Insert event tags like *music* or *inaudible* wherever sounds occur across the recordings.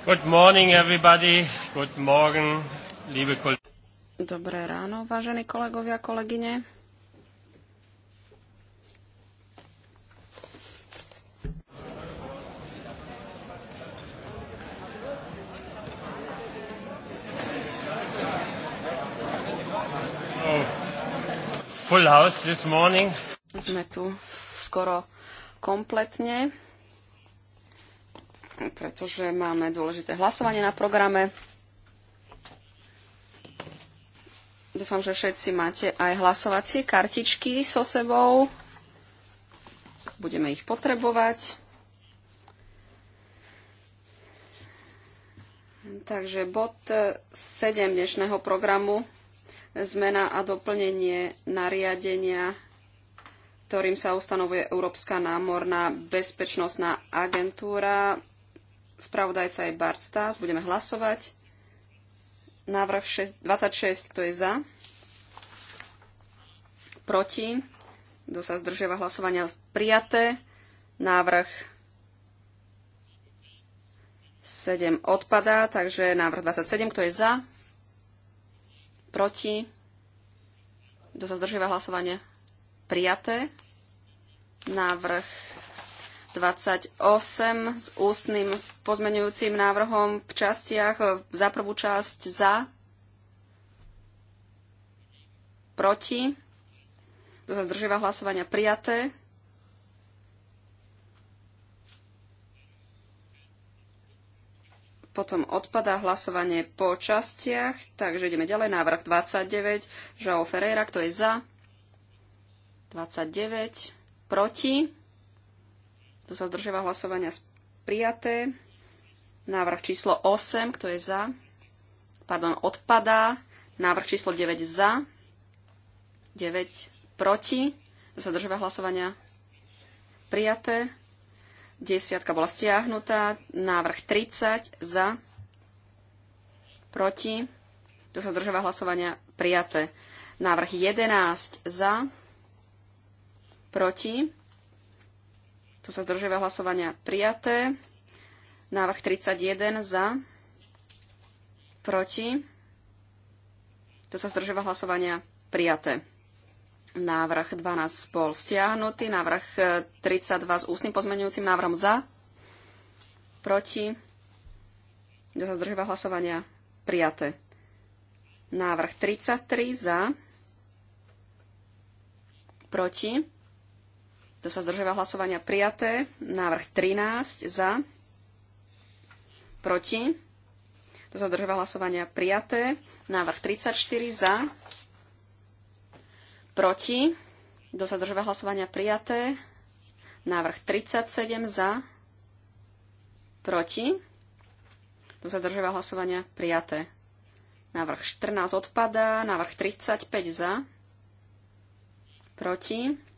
Good morning everybody. Good morning, liebe Dobré ráno, vážení kolegovia, kolegyne. Oh, full house this morning. Sme tu skoro kompletne pretože máme dôležité hlasovanie na programe. Dúfam, že všetci máte aj hlasovacie kartičky so sebou. Budeme ich potrebovať. Takže bod 7 dnešného programu zmena a doplnenie nariadenia, ktorým sa ustanovuje Európska námorná bezpečnostná agentúra. Spravodajca je Bart Stas. Budeme hlasovať. Návrh 6, 26, kto je za? Proti? Kto sa zdržiava hlasovania? Prijaté. Návrh 7 odpadá, takže návrh 27, kto je za? Proti? Kto sa zdržiava hlasovania? Prijaté. Návrh 28 s ústnym pozmenujúcim návrhom v častiach. E, za prvú časť za, proti, kto sa zdržíva hlasovania prijaté. Potom odpadá hlasovanie po častiach, takže ideme ďalej. Návrh 29, Žao Ferreira, kto je za? 29, proti kto sa zdržiava hlasovania? Prijaté. Návrh číslo 8. Kto je za? Pardon, odpadá. Návrh číslo 9 za. 9 proti. Kto sa zdržiava hlasovania? Prijaté. Desiatka bola stiahnutá. Návrh 30 za. Proti. Kto sa zdržiava hlasovania? Prijaté. Návrh 11 za proti, tu sa zdržiava hlasovania prijaté. Návrh 31 za. Proti. Tu sa zdržiava hlasovania prijaté. Návrh 12 bol stiahnutý. Návrh 32 s ústnym pozmenujúcim návrhom za. Proti. Tu sa zdržiava hlasovania prijaté. Návrh 33 za. Proti. Kto sa zdržiava hlasovania? Prijaté. Návrh 13 za. Proti. Kto sa zdržiava hlasovania? Prijaté. Návrh 34 za. Proti. Kto sa zdržiava hlasovania? Prijaté. Návrh 37 za. Proti. Kto sa zdržiava hlasovania? Prijaté. Návrh 14 odpadá. Návrh 35 za. Proti.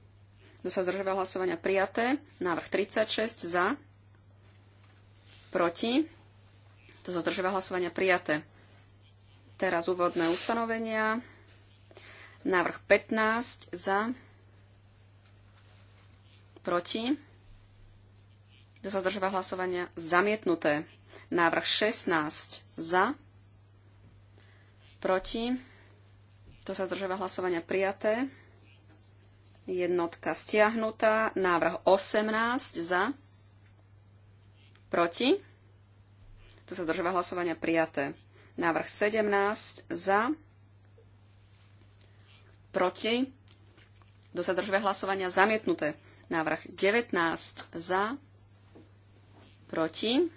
Kto sa zdržoval hlasovania? Prijaté. Návrh 36 za. Proti. Kto sa zdržoval hlasovania? Prijaté. Teraz úvodné ustanovenia. Návrh 15 za. Proti. Kto sa zdržoval hlasovania? Zamietnuté. Návrh 16 za. Proti. To sa zdržava hlasovania prijaté. Jednotka stiahnutá. Návrh 18 za. Proti. To sa država hlasovania prijaté. Návrh 17 za. Proti. Do sa držia hlasovania zamietnuté. Návrh 19 za. Proti.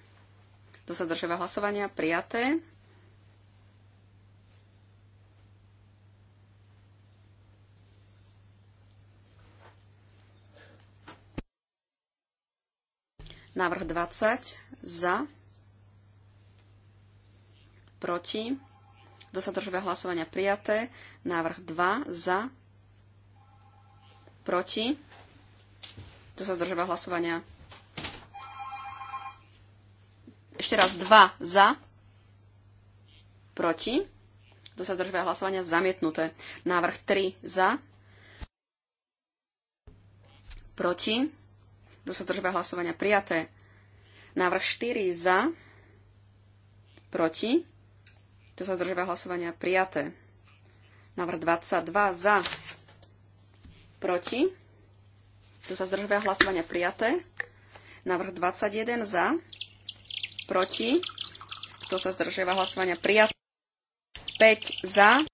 Do sa držia hlasovania prijaté. Návrh 20 za, proti, Dosadržové sa hlasovania prijaté. Návrh 2 za, proti, Dosadržové sa hlasovania ešte raz 2 za, proti, Dosadržové sa hlasovania zamietnuté. Návrh 3 za, proti, kto sa zdržíva hlasovania? Prijaté. Návrh 4 za. Proti. Kto sa zdržíva hlasovania? Prijaté. Návrh 22 za. Proti. Kto sa zdržíva hlasovania? Prijaté. Návrh 21 za. Proti. Kto sa zdržíva hlasovania? Prijaté. 5 za.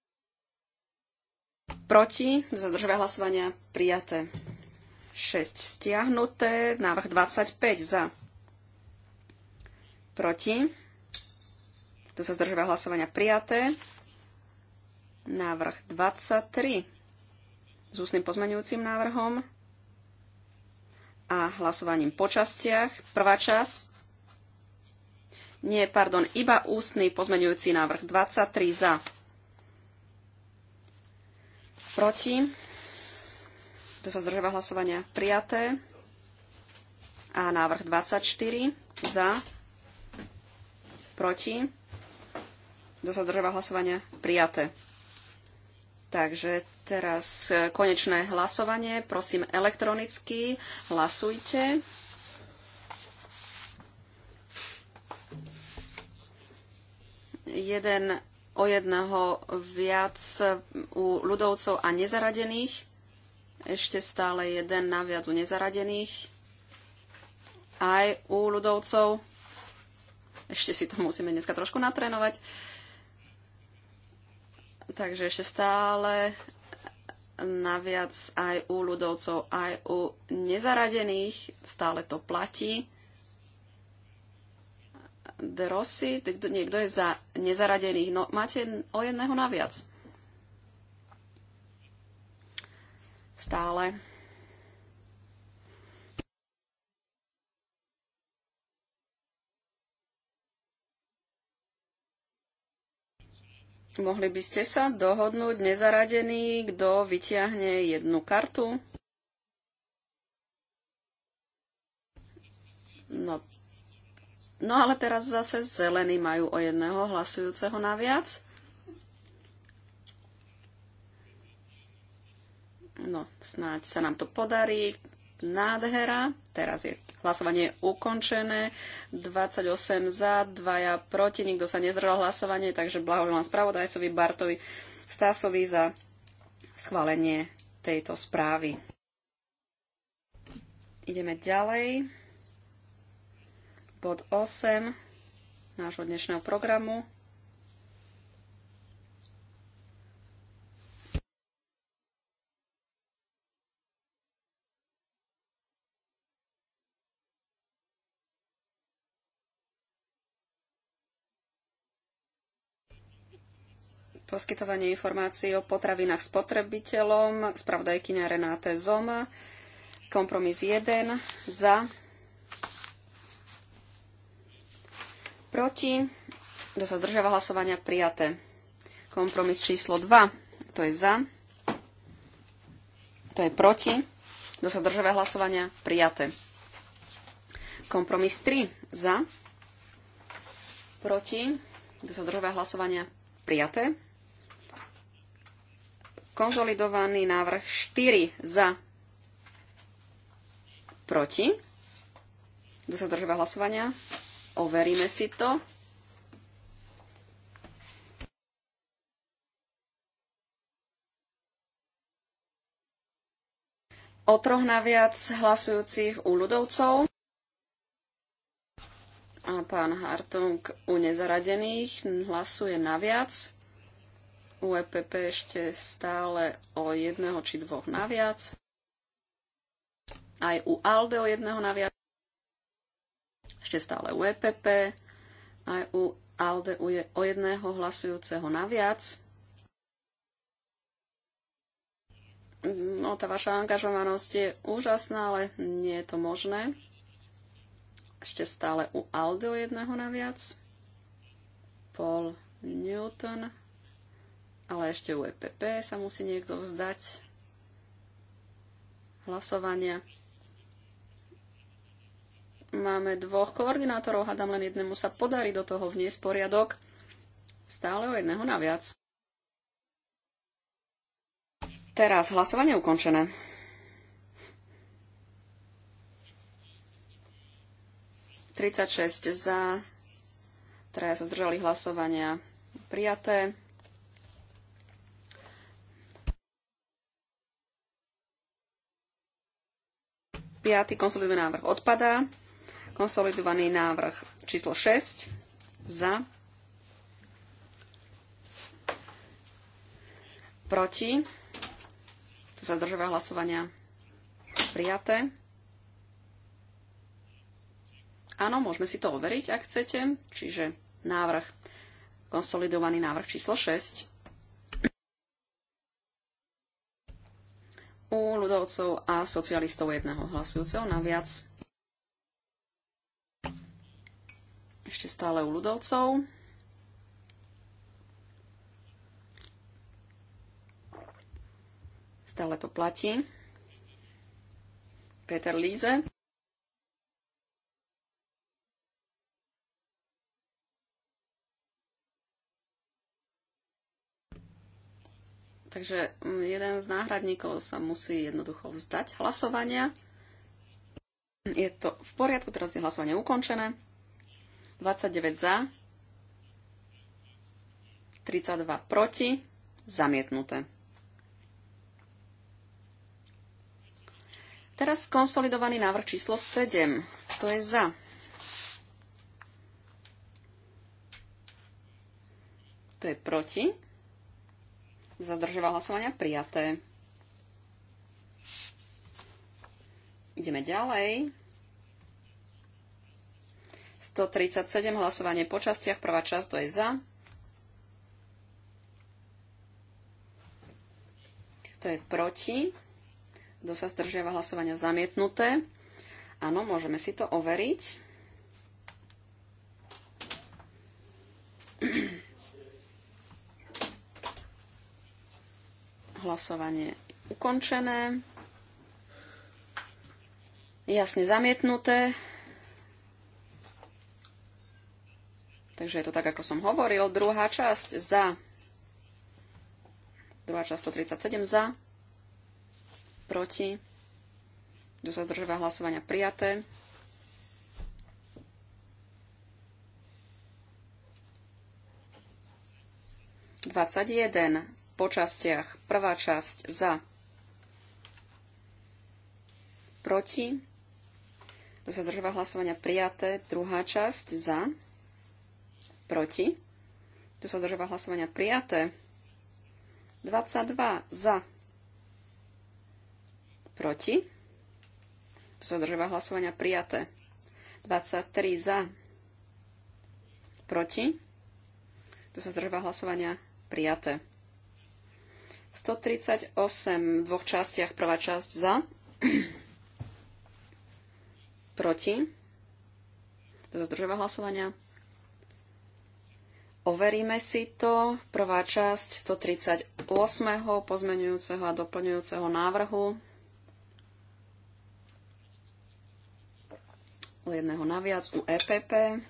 Proti. Kto sa zdržíva hlasovania? Prijaté. 6 stiahnuté, návrh 25 za. Proti. Tu sa zdržuje hlasovania prijaté. Návrh 23 s ústnym pozmeňujúcim návrhom a hlasovaním po častiach. Prvá časť. Nie, pardon, iba ústny pozmeňujúci návrh 23 za. Proti kto sa zdržava hlasovania? Prijaté. A návrh 24 za, proti. Kto sa zdržiava hlasovania? Prijaté. Takže teraz konečné hlasovanie. Prosím elektronicky. Hlasujte. Jeden o jedného viac u ľudovcov a nezaradených. Ešte stále jeden naviac u nezaradených. Aj u ľudovcov. Ešte si to *laughs* musíme dneska trošku natrénovať. Takže ešte stále naviac aj u ľudovcov, aj u nezaradených. Stále to platí. Drosy, niekto je za nezaradených. No, máte o jedného naviac. stále. Mohli by ste sa dohodnúť nezaradený, kto vyťahne jednu kartu? No. no ale teraz zase zelení majú o jedného hlasujúceho naviac. No, snáď sa nám to podarí. Nádhera. Teraz je hlasovanie ukončené. 28 za, 2 proti. Nikto sa nezdržal hlasovanie, takže blahoželám spravodajcovi Bartovi Stasovi za schválenie tejto správy. Ideme ďalej. Bod 8 nášho dnešného programu. poskytovanie informácií o potravinách spotrebiteľom, spravodajkyňa Renáte Zoma, kompromis 1, za, proti, kto sa zdržiava hlasovania, prijaté. Kompromis číslo 2, kto je za, to je proti, kto sa zdržiava hlasovania, prijaté. Kompromis 3, za, proti, kto sa zdržiava hlasovania, prijaté. Konzolidovaný návrh 4 za, proti. Kto sa držíva hlasovania? Overíme si to. O troch naviac hlasujúcich u ľudovcov a pán Hartung u nezaradených hlasuje naviac u e ešte stále o jedného či dvoch naviac. Aj u ALDE o jedného naviac. Ešte stále u EPP. Aj u ALDE o jedného hlasujúceho naviac. No, tá vaša angažovanosť je úžasná, ale nie je to možné. Ešte stále u o jedného naviac. Paul Newton ale ešte u EPP sa musí niekto vzdať hlasovania. Máme dvoch koordinátorov, hádam len jednému sa podarí do toho vniesť poriadok. Stále o jedného naviac. Teraz hlasovanie ukončené. Tridsaťšesť za, teraz sa zdržali hlasovania prijaté. 5. konsolidovaný návrh odpadá. Konsolidovaný návrh číslo 6 za. Proti. Tu sa zdržuje hlasovania prijaté. Áno, môžeme si to overiť, ak chcete. Čiže návrh, konsolidovaný návrh číslo 6. u ľudovcov a socialistov jedného hlasujúceho naviac. Ešte stále u ľudovcov. Stále to platí. Peter Líze. Takže mm, jeden z náhradníkov sa musí jednoducho vzdať hlasovania. Je to v poriadku, teraz je hlasovanie ukončené. 29 za, 32 proti, zamietnuté. Teraz konsolidovaný návrh číslo 7. to je za? To je proti? Za hlasovania prijaté. Ideme ďalej. 137 hlasovanie po častiach. Prvá časť to je za. Kto je proti? Kto sa zdržiava hlasovania zamietnuté? Áno, môžeme si to overiť. *clears throat* Hlasovanie ukončené. Jasne zamietnuté. Takže je to tak, ako som hovoril. Druhá časť za. Druhá časť 137 za. Proti. Tu sa zdržová hlasovania prijaté. Dvadsať po častiach. Prvá časť za, proti, To sa zdržíva hlasovania prijaté, druhá časť za, proti, tu sa zdržíva hlasovania prijaté, 22 za, proti, kto sa zdržíva hlasovania prijaté, 23 za, proti, tu sa zdržíva hlasovania prijaté. 138 v dvoch častiach. Prvá časť za, *clears throat* proti, kto sa hlasovania. Overíme si to. Prvá časť 138. pozmenujúceho a doplňujúceho návrhu. U jedného naviac u EPP.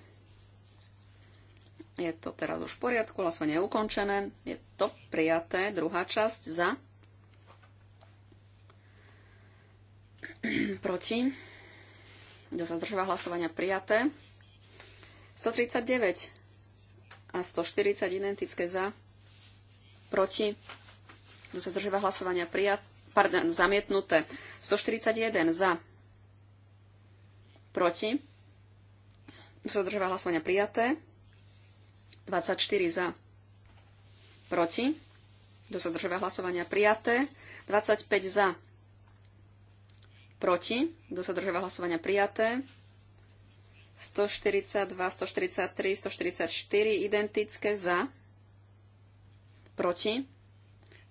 Je to teraz už v poriadku, hlasovanie je ukončené. Je to prijaté. Druhá časť za. *clears throat* Proti. Kto sa zdržíva hlasovania prijaté. 139 a 140 identické za. Proti. Kto sa zdržíva hlasovania prijaté. Pardon, zamietnuté. 141 za. Proti. Kto sa zdržíva hlasovania prijaté. 24 za. Proti. Kto sa zdržíva hlasovania? Prijaté. 25 za. Proti. Kto sa zdržíva hlasovania? Prijaté. 142, 143, 144 identické za. Proti.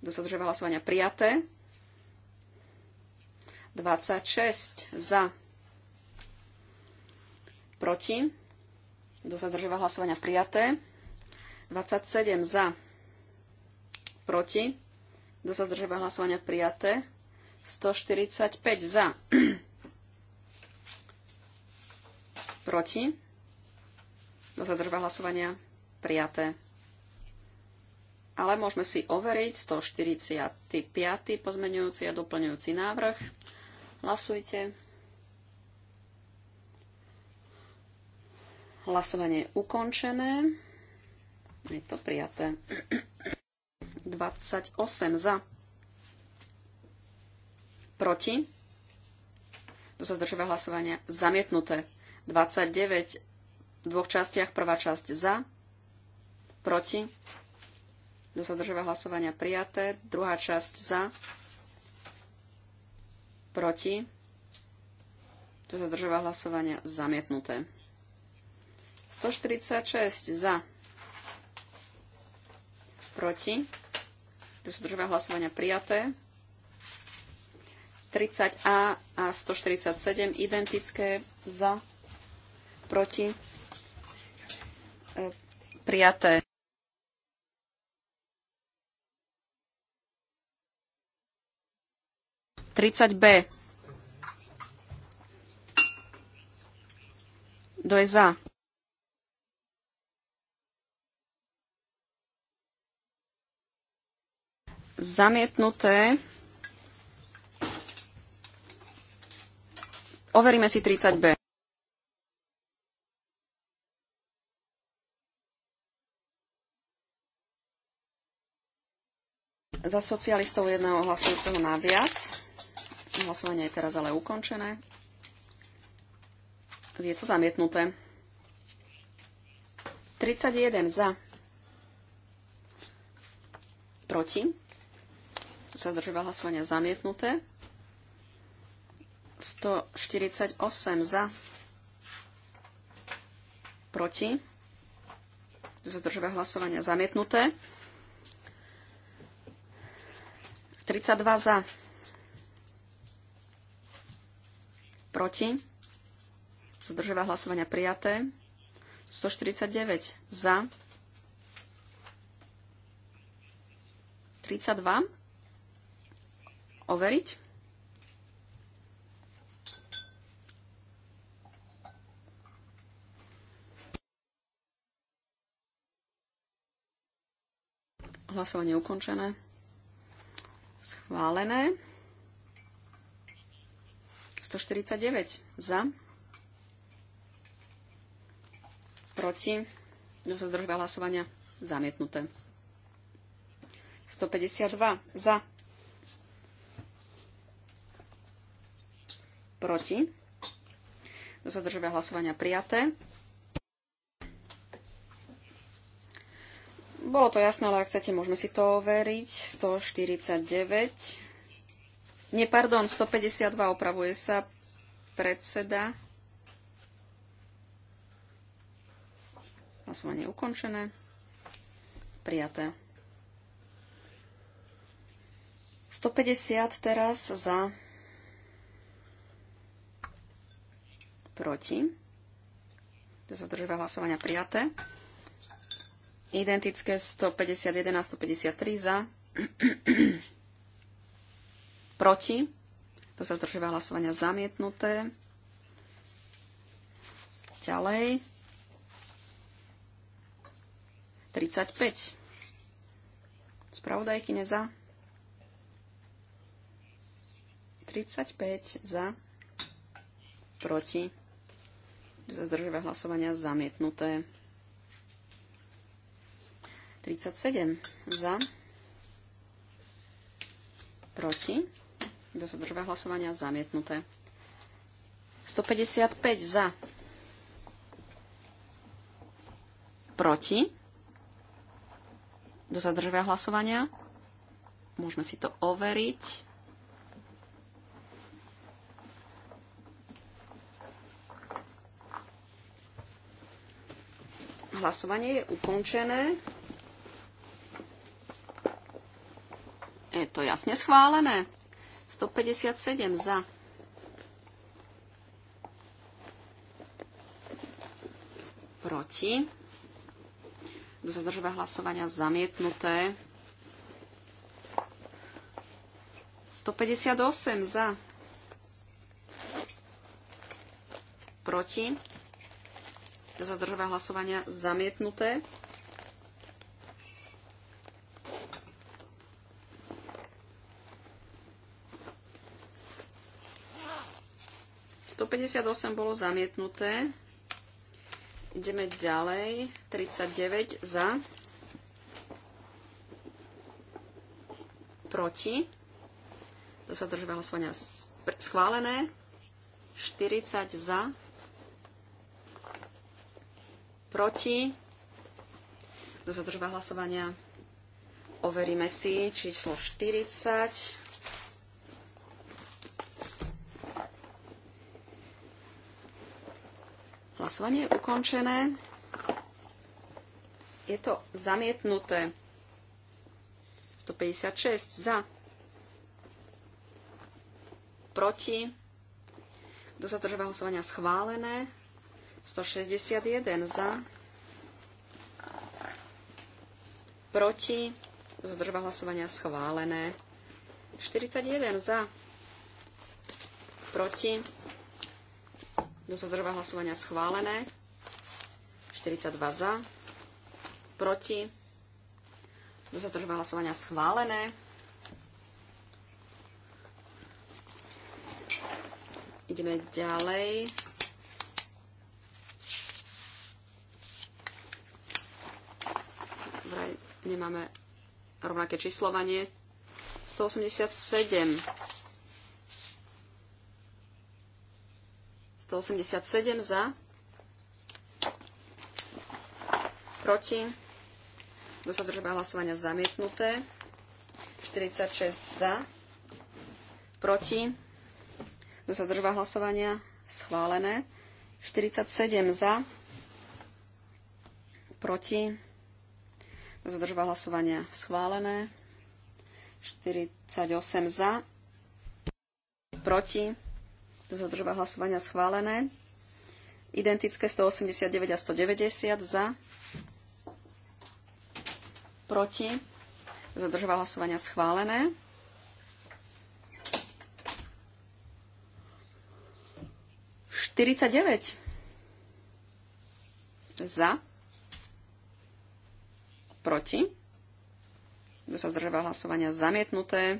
Kto sa zdržíva hlasovania? Prijaté. 26 za. Proti. Kto sa zdržíva hlasovania? Prijaté. 27 za, proti, kto sa zdržíva hlasovania prijaté, 145 za, *clears throat* proti, kto sa zdržíva hlasovania prijaté. Ale môžeme si overiť 145. pozmeňujúci a doplňujúci návrh. Hlasujte. Hlasovanie je ukončené. Je to prijaté. 28 za. Proti. Tu sa zdržuje hlasovania. Zamietnuté. 29 v dvoch častiach. Prvá časť za. Proti. Tu sa zdržuje hlasovania. Prijaté. Druhá časť za. Proti. Tu sa zdržuje hlasovania. Zamietnuté. 146 za proti, kto sa zdržal hlasovania prijaté. 30A a 147 identické za, proti, e, prijaté. Tridsať B. Kto je za? zamietnuté. Overíme si 30B. Za socialistov jedného hlasujúceho naviac. Hlasovanie je teraz ale ukončené. Je to zamietnuté. 31 za. Proti sa zdržoval hlasovania zamietnuté. 148 za, proti, kto sa hlasovania zamietnuté. 32 za, proti, zdržoval hlasovania prijaté. 149 za, 32 overiť. Hlasovanie ukončené. Schválené. 149 za. Proti. Kto sa zdržal hlasovania? Zamietnuté. 152 za. proti. Kto sa zdržia hlasovania prijaté. Bolo to jasné, ale ak chcete, môžeme si to overiť. 149. Nie, pardon, 152 opravuje sa predseda. Hlasovanie ukončené. Prijaté. 150 teraz za proti. To sa zdržuje hlasovania prijaté. Identické 151 a 153 za. *clears throat* proti. To sa zdržuje hlasovania zamietnuté. Ďalej. 35. Spravodajky za. 35 za. Proti sa hlasovania zamietnuté. 37 za, proti, kto sa hlasovania zamietnuté. 155 za, proti, kto sa hlasovania. Môžeme si to overiť. Hlasovanie je ukončené. Je to jasne schválené. 157 za. Proti. Do sa hlasovania zamietnuté. 158 za. Proti. Kto sa zdržoval hlasovania? Zamietnuté. bolo zamietnuté. Ideme ďalej. 39 za. Proti. To sa drží hlasovania schválené. 40 za proti. Kto sa držba hlasovania? Overíme si číslo 40. Hlasovanie je ukončené. Je to zamietnuté. 156 za. Proti. Kto sa držba hlasovania schválené? 161 za, proti, zdržba hlasovania schválené. 41 za, proti, zdržba hlasovania schválené. 42 za, proti, zdržba hlasovania schválené. Ideme ďalej. Vraj nemáme rovnaké číslovanie. 187. 187 za. Proti. Kto sa držba hlasovania zamietnuté. 46 za. Proti. Kto sa držba hlasovania schválené. 47 za. Proti. Zdržba hlasovania schválené. 48 za. Proti. Zdržba hlasovania schválené. Identické 189 a 190 za. Proti. Zdržba hlasovania schválené. Štyridsaťdeväť za. Proti? Kto sa zdržoval hlasovania? Zamietnuté.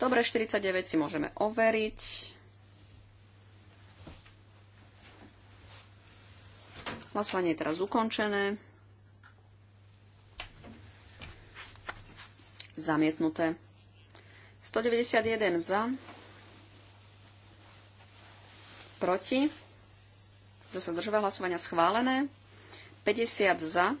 Dobre, 49 si môžeme overiť. Hlasovanie je teraz ukončené. Zamietnuté. 191 za. Proti. Kto sa zdržoval hlasovania? Schválené. 50 za.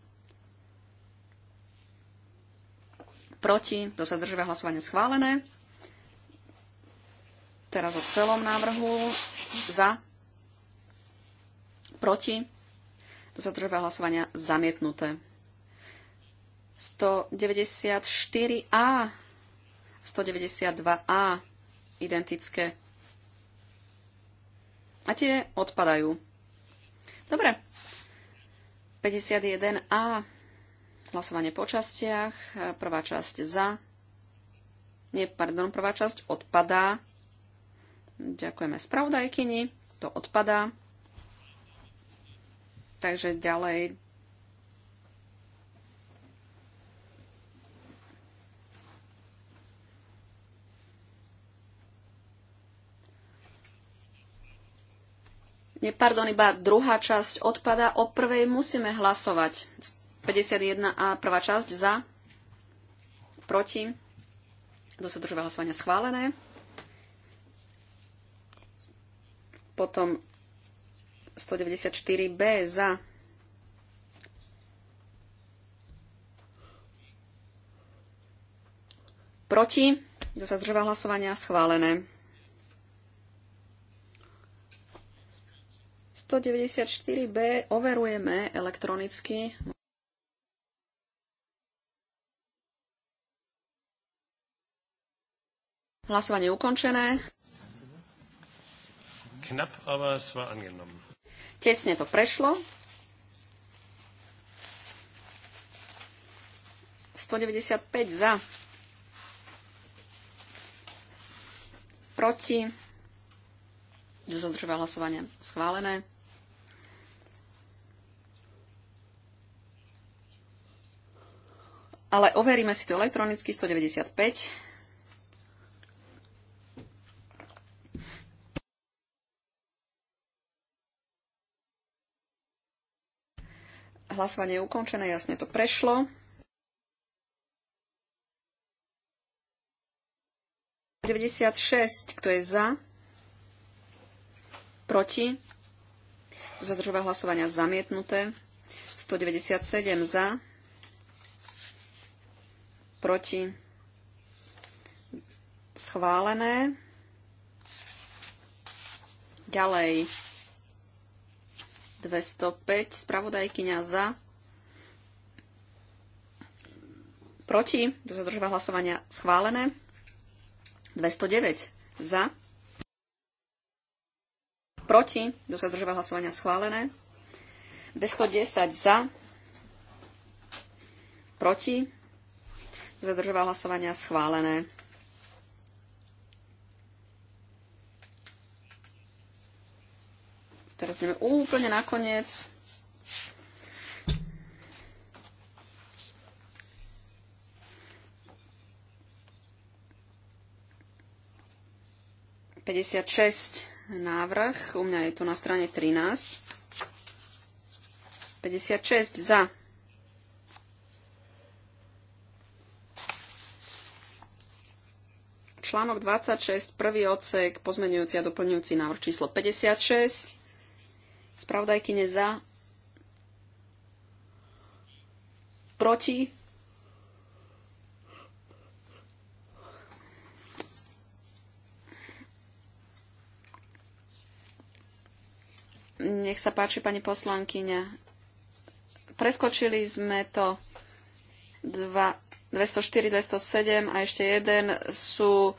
proti, kto sa zdržia hlasovanie schválené. Teraz o celom návrhu za, proti, kto sa zdržia hlasovania zamietnuté. 194A, 192A identické. A tie odpadajú. Dobre. 51A Hlasovanie po častiach. E, prvá časť za. Nie, pardon, prvá časť odpadá. Ďakujeme spravodajkyni. To odpadá. Takže ďalej Nie, pardon, iba druhá časť odpada. O prvej musíme hlasovať. 51a prvá časť za, proti, kto sa držal hlasovania schválené. Potom 194b za, proti, kto sa zdržal hlasovania schválené. 194b overujeme elektronicky. Hlasovanie ukončené. Knapp, aber es war angenommen. Tesne to prešlo. 195 za. Proti. Kto sa Schválené. Ale overíme si to elektronicky 195. Hlasovanie je ukončené, jasne to prešlo. ...96, kto je za? Proti? zadržová hlasovania zamietnuté. 197 za. Proti. Schválené. Ďalej. 205. Spravodajkyňa za. Proti. Kto zadržova hlasovania? Schválené. 209. Za. Proti. Kto sa hlasovania? Schválené. 210 za. Proti. Zadržoval hlasovania schválené. teraz ideme úplne nakoniec. Päťdesiatšesť návrh, u mňa je to na strane 13. 56 za. Článok 26, prvý odsek, pozmenujúci a doplňujúci návrh číslo 56. Spravodajkyne za. Proti. Nech sa páči, pani poslankyňa. Preskočili sme to 204, 207 a ešte jeden sú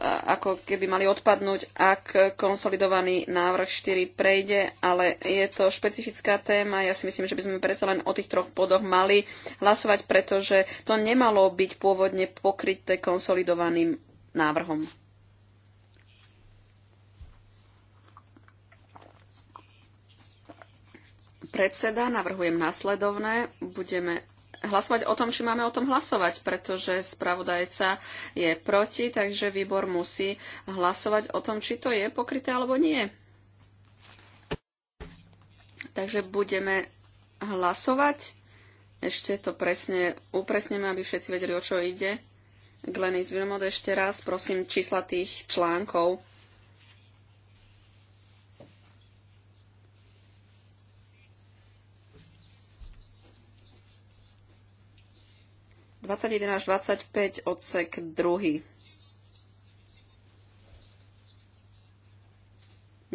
ako keby mali odpadnúť, ak konsolidovaný návrh 4 prejde, ale je to špecifická téma. Ja si myslím, že by sme predsa len o tých troch bodoch mali hlasovať, pretože to nemalo byť pôvodne pokryté konsolidovaným návrhom. Predseda, navrhujem následovné. Budeme hlasovať o tom, či máme o tom hlasovať, pretože spravodajca je proti, takže výbor musí hlasovať o tom, či to je pokryté alebo nie. Takže budeme hlasovať. Ešte to presne upresneme, aby všetci vedeli, o čo ide. Glenis Vilmod ešte raz, prosím, čísla tých článkov. 21 až 25 odsek 2.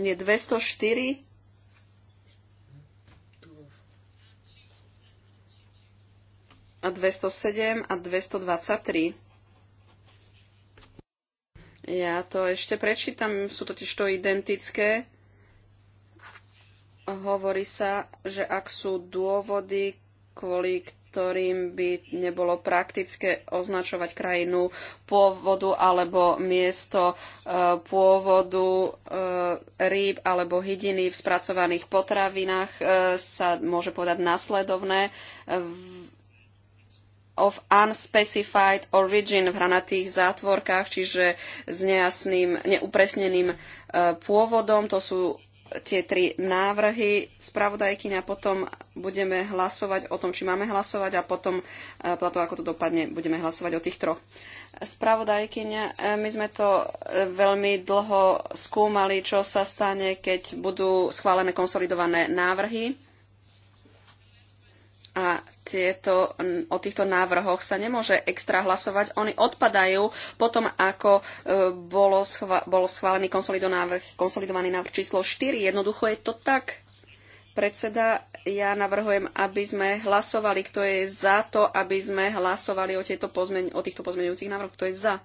Nie, 204. A 207 a 223. Ja to ešte prečítam, sú totiž to identické. Hovorí sa, že ak sú dôvody, kvôli ktorým by nebolo praktické označovať krajinu pôvodu alebo miesto e, pôvodu e, rýb alebo hydiny v spracovaných potravinách, e, sa môže povedať nasledovné of unspecified origin v hranatých zátvorkách, čiže s nejasným, neupresneným pôvodom. To sú tie tri návrhy spravodajkyň a potom budeme hlasovať o tom, či máme hlasovať a potom e, plato, ako to dopadne, budeme hlasovať o tých troch. Spravodajkyňa, e, my sme to e, veľmi dlho skúmali, čo sa stane, keď budú schválené konsolidované návrhy a tieto, o týchto návrhoch sa nemôže extra hlasovať. Oni odpadajú potom, ako e, bolo schva- bol schválený návrh, konsolidovaný návrh číslo 4. Jednoducho je to tak. Predseda, ja navrhujem, aby sme hlasovali, kto je za to, aby sme hlasovali o, tieto pozmeň- o týchto pozmeňujúcich návrhoch. Kto je za?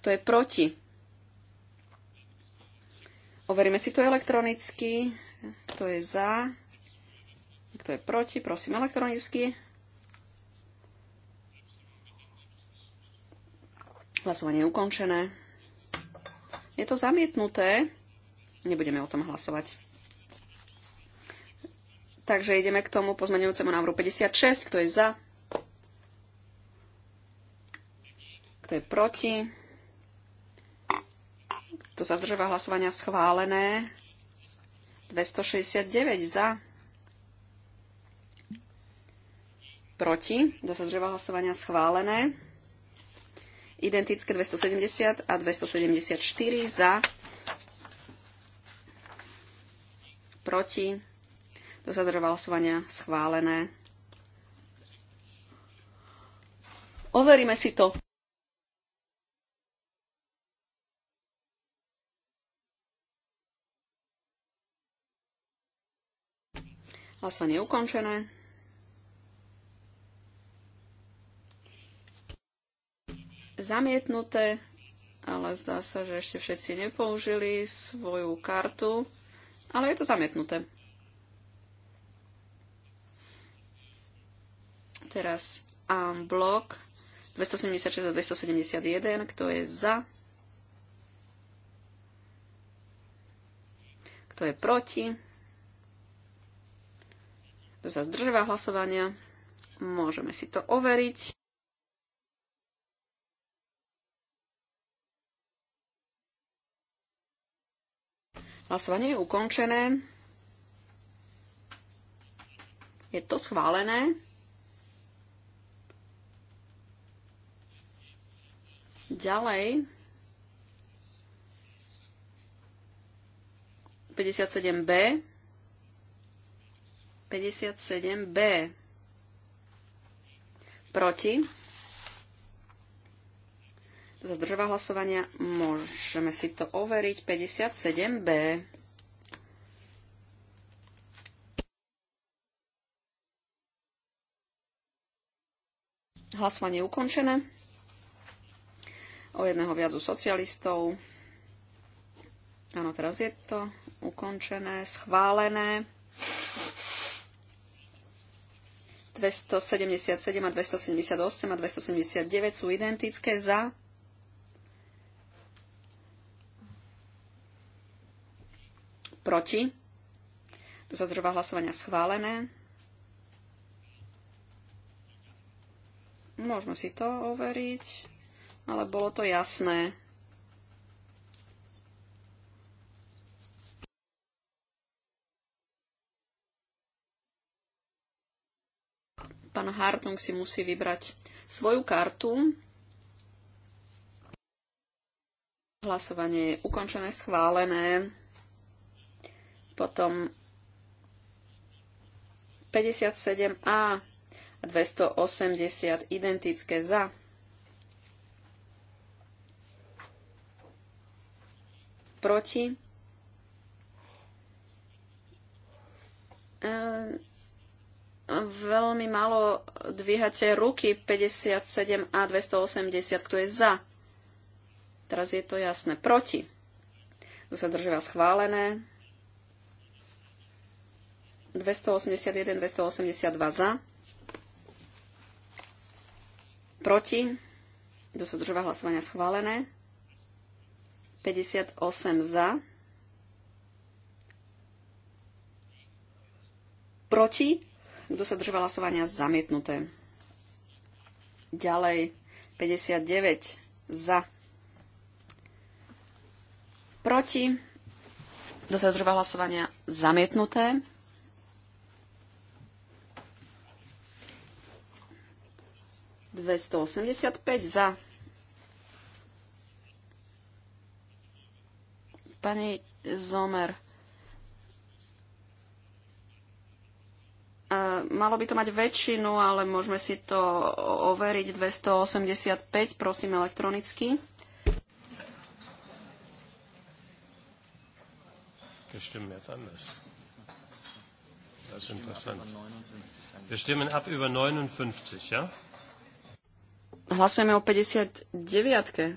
Kto je proti? Overíme si to elektronicky. Kto je za? Kto je proti, prosím elektronicky. Hlasovanie je ukončené. Je to zamietnuté. Nebudeme o tom hlasovať. Takže ideme k tomu pozmeňujúcemu návrhu 56. Kto je za? Kto je proti? Kto sa hlasovania schválené? 269 za. proti, dosadržova hlasovania schválené. Identické 270 a 274 za, proti, kto hlasovania schválené. Overíme si to. Hlasovanie je ukončené. zamietnuté, ale zdá sa, že ešte všetci nepoužili svoju kartu, ale je to zamietnuté. Teraz um, blok 276 a 271, kto je za, kto je proti, kto sa zdržíva hlasovania. Môžeme si to overiť. Hlasovanie je ukončené. Je to schválené. Ďalej. 57B. 57B. Proti sa zdržoval hlasovania. Môžeme si to overiť. 57B. Hlasovanie je ukončené. O jedného viac u socialistov. Áno, teraz je to ukončené, schválené. 277 a 278 a 279 sú identické za, proti. Tu sa zdržal hlasovania schválené. Môžeme si to overiť, ale bolo to jasné. Pán Hartung si musí vybrať svoju kartu. Hlasovanie je ukončené, schválené. Potom 57a a 280 identické za. Proti. E, veľmi málo dvíhate ruky 57 a 280, kto je za. Teraz je to jasné. Proti. Tu sa držia schválené. 281, 282 za. Proti. Kto sa zdržoval hlasovania schválené? 58 za. Proti. Kto sa zdržoval hlasovania zamietnuté? Ďalej 59 za. Proti. Kto sa zdržoval hlasovania zamietnuté? 285 za. Pani Zomer, e, malo by to mať väčšinu, ale môžeme si to overiť 285, prosím elektronicky. Wir stimmen jetzt anders. Das ist interessant. Wir stimmen ab über 59, ja? Hlasujeme o 59. -ke.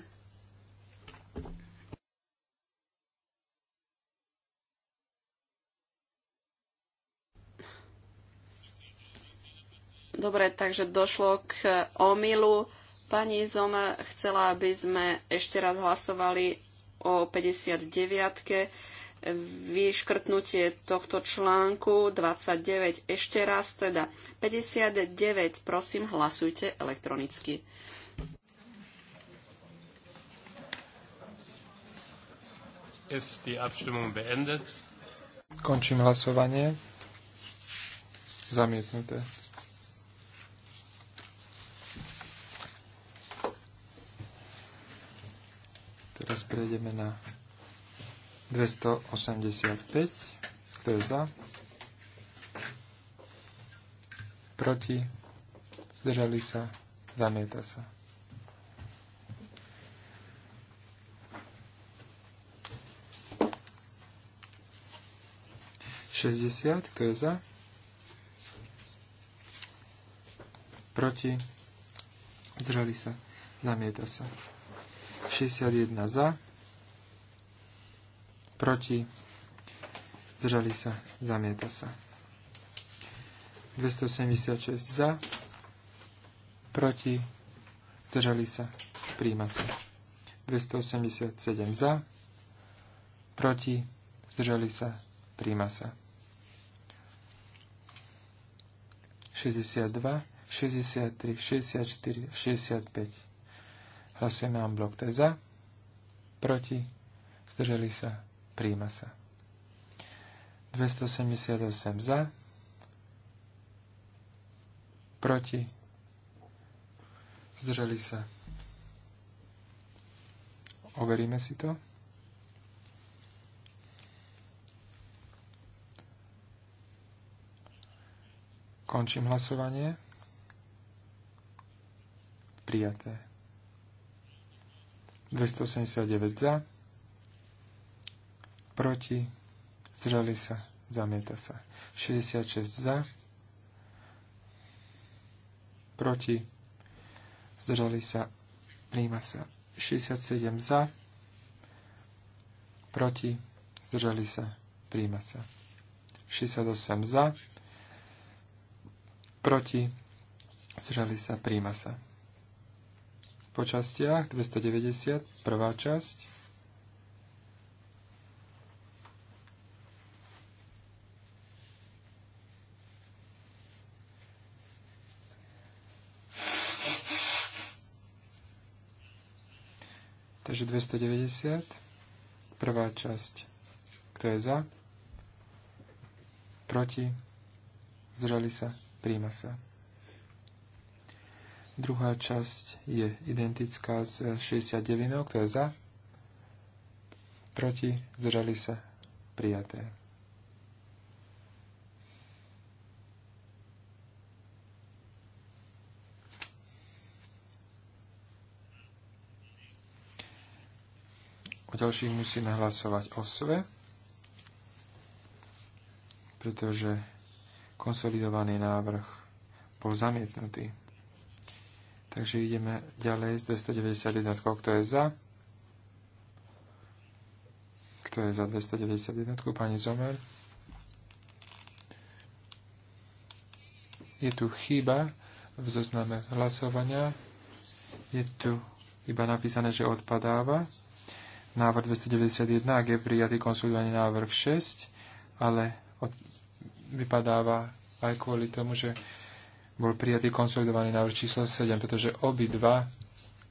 Dobre, takže došlo k omilu. Pani Zom chcela, aby sme ešte raz hlasovali o 59 vyškrtnutie tohto článku 29 ešte raz, teda 59, prosím, hlasujte elektronicky. Končím hlasovanie. Zamietnuté. Teraz prejdeme na 285. Kto je za? Proti? Zdržali sa? Zamieta sa. Šesťdesiat, kto je za? Proti? Zdržali sa? Zamieta sa. 61 za proti, zdržali sa, zamieta sa. 276 za, proti, zdržali sa, príjma sa. 287 za, proti, zdržali sa, príjma sa. 62, 63, 64, 65. Hlasujeme blok. To je za, proti, zdržali sa, príjma sa. 288 za, proti, zdržali sa. Overíme si to. Končím hlasovanie. Prijaté. 279 za proti, zdržali sa, zamieta sa. 66 za, proti, zdržali sa, príjma sa. 67 za, proti, zdržali sa, príjma sa. 68 za, proti, zdržali sa, príjma sa. Po častiach 290, prvá časť, Takže 290. Prvá časť. Kto je za? Proti? Zdržali sa? Príjma sa. Druhá časť je identická s 69, kto je za? Proti? Zdržali sa? Prijaté. ďalších musíme hlasovať o sve, pretože konsolidovaný návrh bol zamietnutý. Takže ideme ďalej z 291, kto je za. Kto je za 291, pani Zomer. Je tu chyba v zozname hlasovania. Je tu iba napísané, že odpadáva návrh 291, ak je prijatý konsolidovaný návrh 6, ale od, vypadáva aj kvôli tomu, že bol prijatý konsolidovaný návrh číslo 7, pretože obidva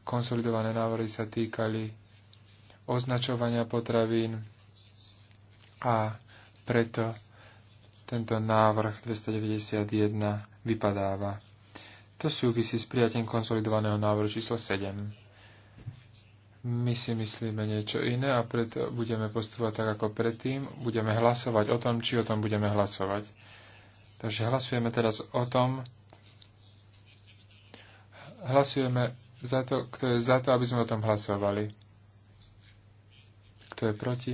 konsolidované návrhy sa týkali označovania potravín a preto tento návrh 291 vypadáva. To súvisí s prijatím konsolidovaného návrhu číslo 7. My si myslíme niečo iné a preto budeme postupovať tak ako predtým. Budeme hlasovať o tom, či o tom budeme hlasovať. Takže hlasujeme teraz o tom, hlasujeme za to, kto je za to, aby sme o tom hlasovali. Kto je proti?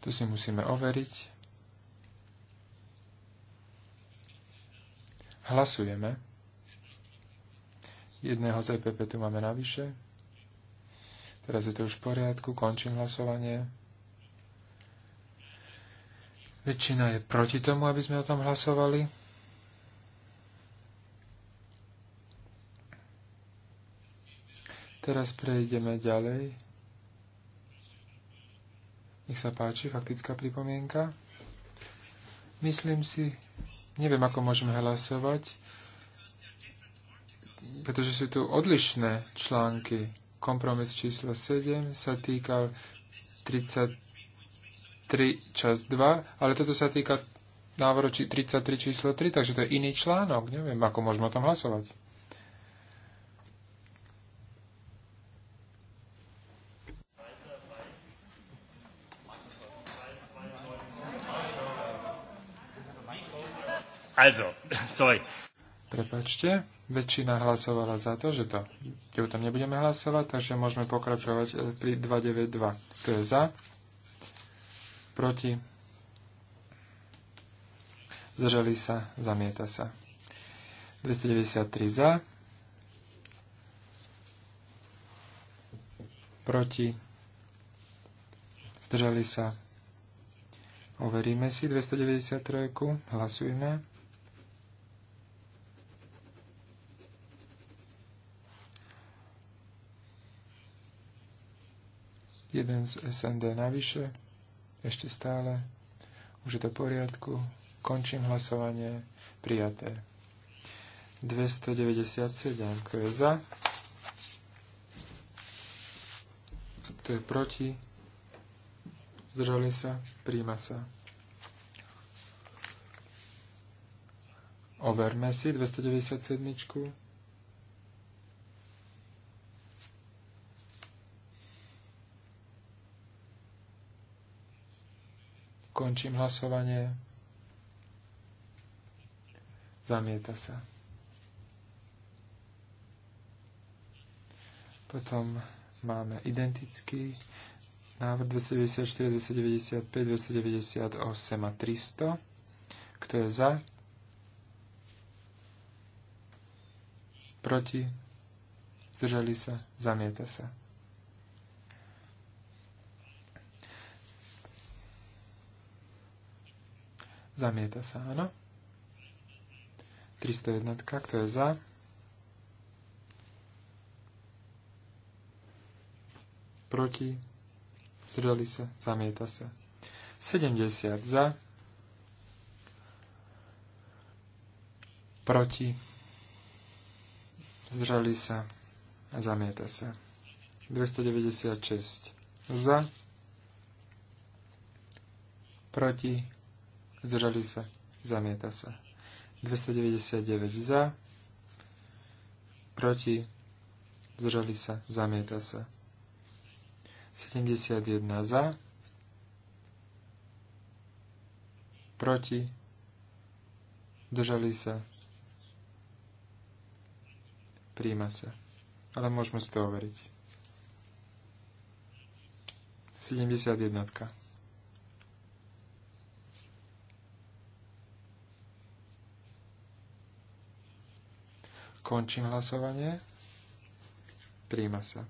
To si musíme overiť. Hlasujeme. Jedného z EPP tu máme navyše. Teraz je to už v poriadku, končím hlasovanie. Väčšina je proti tomu, aby sme o tom hlasovali. Teraz prejdeme ďalej. Nech sa páči, faktická pripomienka. Myslím si, neviem, ako môžeme hlasovať pretože sú tu odlišné články. Kompromis číslo 7 sa týkal 33 čas 2, ale toto sa týka návrhu 33 číslo 3, takže to je iný článok. Neviem, ako môžeme o tom hlasovať. Also, *laughs* sorry. Prepačte väčšina hlasovala za to, že to, že o tom nebudeme hlasovať, takže môžeme pokračovať e, pri 292. To je za, proti, zdržali sa, zamieta sa. 293 za, proti, zdržali sa. Overíme si 293, hlasujme. Jeden z SND navyše. Ešte stále. Už je to v poriadku. Končím hlasovanie. Prijaté. 297. Kto je za? Kto je proti? Zdržali sa? Príjma sa. Overme si 297. Končím hlasovanie. Zamieta sa. Potom máme identický návrh 294, 295, 298 a 300. Kto je za? Proti? Zdržali sa? Zamieta sa. Zamieta sa, áno. 301, kto je za? Proti? Zdržali sa? Zamieta sa. 70 za. Proti? Zdržali sa? Zamieta sa. 296 za. Proti? zdržali sa, zamieta sa. 299 za, proti, zdržali sa, zamieta sa. 71 za, proti, zdržali sa, príjma sa. Ale môžeme si to overiť. 71. -tka. Končím hlasovanie. Príjma sa.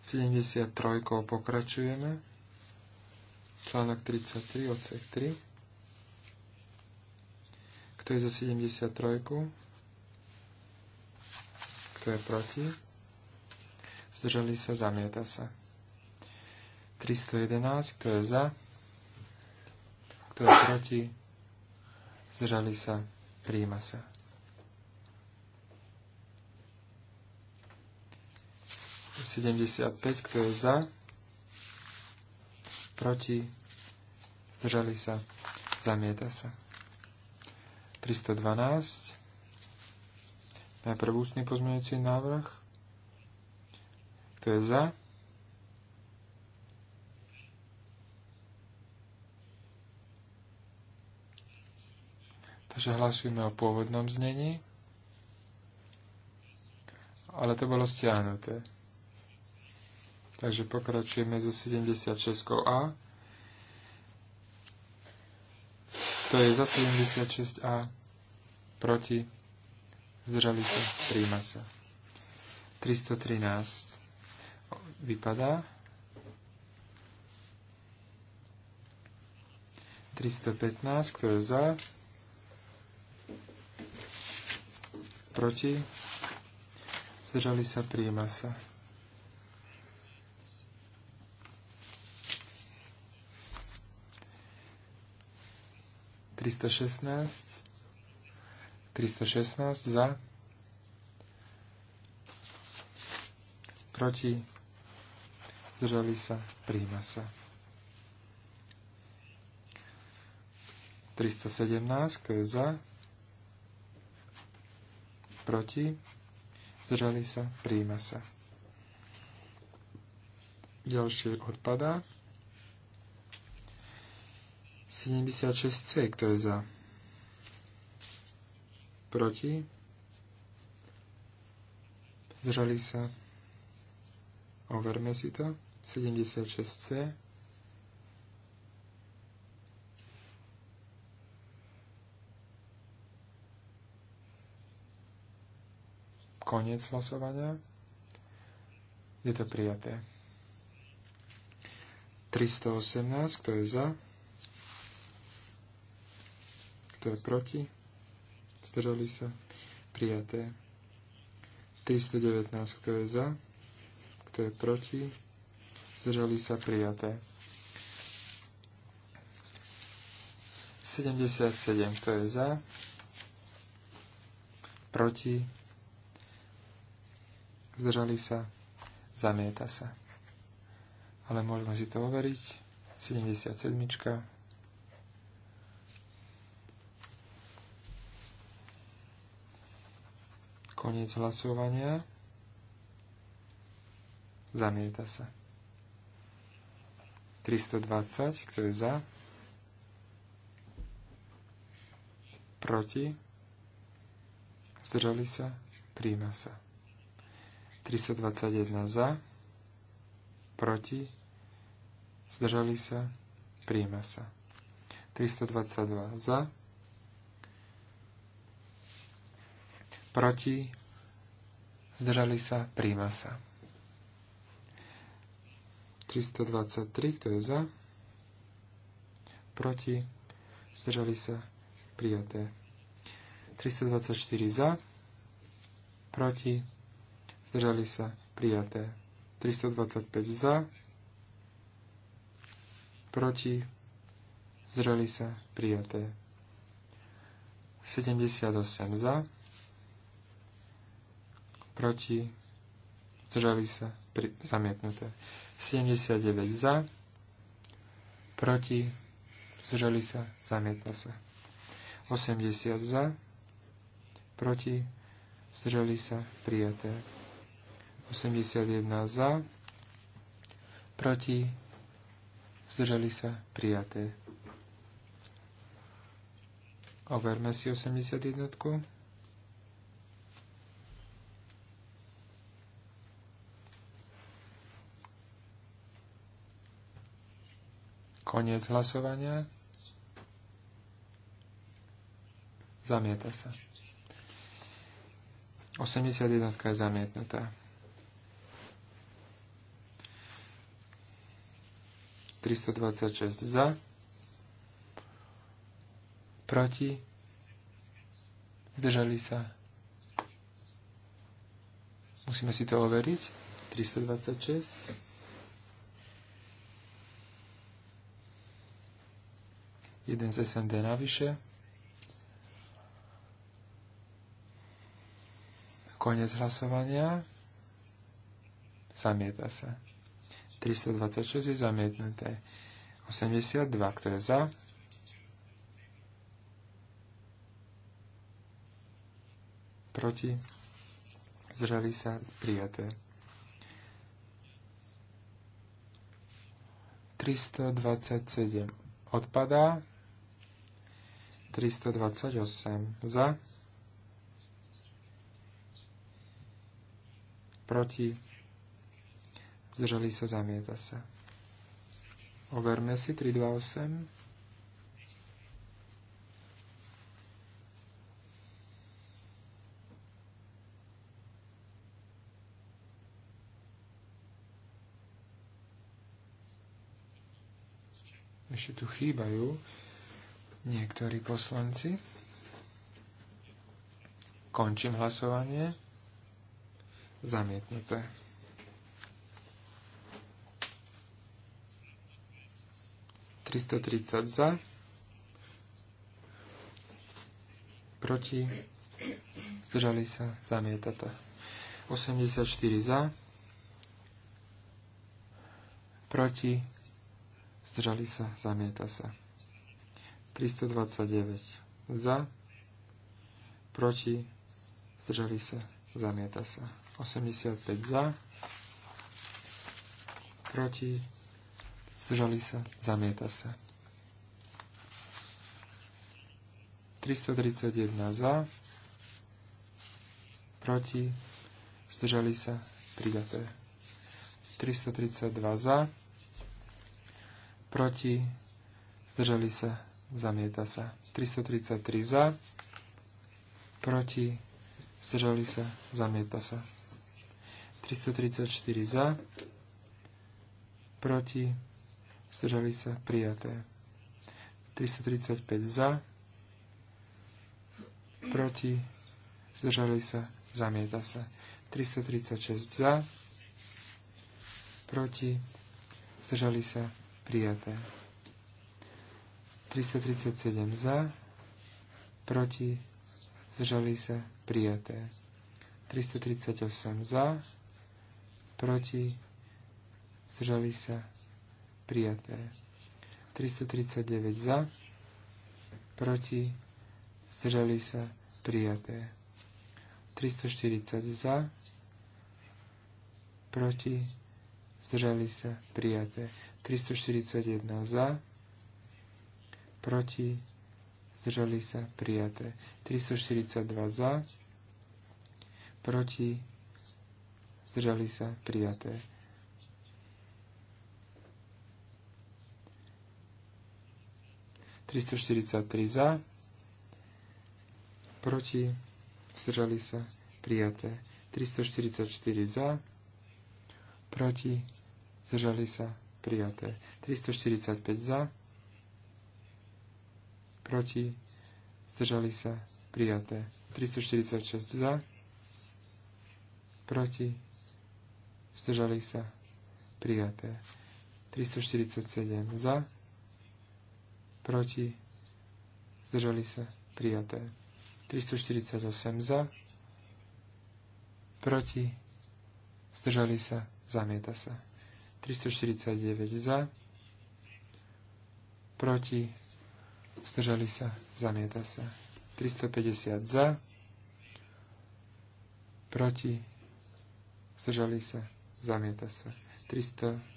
S 73. pokračujeme. Článok 33, odsek 3. Kto je za 73? Kto je proti? Zdržali sa, zamieta sa. 311, kto je za, kto je proti, zdržali sa, príjima sa. Sedemdesiat 75, kto je za, proti, zdržali sa, zamieta sa. 312, najprv ústny pozmeňujúci návrh, kto je za, Takže hlasujeme o pôvodnom znení. Ale to bolo stiahnuté. Takže pokračujeme so 76A. To je za 76A proti zdržali sa, príjma sa. 313 vypadá. 315, kto je za, proti, zdržali sa, príjima sa. Tristo šestnáct, tristo šestnáct za, proti, zdržali sa, príjima sa. sedemnáct. kto je za, proti, zdržali sa, príjma sa. Ďalšie odpadá. 76C, kto je za? Proti? zřali sa? Overme si to. 76C. Koniec hlasovania. Je to prijaté. 318, kto je za? Kto je proti? Zdržali sa? Prijaté. 319, kto je za? Kto je proti? Zdržali sa? Prijaté. 77, kto je za? Proti? zdržali sa, zamieta sa. Ale môžeme si to overiť. 77. Koniec hlasovania. Zamieta sa. 320, kto je za? Proti? Zdržali sa? Príjma sa. 321 za, proti, zdržali sa, príjma sa. 322 za, proti, zdržali sa, príjma sa. 323, kto je za, proti, zdržali sa, prijaté. 324 za, proti, zdržali sa, prijaté. 325 za, proti, zdržali sa, prijaté. 78 za, proti, zdržali sa, pri, zamietnuté. 79 za, proti, zdržali sa, zamietlo sa. 80 za, proti, zdržali sa, prijaté. 81 za, proti, zdržali sa, prijaté. Overme si 81. Koniec hlasovania. Zamieta sa. 81 je zamietnutá. 326 za, proti, zdržali sa. Musíme si to overiť. 326. Jeden z SND navyše. Konec hlasovania. Zamieta sa. 326 je zamietnuté. 82, kto je za? Proti? Zdržali sa prijaté. 327 odpadá. 328 za. Proti? zdržali sa, zamieta sa. Overme si 328. Ešte tu chýbajú niektorí poslanci. Končím hlasovanie. Zamietnuté. 330 za, proti, zdržali sa, zamietata. 84 za, proti, zdržali sa, zamieta sa. 329 za, proti, zdržali sa, zamieta sa. 85 za, proti, zdržali sa, zamieta sa. 331 za, proti, zdržali sa, pridaté. 332 za, proti, zdržali sa, zamieta sa. 333 za, proti, zdržali sa, zamieta sa. 334 za, proti, zdržali sa prijaté. 335 za, proti, zdržali sa, zamieta sa. 336 za, proti, zdržali sa, prijaté. 337 za, proti, zdržali sa, prijaté. 338 za, proti, zdržali sa, prijaté. 339 za, proti, zdržali sa, prijaté. 340 za, proti, zdržali sa, prijaté. 341 za, proti, zdržali sa, prijaté. 342 za, proti, zdržali sa, prijaté. 343 za, proti, vzdržali sa, prijaté. 344 za, proti, zdržali sa, prijaté. 345 za, proti, zdržali sa, prijaté. 346 za, proti, zdržali sa, prijaté. 347 za, proti, zdržali sa, prijaté. 348 za, proti, zdržali sa, zamieta sa. 349 za, proti, zdržali sa, zamieta sa. 350 za, proti, zdržali sa, zamieta sa. 300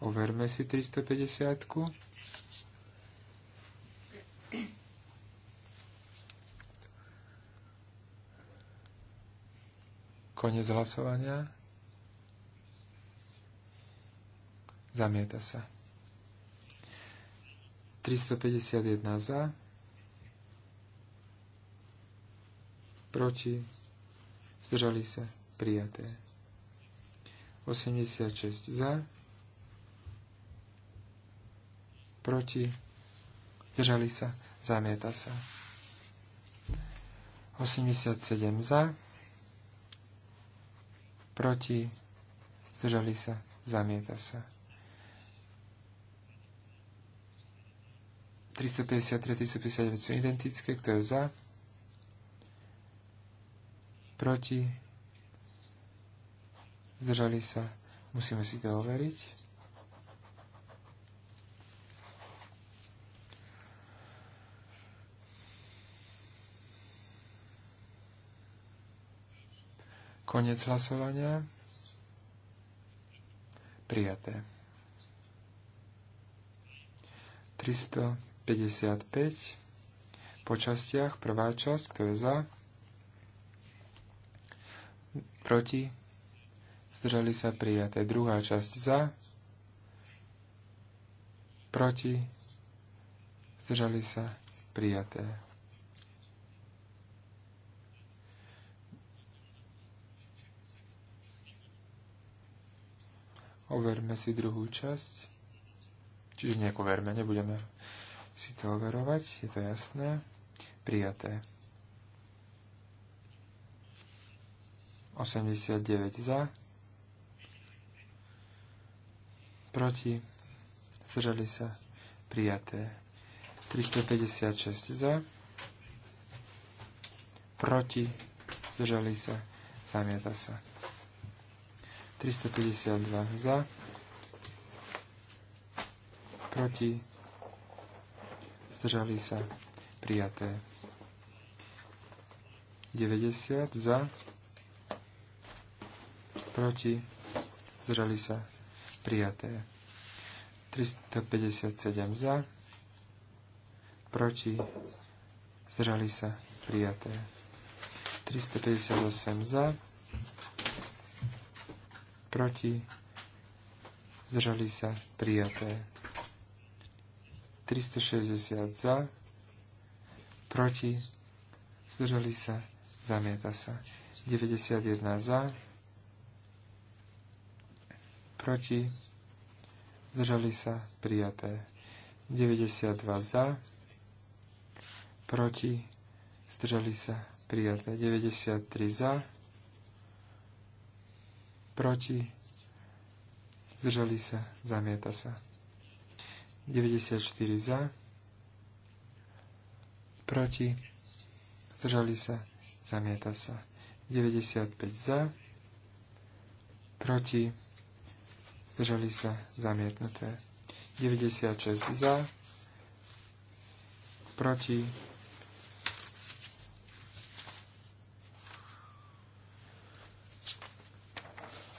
Overme si 350. Konec hlasovania. Zamieta sa. 351 za. Proti. Zdržali sa. Prijaté. 86 za proti, držali sa, zamieta sa. 87 za, proti, zdržali sa, zamieta sa. 353, 359 sú identické, kto je za, proti, zdržali sa, musíme si to overiť. Konec hlasovania. Prijaté. 355 po častiach. Prvá časť, kto je za? Proti? Zdržali sa prijaté. Druhá časť za? Proti? Zdržali sa prijaté. Overme si druhú časť. Čiže nejako verme, nebudeme si to overovať, je to jasné. Prijaté. 89 za. Proti. Zdržali sa. Prijaté. 356 za. Proti. Zdržali sa. Zamieta sa. 352 za, proti, zdržali sa, prijaté. 90 za, proti, zdržali sa, prijaté. 357 za, proti, zdržali sa, prijaté. 358 za, proti, zdržali sa prijaté. 360 za, proti, zdržali sa, zamieta sa. 91 za, proti, zdržali sa, prijaté. 92 za, proti, zdržali sa, prijaté. 93 za, proti, zdržali sa, zamieta sa. 94 za, proti, zdržali sa, zamieta sa. 95 za, proti, zdržali sa, zamietnuté. 96 za, proti,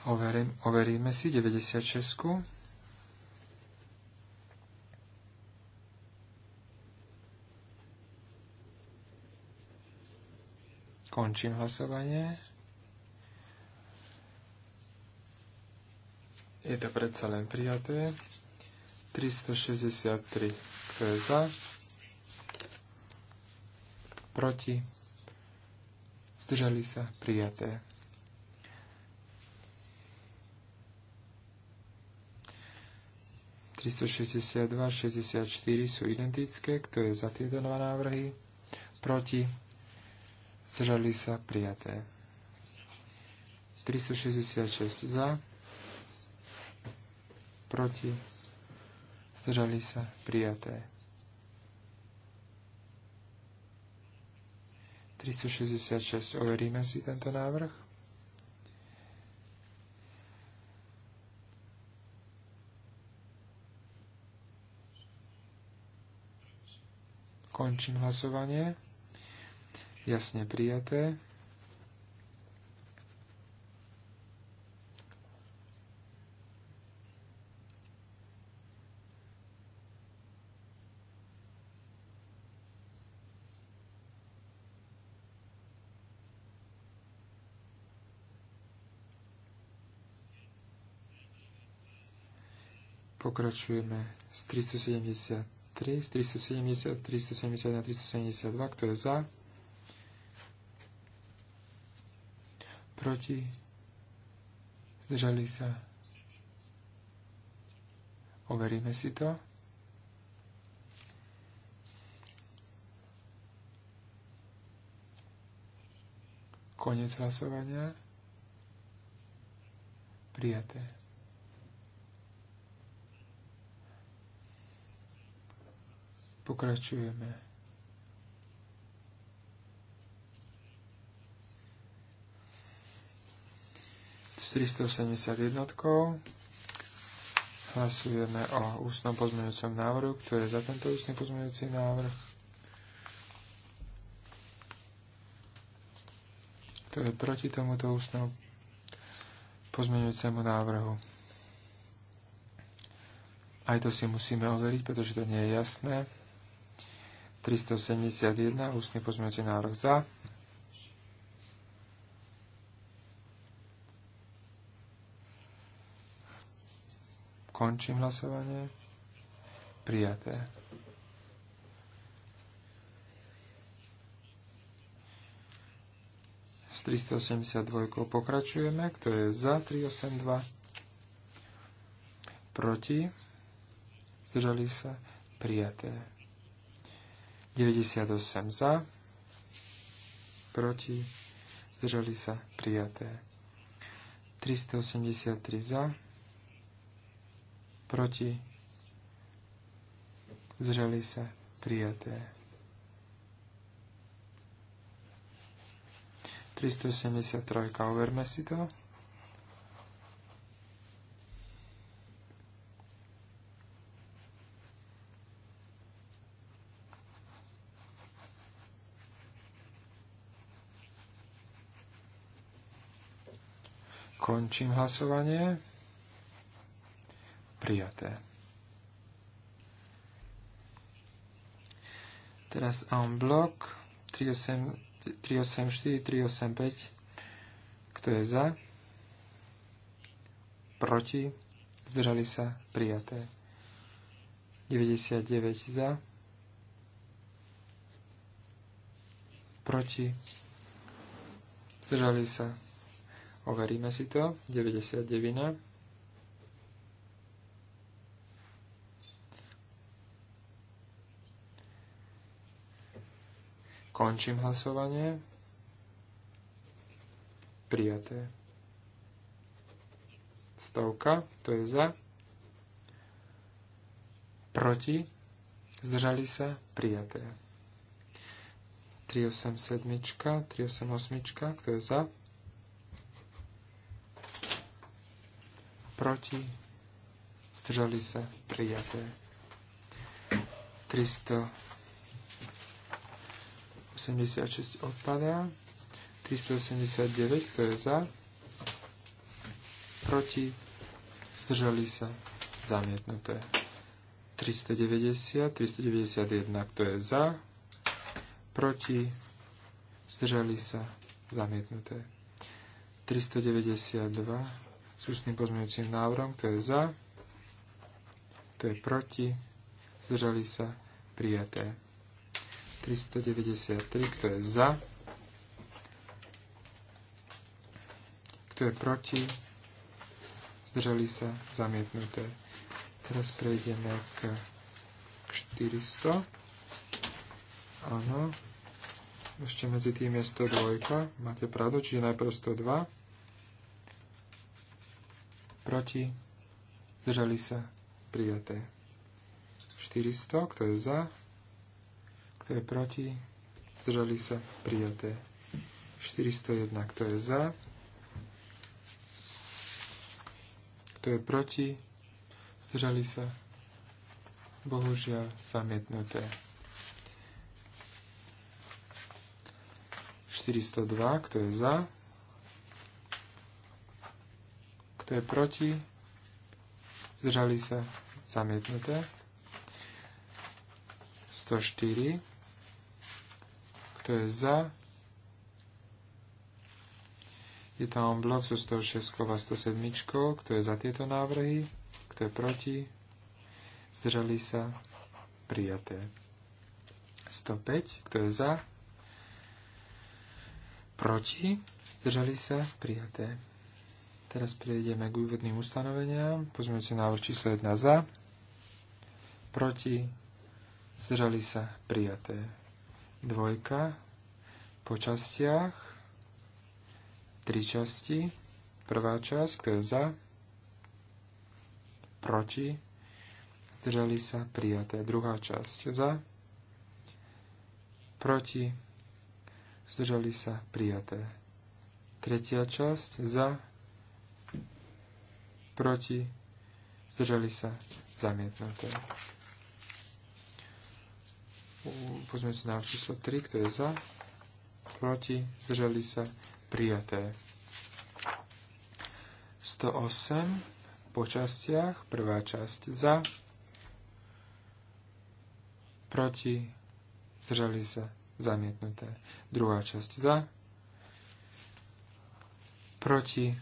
Overím, overíme si 96. Končím hlasovanie. Je to predsa len prijaté. 363 kto je za, proti, zdržali sa prijaté. 362 a 64 sú identické. Kto je za tieto dva návrhy? Proti? Zdržali sa prijaté. 366 za. Proti? Zdržali sa prijaté. 366. Overíme si tento návrh. Končím hlasovanie. Jasne prijaté. pokračujeme s 370 z 370, 371, 372, kto je za, proti, zdržali sa. Overíme si to. Konec hlasovania. Prijaté. Pokračujeme. S 381 hlasujeme o ústnom pozmeňujúcom návrhu. Kto je za tento ústny pozmeňujúci návrh? Kto je proti tomuto ústnom pozmeňujúcemu návrhu? Aj to si musíme overiť, pretože to nie je jasné. 371, ústny pozmeňujúci návrh za. Končím hlasovanie. Prijaté. S 382 pokračujeme. Kto je za 382? Proti? Zdržali sa? Prijaté. 98 za, proti, zdržali sa prijaté. 383 za, proti, zdržali sa prijaté. 373, overme si to. Končím hlasovanie. Prijaté. Teraz en blok 384, 385. Kto je za? Proti? Zdržali sa? Prijaté. 99 za. Proti? Zdržali sa? Overíme si to. 99. Končím hlasovanie. Prijaté. Stovka, to je za. Proti, zdržali sa, prijaté. 387, 388, kto je za, proti, zdržali sa, prijaté. 386 odpadá, 389, kto je za, proti, zdržali sa, zamietnuté. 390, 391, kto je za, proti, zdržali sa, zamietnuté. 392, s ústnym pozmeňujúcim návrhom, kto je za, kto je proti, zdržali sa, prijaté. 393, kto je za, kto je proti, zdržali sa, zamietnuté. Teraz prejdeme k 400. Áno. Ešte medzi tým je 102. Máte pravdu, čiže najprv 102 proti, zdržali sa, prijaté. 400, kto je za, kto je proti, zdržali sa, prijaté. 401, kto je za, kto je proti, zdržali sa, bohužiaľ zamietnuté. 402, kto je za, Kto je proti? Zdržali sa zamietnuté. 104. Kto je za? Je tam blok so 106 a 107. Kto je za tieto návrhy? Kto je proti? Zdržali sa? Prijaté. 105. Kto je za? Proti? Zdržali sa? Prijaté. Teraz prejdeme k úvodným ustanoveniam. si návrh číslo 1 za, proti, zdržali sa prijaté. Dvojka po častiach, tri časti, prvá časť, kto je za, proti, zdržali sa prijaté. Druhá časť za, proti, zdržali sa prijaté. Tretia časť za, proti, zdržali sa, zamietnuté. Pozmeňujúci na číslo 3, kto je za, proti, zdržali sa, prijaté. 108 po častiach, prvá časť za, proti, zdržali sa, zamietnuté. Druhá časť za, proti,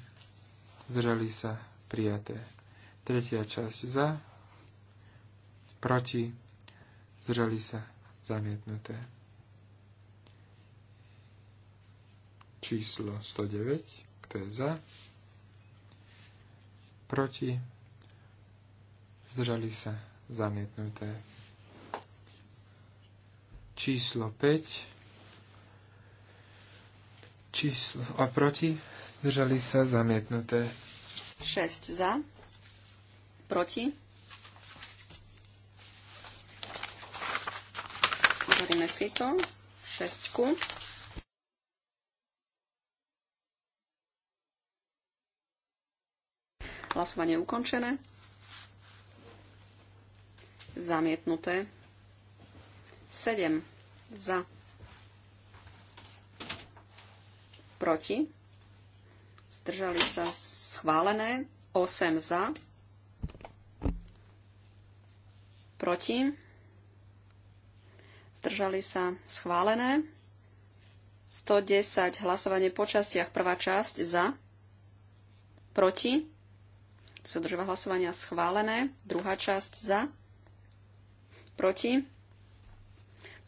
zdržali sa, prijaté. Tretia časť za, proti, zreli sa, zamietnuté. Číslo 109, kto je za, proti, zdržali sa, zamietnuté. Číslo 5, číslo a proti, zdržali sa zamietnuté. 6 za, proti. Overíme si to. 6 Hlasovanie ukončené. Zamietnuté. 7 za. Proti zdržali sa schválené, 8 za, proti, zdržali sa schválené, 110 hlasovanie po častiach, prvá časť za, proti, sa hlasovania schválené, druhá časť za, proti,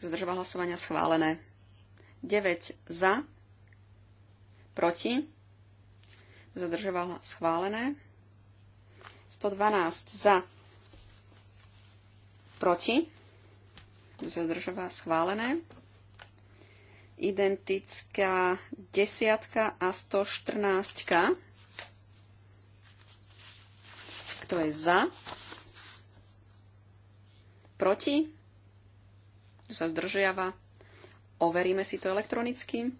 zdržba hlasovania schválené, 9 za, proti, zadržoval schválené. 112 za, proti, zadržová schválené. Identická desiatka a 114. Kto je za? Proti? Sa zdržiava. Overíme si to elektronicky.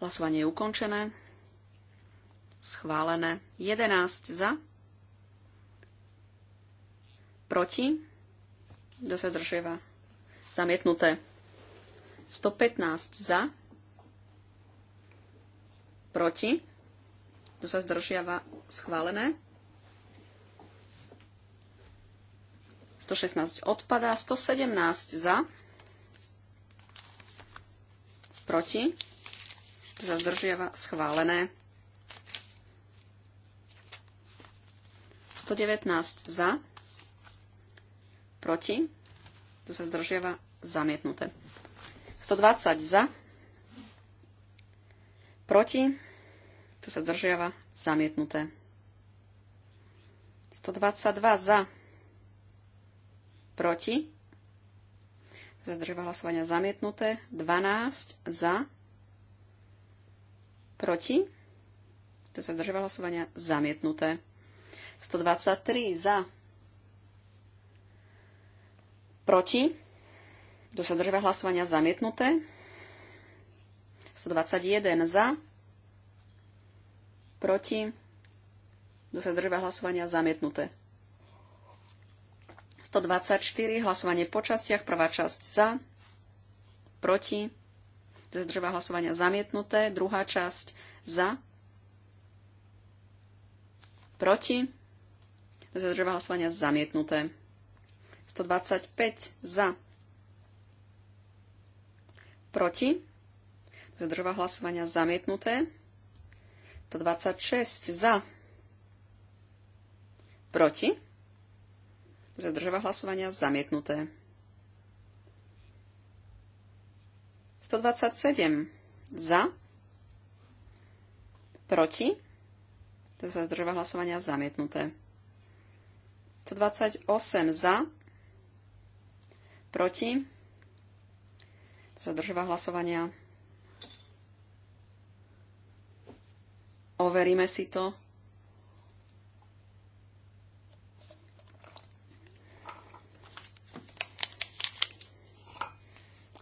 Hlasovanie je ukončené. Schválené. 11 za. Proti. Kto sa drževa? Zamietnuté. 115 za. Proti. Kto sa zdržiava? Schválené. 116 odpadá. 117 za. Proti zadržiava schválené. 119 za, proti, tu sa zdržiava, zamietnuté. 120 za, proti, tu sa zdržiava, zamietnuté. 122 za, proti, tu sa zdržiava hlasovania zamietnuté, 12 za, Proti? To sa zdržal hlasovania. Zamietnuté. 123 za. Proti? Kto sa zdržal hlasovania? Zamietnuté. 121 za. Proti? Kto sa zdržal hlasovania? Zamietnuté. 124, hlasovanie po častiach, prvá časť za, proti, to je zdržová hlasovania zamietnuté, druhá časť za, proti, To je zdržová hlasovania zamietnuté, 125 za, proti, To je zdržová hlasovania zamietnuté, 126 za, proti, Zadržava hlasovania zamietnuté. 127 za, proti, to sa zdržíva hlasovania zamietnuté. 128 za, proti, to sa zdržíva hlasovania. Overíme si to.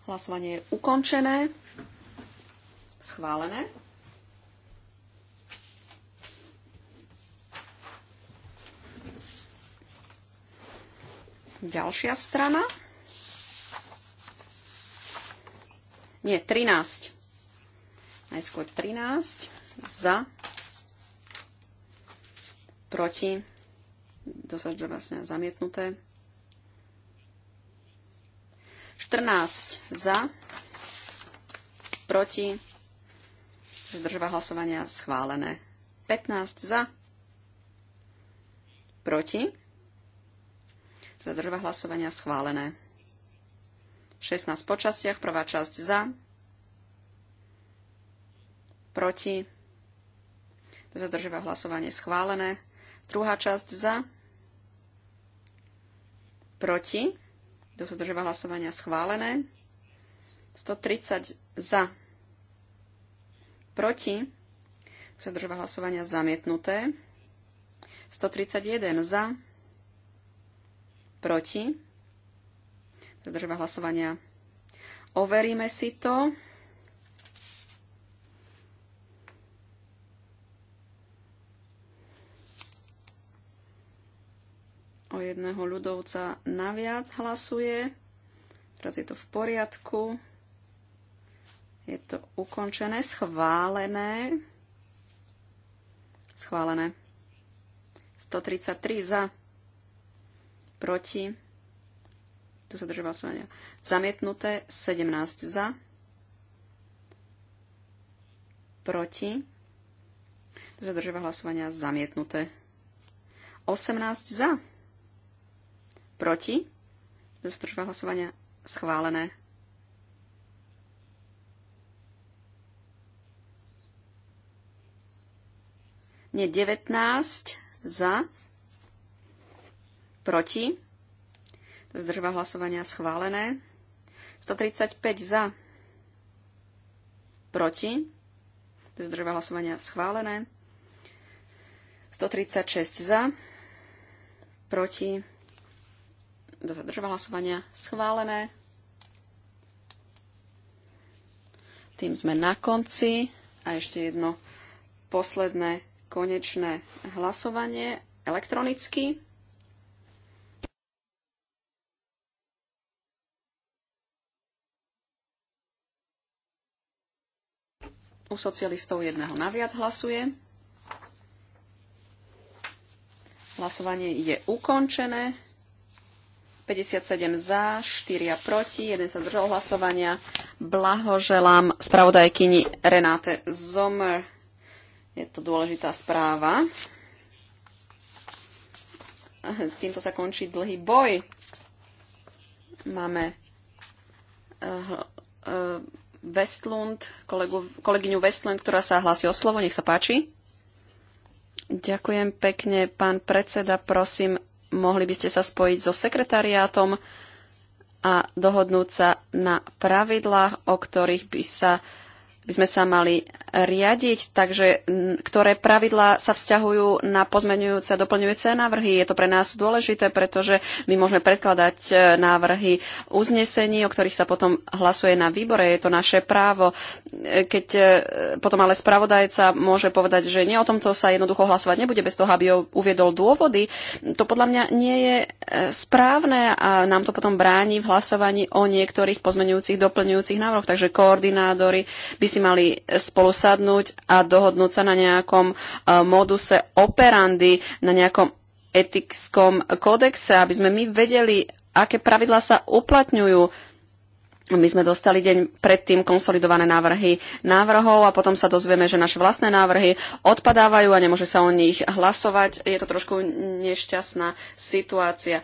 Hlasovanie je ukončené. Schválené. Ďalšia strana. Nie, 13. Najskôr 13. Za. Proti. že vlastne zamietnuté. 14 za, proti, zdržba hlasovania schválené. 15 za, proti, zdržba hlasovania schválené. 16 po častiach, prvá časť za, proti, zdržba hlasovanie schválené. Druhá časť za, proti, kto sa držíva hlasovania? Schválené. 130 za. Proti. Kto sa držíva hlasovania? Zamietnuté. 131 za. Proti. Kto sa držíva hlasovania? Overíme si to. o jedného ľudovca naviac hlasuje. Teraz je to v poriadku. Je to ukončené, schválené. Schválené. 133 za. Proti. Tu sa drží hlasovania. Zamietnuté 17 za. Proti. Tu sa drží hlasovania. Zamietnuté 18 za. Proti? Kto hlasovania? Schválené. Nie 19 za, proti, to zdržba hlasovania schválené, 135 za, proti, to zdržba hlasovania schválené, 136 za, proti, kto sa hlasovania? Schválené. Tým sme na konci. A ešte jedno posledné konečné hlasovanie elektronicky. U socialistov jedného naviac hlasuje. Hlasovanie je ukončené. 57 za, 4 proti, 1 sa zdržal hlasovania. Blahoželám spravodajkyni Renáte Zomer. Je to dôležitá správa. Týmto sa končí dlhý boj. Máme eh, eh, Westlund, kolegu, kolegyňu Westlund, ktorá sa hlási o slovo. Nech sa páči. Ďakujem pekne, pán predseda. Prosím, mohli by ste sa spojiť so sekretariátom a dohodnúť sa na pravidlách, o ktorých by sa by sme sa mali riadiť, takže ktoré pravidlá sa vzťahujú na pozmenujúce a doplňujúce návrhy. Je to pre nás dôležité, pretože my môžeme predkladať e, návrhy uznesení, o ktorých sa potom hlasuje na výbore. Je to naše právo. E, keď e, potom ale spravodajca môže povedať, že nie o tomto sa jednoducho hlasovať nebude bez toho, aby ho uviedol dôvody, to podľa mňa nie je správne a nám to potom bráni v hlasovaní o niektorých pozmenujúcich, doplňujúcich návrhoch. Takže koordinátori by si mali spolu sadnúť a dohodnúť sa na nejakom e, moduse operandy, na nejakom etickom kódexe, aby sme my vedeli, aké pravidlá sa uplatňujú. My sme dostali deň predtým konsolidované návrhy návrhov a potom sa dozvieme, že naše vlastné návrhy odpadávajú a nemôže sa o nich hlasovať. Je to trošku nešťastná situácia.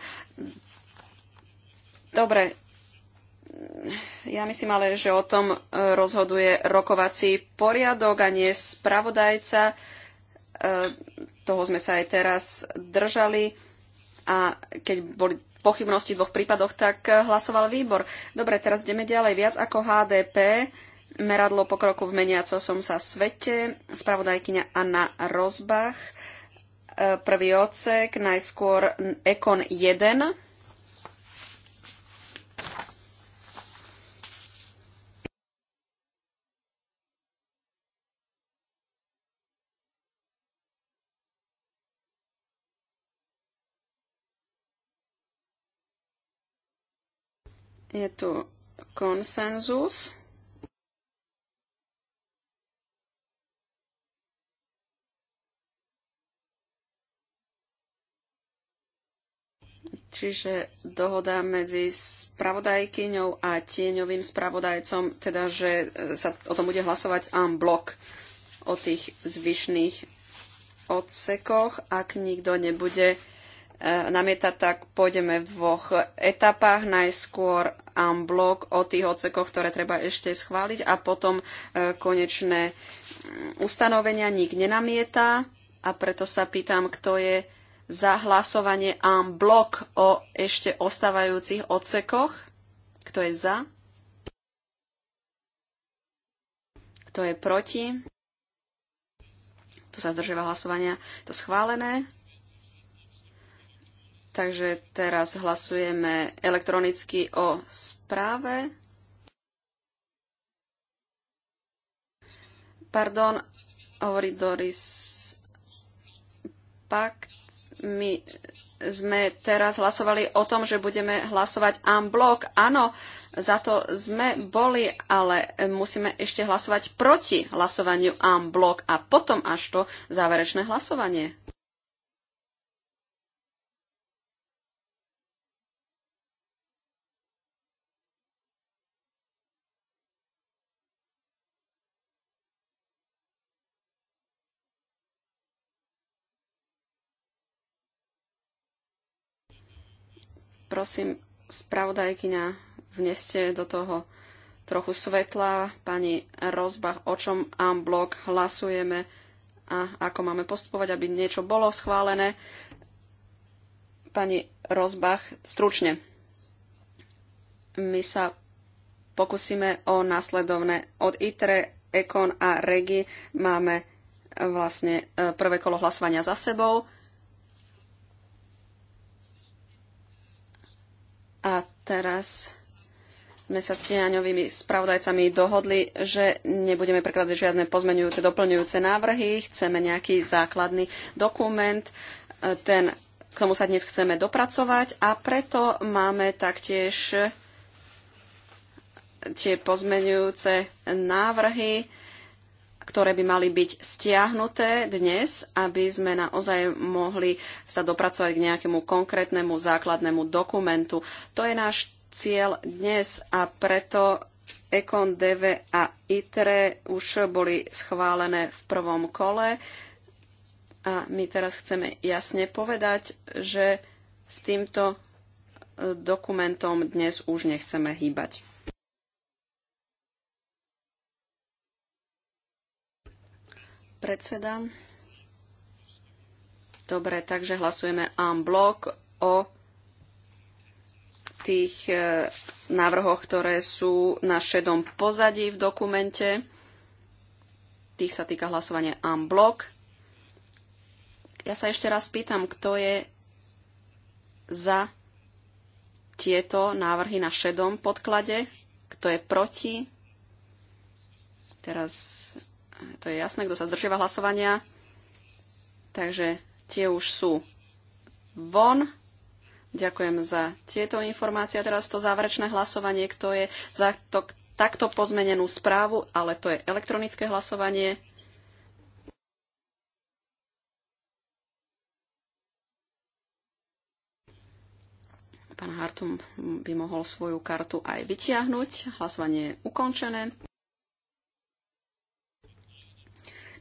Dobre, ja myslím ale, že o tom e, rozhoduje rokovací poriadok a nie spravodajca. E, toho sme sa aj teraz držali a keď boli pochybnosti v dvoch prípadoch, tak e, hlasoval výbor. Dobre, teraz ideme ďalej. Viac ako HDP, meradlo pokroku v meniacom sa svete, spravodajkyňa Anna Rozbach, prvý odsek, najskôr Ekon 1, Je tu konsenzus. Čiže dohoda medzi spravodajkyňou a tieňovým spravodajcom, teda, že e, sa o tom bude hlasovať en blok o tých zvyšných odsekoch, ak nikto nebude Eh, namietať, tak pôjdeme v dvoch etapách. Najskôr blok o tých ocekoch, ktoré treba ešte schváliť a potom eh, konečné mm, ustanovenia nik nenamieta a preto sa pýtam, kto je za hlasovanie en blok o ešte ostávajúcich odsekoch. Kto je za? Kto je proti? Tu sa zdržíva hlasovania. Je to schválené. Takže teraz hlasujeme elektronicky o správe. Pardon, hovorí Doris Pak. My sme teraz hlasovali o tom, že budeme hlasovať en blok. Áno, za to sme boli, ale musíme ešte hlasovať proti hlasovaniu en blok a potom až to záverečné hlasovanie. Prosím, spravodajkyňa, vneste do toho trochu svetla. Pani Rozbach, o čom blok hlasujeme a ako máme postupovať, aby niečo bolo schválené. Pani Rozbach, stručne. My sa pokúsime o následovné. Od ITRE, EKON a REGI máme e, vlastne e, prvé kolo hlasovania za sebou A teraz sme sa s tieňaňovými spravodajcami dohodli, že nebudeme prekladať žiadne pozmenujúce, doplňujúce návrhy, chceme nejaký základný dokument, ten, k tomu sa dnes chceme dopracovať a preto máme taktiež tie pozmenujúce návrhy, ktoré by mali byť stiahnuté dnes, aby sme naozaj mohli sa dopracovať k nejakému konkrétnemu základnému dokumentu. To je náš cieľ dnes a preto Econ, DV a ITRE už boli schválené v prvom kole. A my teraz chceme jasne povedať, že s týmto dokumentom dnes už nechceme hýbať. predseda. Dobre, takže hlasujeme en blok o tých e, návrhoch, ktoré sú na šedom pozadí v dokumente. Tých sa týka hlasovanie en blok. Ja sa ešte raz pýtam, kto je za tieto návrhy na šedom podklade, kto je proti. Teraz to je jasné, kto sa zdržiava hlasovania. Takže tie už sú von. Ďakujem za tieto informácie. A teraz to záverečné hlasovanie, kto je za to, takto pozmenenú správu, ale to je elektronické hlasovanie. Pán Hartum by mohol svoju kartu aj vytiahnuť. Hlasovanie je ukončené.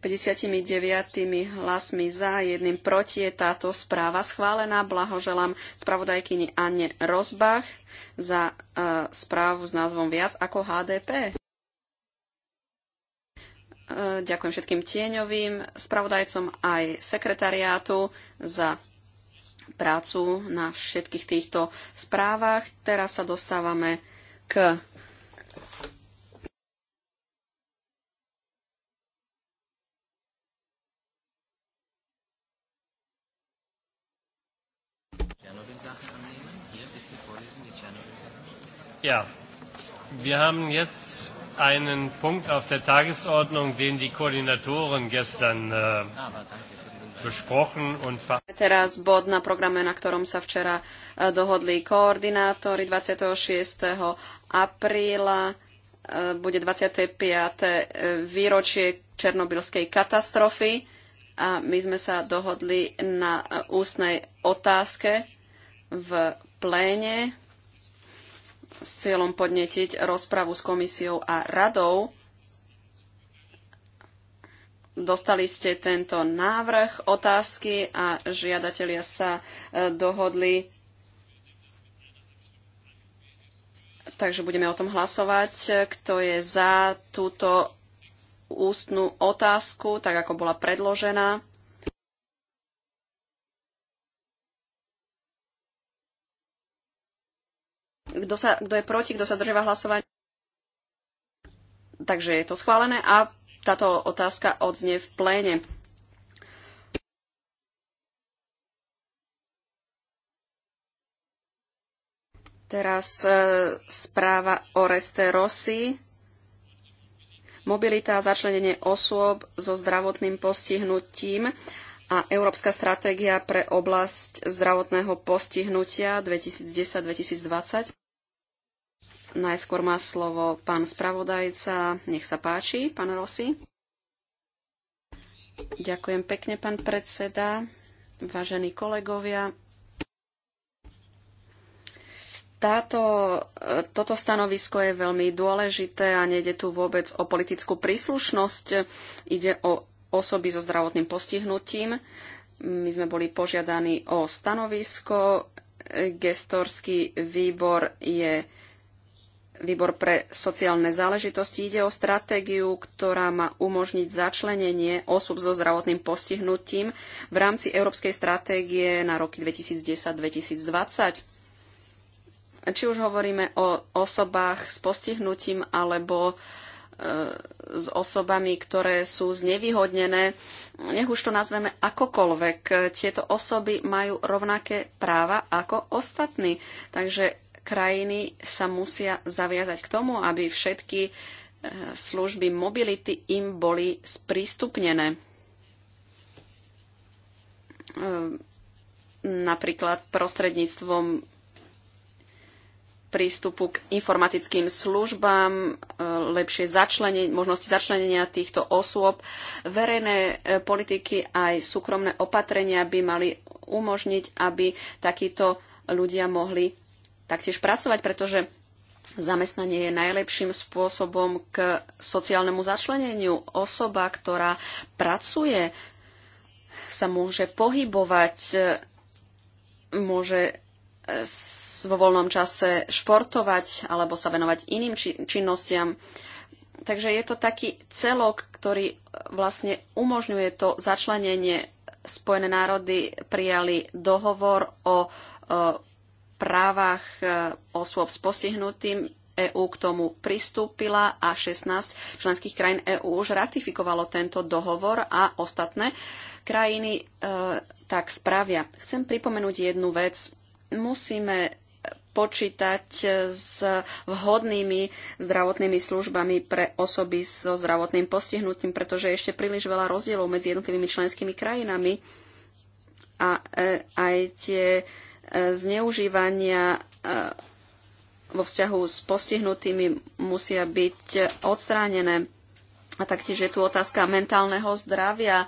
59 hlasmi za, jedným proti je táto správa schválená. Blahoželám spravodajkyni Anne Rozbach za uh, správu s názvom Viac ako HDP. Uh, e, ďakujem všetkým tieňovým spravodajcom aj sekretariátu za prácu na všetkých týchto správach. Teraz sa dostávame k Ja, wir haben jetzt einen Punkt auf der Tagesordnung, den die Koordinatoren gestern äh, besprochen und ver Teraz bod na programe, na ktorom sa včera äh, dohodli koordinátori 26. apríla äh, bude 25. Äh, výročie Černobylskej katastrofy a my sme sa dohodli na ústnej otázke v pléne s cieľom podnetiť rozpravu s komisiou a radou. Dostali ste tento návrh otázky a žiadatelia sa e, dohodli. Takže budeme o tom hlasovať. Kto je za túto ústnu otázku, tak ako bola predložená? Kto, sa, kto je proti, kto sa zdržiava hlasovať. Takže je to schválené a táto otázka odznie v pléne. Teraz e, správa o Reste Rossi. Mobilita a začlenenie osôb so zdravotným postihnutím a Európska stratégia pre oblasť zdravotného postihnutia 2010-2020. Najskôr má slovo pán spravodajca. Nech sa páči, pán Rossi. Ďakujem pekne, pán predseda, vážení kolegovia. Táto, toto stanovisko je veľmi dôležité a nejde tu vôbec o politickú príslušnosť. Ide o osoby so zdravotným postihnutím. My sme boli požiadaní o stanovisko. Gestorský výbor je Výbor pre sociálne záležitosti ide o stratégiu, ktorá má umožniť začlenenie osôb so zdravotným postihnutím v rámci Európskej stratégie na roky 2010-2020. Či už hovoríme o osobách s postihnutím alebo e, s osobami, ktoré sú znevýhodnené. Nech už to nazveme akokoľvek. Tieto osoby majú rovnaké práva ako ostatní. Takže Krajiny sa musia zaviazať k tomu, aby všetky e, služby mobility im boli sprístupnené. E, napríklad prostredníctvom prístupu k informatickým službám, e, lepšie začlenie, možnosti začlenenia týchto osôb. Verejné politiky aj súkromné opatrenia by mali umožniť, aby takíto ľudia mohli taktiež pracovať, pretože Zamestnanie je najlepším spôsobom k sociálnemu začleneniu. Osoba, ktorá pracuje, sa môže pohybovať, môže e, vo voľnom čase športovať alebo sa venovať iným činnostiam. Takže je to taký celok, ktorý e, vlastne umožňuje to začlenenie. Spojené národy prijali dohovor o, o e, právach e, osôb s postihnutým EÚ k tomu pristúpila a 16 členských krajín EÚ už ratifikovalo tento dohovor a ostatné krajiny e, tak spravia. Chcem pripomenúť jednu vec. Musíme počítať s vhodnými zdravotnými službami pre osoby so zdravotným postihnutím, pretože je ešte príliš veľa rozdielov medzi jednotlivými členskými krajinami a e, aj tie e, zneužívania e, vo vzťahu s postihnutými musia byť odstránené. A taktiež je tu otázka mentálneho zdravia.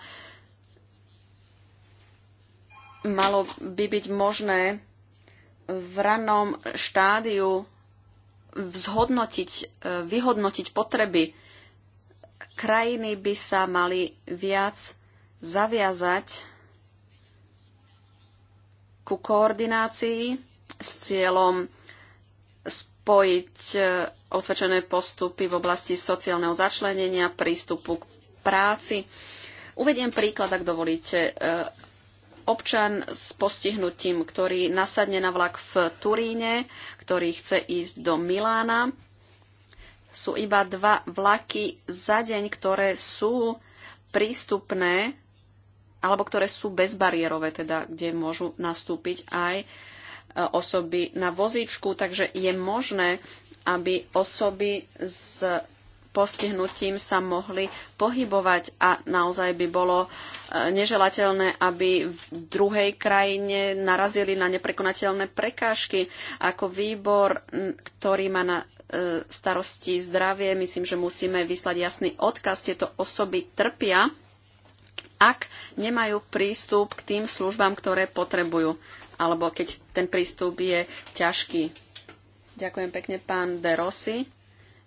Malo by byť možné v ranom štádiu vzhodnotiť, e, vyhodnotiť potreby. Krajiny by sa mali viac zaviazať ku koordinácii s cieľom spojiť e, osvedčené postupy v oblasti sociálneho začlenenia, prístupu k práci. Uvediem príklad, ak dovolíte. E, občan s postihnutím, ktorý nasadne na vlak v Turíne, ktorý chce ísť do Milána, sú iba dva vlaky za deň, ktoré sú prístupné alebo ktoré sú bezbariérové, teda kde môžu nastúpiť aj e, osoby na vozíčku, takže je možné, aby osoby s postihnutím sa mohli pohybovať a naozaj by bolo e, neželateľné, aby v druhej krajine narazili na neprekonateľné prekážky. Ako výbor, ktorý má na e, starosti zdravie, myslím, že musíme vyslať jasný odkaz. Tieto osoby trpia ak nemajú prístup k tým službám, ktoré potrebujú, alebo keď ten prístup je ťažký. Ďakujem pekne, pán De Rossi.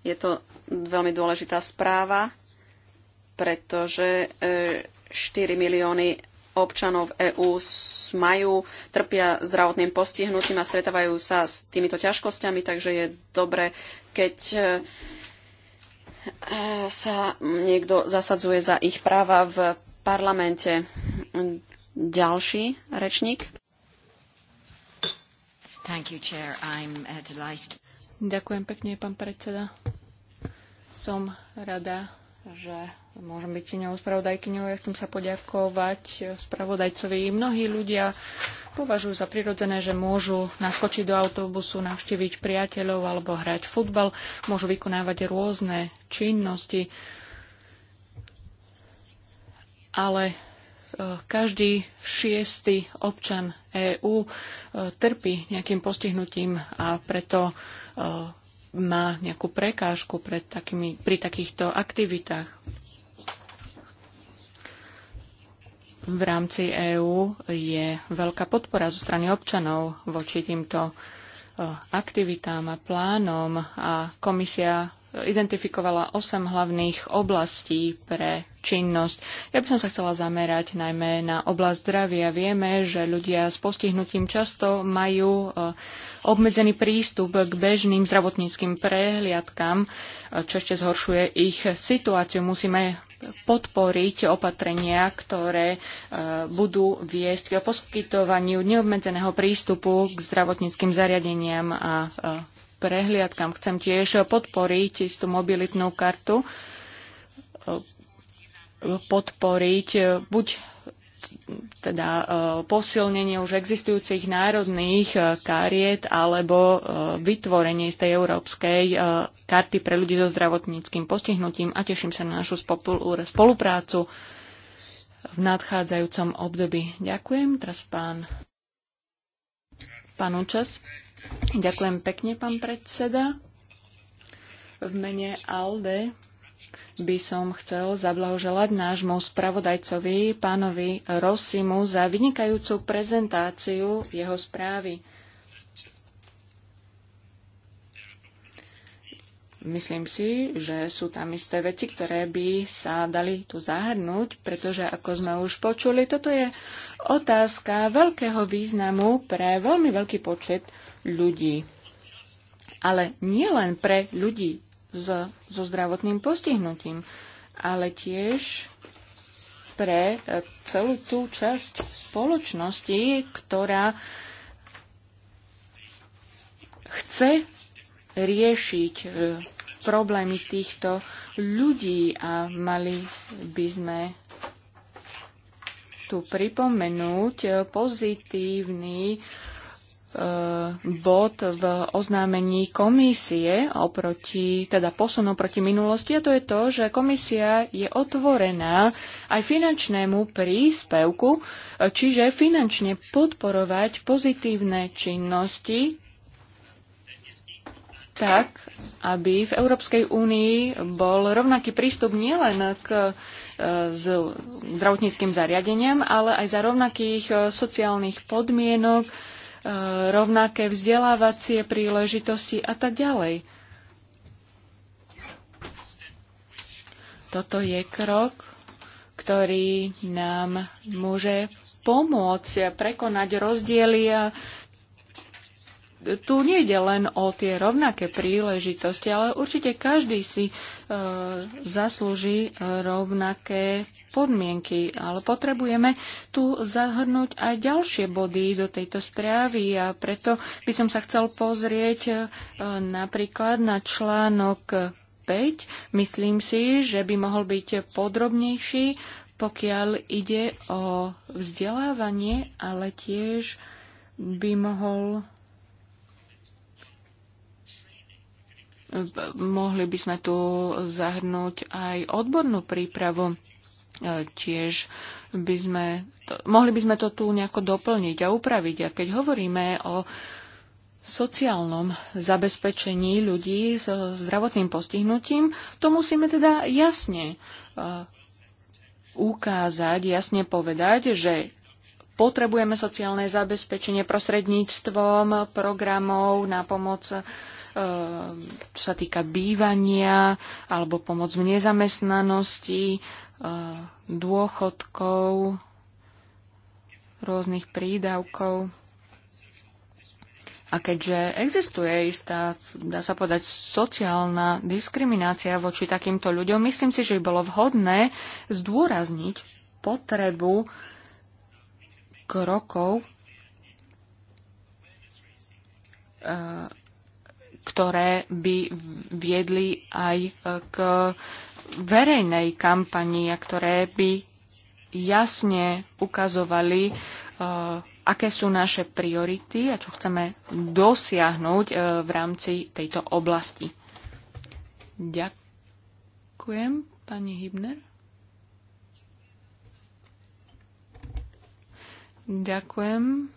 Je to veľmi dôležitá správa, pretože 4 e, milióny občanov EÚ majú, trpia zdravotným postihnutím a stretávajú sa s týmito ťažkosťami, takže je dobre, keď e, e, sa niekto zasadzuje za ich práva v parlamente. Ďalší rečník. You, uh, Ďakujem pekne, pán predseda. Som rada, že môžem byť inou spravodajkyňou. Ja chcem sa poďakovať spravodajcovi. Mnohí ľudia považujú za prirodzené, že môžu naskočiť do autobusu, navštíviť priateľov alebo hrať futbal, môžu vykonávať rôzne činnosti ale e, každý šiestý občan EÚ e, trpí nejakým postihnutím a preto e, má nejakú prekážku pred takými, pri takýchto aktivitách. V rámci EÚ je veľká podpora zo strany občanov voči týmto aktivitám a plánom a komisia identifikovala 8 hlavných oblastí pre činnosť. Ja by som sa chcela zamerať najmä na oblasť zdravia. Vieme, že ľudia s postihnutím často majú eh, obmedzený prístup k bežným zdravotníckým prehliadkám, eh, čo ešte zhoršuje ich situáciu. Musíme podporiť opatrenia, ktoré eh, budú viesť k poskytovaniu neobmedzeného prístupu k zdravotníckým zariadeniam a prehliadkam. Chcem tiež podporiť istú mobilitnú kartu, podporiť e, buď teda e, posilnenie už existujúcich národných e, kariet alebo vytvorenie z tej európskej karty pre ľudí so zdravotníckým postihnutím a teším sa na našu spoluprácu v nadchádzajúcom období. Ďakujem. Teraz pán, pán Učas. Ďakujem pekne, pán predseda. V mene ALDE by som chcel zablahoželať nášmu spravodajcovi, pánovi Rosimu, za vynikajúcu prezentáciu jeho správy. Myslím si, že sú tam isté veci, ktoré by sa dali tu zahrnúť, pretože ako sme už počuli, toto je otázka veľkého významu pre veľmi veľký počet ľudí. Ale nielen pre ľudí so, so zdravotným postihnutím, ale tiež pre e, celú tú časť spoločnosti, ktorá chce riešiť e, problémy týchto ľudí a mali by sme tu pripomenúť e, pozitívny uh, E, bod v oznámení komisie oproti, teda posun oproti minulosti a to je to, že komisia je otvorená aj finančnému príspevku, e, čiže finančne podporovať pozitívne činnosti tak, aby v Európskej únii bol rovnaký prístup nielen k s e, zdravotníckým zariadeniam, ale aj za rovnakých sociálnych podmienok rovnaké vzdelávacie príležitosti a tak ďalej. Toto je krok, ktorý nám môže pomôcť prekonať rozdiely a tu nejde len o tie rovnaké príležitosti, ale určite každý si e, zaslúži rovnaké podmienky. Ale potrebujeme tu zahrnúť aj ďalšie body do tejto správy a preto by som sa chcel pozrieť e, napríklad na článok 5. Myslím si, že by mohol byť podrobnejší, pokiaľ ide o vzdelávanie, ale tiež by mohol Mohli by sme tu zahrnúť aj odbornú prípravu. E, tiež by sme to, mohli by sme to tu nejako doplniť a upraviť. A keď hovoríme o sociálnom zabezpečení ľudí s zdravotným postihnutím, to musíme teda jasne e, ukázať, jasne povedať, že potrebujeme sociálne zabezpečenie prostredníctvom programov na pomoc Ehm, čo sa týka bývania alebo pomoc v nezamestnanosti, ehm, dôchodkov, rôznych prídavkov. A keďže existuje istá, dá sa povedať, sociálna diskriminácia voči takýmto ľuďom, myslím si, že by bolo vhodné zdôrazniť potrebu krokov, ehm, ktoré by viedli aj e, k verejnej kampanii a ktoré by jasne ukazovali, e, aké sú naše priority a čo chceme dosiahnuť e, v rámci tejto oblasti. Ďakujem, pani Hybner Ďakujem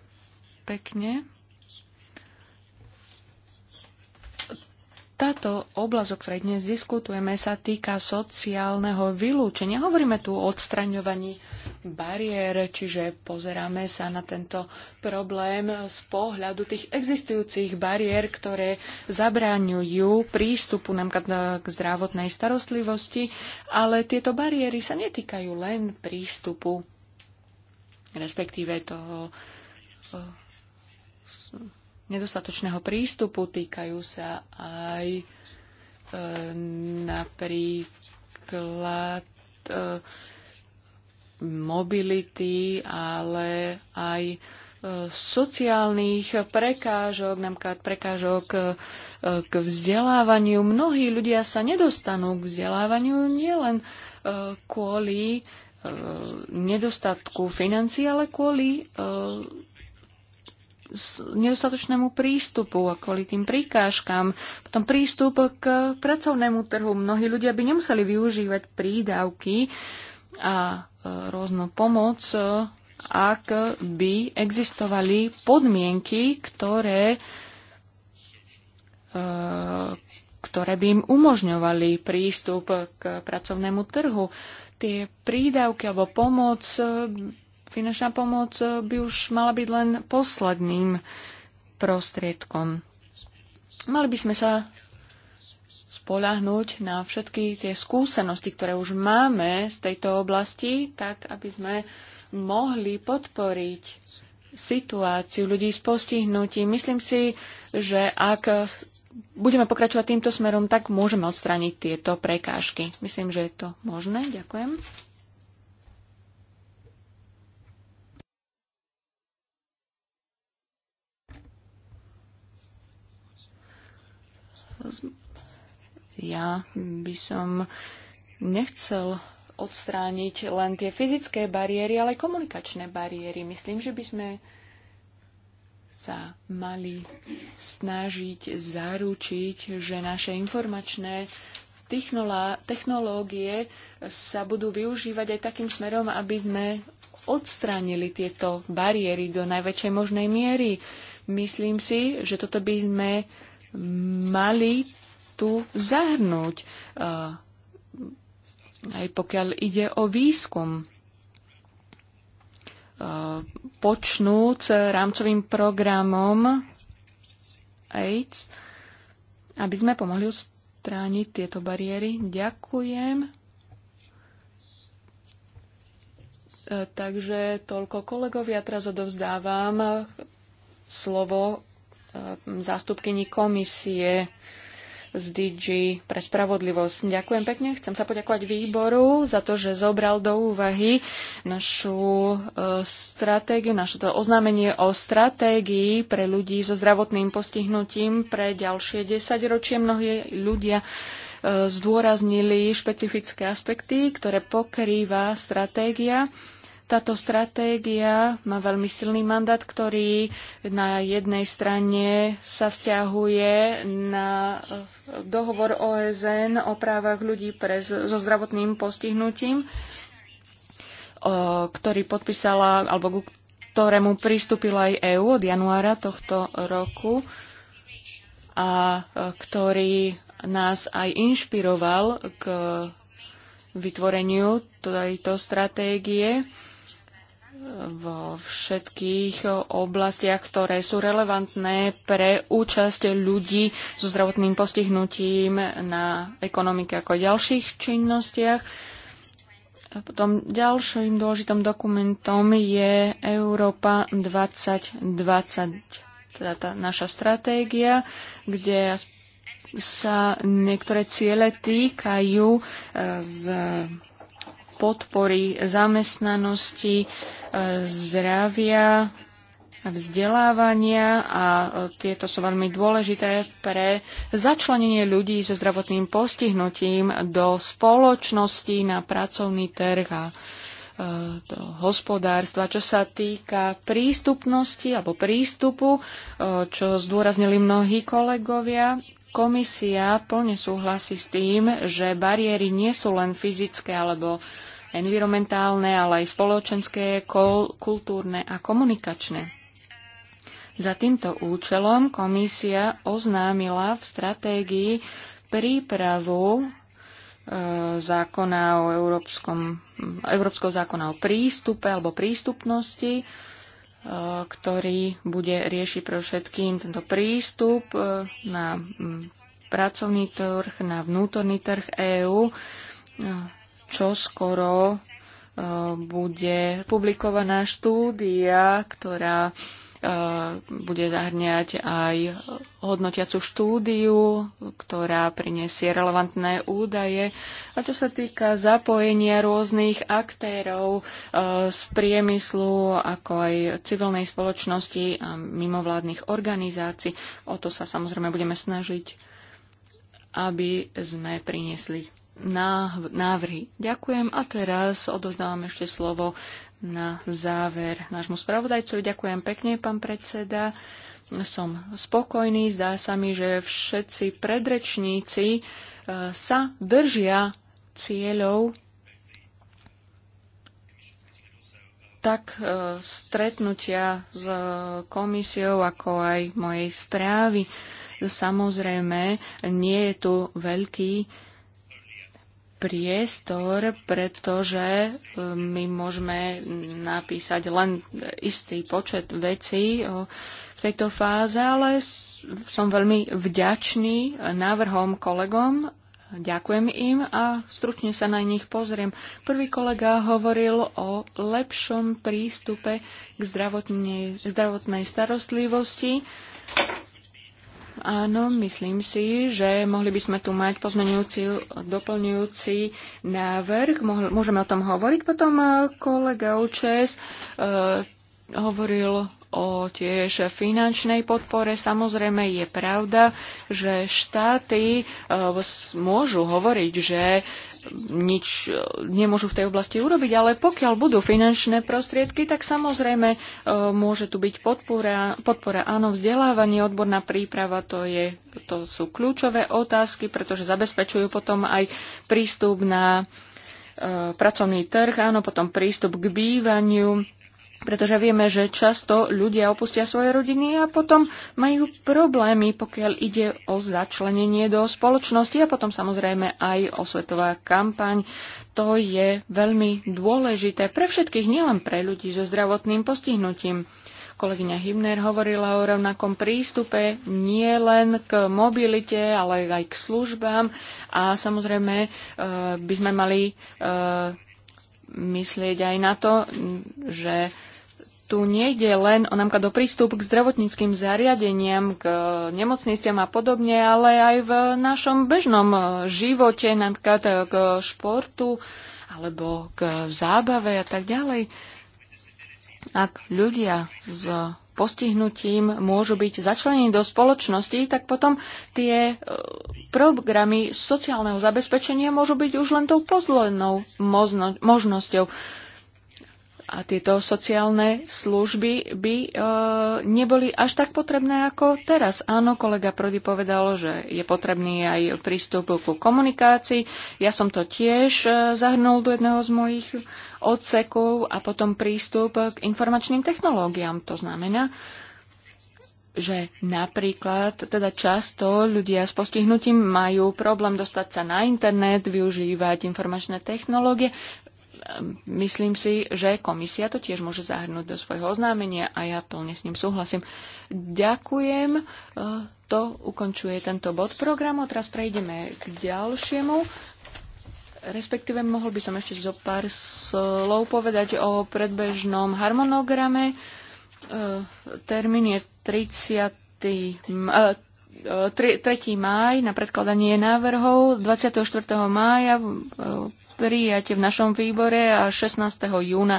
pekne. Táto oblasť, o ktorej dnes diskutujeme, sa týka sociálneho vylúčenia. Hovoríme tu o odstraňovaní bariér, čiže pozeráme sa na tento problém z pohľadu tých existujúcich bariér, ktoré zabráňujú prístupu napríklad e, k zdravotnej starostlivosti, ale tieto bariéry sa netýkajú len prístupu, respektíve toho e, nedostatočného prístupu, týkajú sa aj e, napríklad e, mobility, ale aj e, sociálnych prekážok, napríklad prekážok e, k vzdelávaniu. Mnohí ľudia sa nedostanú k vzdelávaniu nielen e, kvôli nedostatku financií, ale kvôli nedostatočnému prístupu a kvôli tým príkážkám, Potom prístup k pracovnému trhu. Mnohí ľudia by nemuseli využívať prídavky a e, rôznu pomoc, e, ak by existovali podmienky, ktoré, e, ktoré by im umožňovali prístup k pracovnému trhu. Tie prídavky alebo pomoc Finančná pomoc eh, by už mala byť len posledným prostriedkom. Mali by sme sa spoľahnúť na všetky tie skúsenosti, ktoré už máme z tejto oblasti, tak aby sme mohli podporiť situáciu ľudí s postihnutím. Myslím si, že ak budeme pokračovať týmto smerom, tak môžeme odstrániť tieto prekážky. Myslím, že je to možné. Ďakujem. Ja by som nechcel odstrániť len tie fyzické bariéry, ale aj komunikačné bariéry. Myslím, že by sme sa mali snažiť zaručiť, že naše informačné technológie sa budú využívať aj takým smerom, aby sme odstránili tieto bariéry do najväčšej možnej miery. Myslím si, že toto by sme mali tu zahrnúť, eh, aj pokiaľ ide o výskum. Eh, počnúc rámcovým programom AIDS, aby sme pomohli odstrániť tieto bariéry. Ďakujem. Eh, takže toľko kolegovia. Teraz odovzdávam slovo Eh, zástupkyni komisie z DG pre spravodlivosť. Ďakujem pekne. Chcem sa poďakovať výboru za to, že zobral do úvahy našu eh, stratégiu, naše to oznámenie o stratégii pre ľudí so zdravotným postihnutím pre ďalšie 10 ročie. Mnohí ľudia eh, zdôraznili špecifické aspekty, ktoré pokrýva stratégia táto stratégia má veľmi silný mandát, ktorý na jednej strane sa vzťahuje na eh, dohovor OSN o právach ľudí pre, so zdravotným postihnutím, ktorý podpísala, alebo ktorému pristúpila aj EÚ od januára tohto roku a eh, ktorý nás aj inšpiroval k eh, vytvoreniu tejto stratégie vo všetkých oblastiach, ktoré sú relevantné pre účasť ľudí so zdravotným postihnutím na ekonomike ako ďalších činnostiach. A potom ďalším dôležitým dokumentom je Európa 2020, teda tá naša stratégia, kde sa niektoré ciele týkajú e, z podpory zamestnanosti, e, zdravia, vzdelávania a e, tieto sú veľmi dôležité pre začlenenie ľudí so zdravotným postihnutím do spoločnosti na pracovný trh a e, do hospodárstva. Čo sa týka prístupnosti alebo prístupu, čo zdôraznili mnohí kolegovia, komisia plne súhlasí s tým, že bariéry nie sú len fyzické alebo environmentálne, ale aj spoločenské, kultúrne a komunikačné. Za týmto účelom komisia oznámila v stratégii prípravu e, zákona o európskom, európskeho zákona o prístupe alebo prístupnosti, e, ktorý bude riešiť pre všetkým tento prístup e, na pracovný trh, na vnútorný trh EÚ čo skoro eh, bude publikovaná štúdia, ktorá eh, bude zahrňať aj hodnotiacu štúdiu, ktorá prinesie relevantné údaje. A to sa týka zapojenia rôznych aktérov eh, z priemyslu, ako aj civilnej spoločnosti a mimovládnych organizácií, o to sa samozrejme budeme snažiť, aby sme priniesli návrhy. Ďakujem a teraz odozdávam ešte slovo na záver nášmu spravodajcovi. Ďakujem pekne, pán predseda. Som spokojný. Zdá sa mi, že všetci predrečníci e, sa držia cieľov tak e, stretnutia s komisiou, ako aj mojej správy. Samozrejme, nie je tu veľký priestor, pretože e, my môžeme napísať len istý počet vecí v tejto fáze, ale som veľmi vďačný návrhom kolegom. Ďakujem im a stručne sa na nich pozriem. Prvý kolega hovoril o lepšom prístupe k zdravotnej, zdravotnej starostlivosti Áno, myslím si, že mohli by sme tu mať pozmenujúci, doplňujúci návrh. Môžeme o tom hovoriť. Potom e, kolega Učes uh, hovoril o tiež finančnej podpore. Samozrejme je pravda, že štáty e, môžu hovoriť, že nič e, nemôžu v tej oblasti urobiť, ale pokiaľ budú finančné prostriedky, tak samozrejme e, môže tu byť podpora, podpora áno, vzdelávanie, odborná príprava, to, je, to sú kľúčové otázky, pretože zabezpečujú potom aj prístup na e, pracovný trh, áno, potom prístup k bývaniu, pretože vieme, že často ľudia opustia svoje rodiny a potom majú problémy, pokiaľ ide o začlenenie do spoločnosti a potom samozrejme aj o svetová kampaň. To je veľmi dôležité pre všetkých, nielen pre ľudí so zdravotným postihnutím. Kolegyňa Himner hovorila o rovnakom prístupe nie len k mobilite, ale aj k službám a samozrejme eh, by sme mali eh, myslieť aj na to, že tu nejde len o napríklad do prístup k zdravotníckým zariadeniam, k nemocniciam a podobne, ale aj v našom bežnom živote, napríklad k športu alebo k zábave a tak ďalej. Ak ľudia s postihnutím môžu byť začlenení do spoločnosti, tak potom tie e, programy sociálneho zabezpečenia môžu byť už len tou pozlenou možnosťou a tieto sociálne služby by e, neboli až tak potrebné ako teraz. Áno, kolega Prody povedal, že je potrebný aj prístup ku komunikácii. Ja som to tiež e, zahrnul do jedného z mojich odsekov a potom prístup k informačným technológiám. To znamená, že napríklad teda často ľudia s postihnutím majú problém dostať sa na internet, využívať informačné technológie myslím si, že komisia to tiež môže zahrnúť do svojho oznámenia a ja plne s ním súhlasím. Ďakujem. E, to ukončuje tento bod programu. Teraz prejdeme k ďalšiemu. Respektíve mohol by som ešte zo pár slov povedať o predbežnom harmonograme. E, Termín je 30. 3. E, máj na predkladanie návrhov, 24. mája prijatie v našom výbore a 16. júna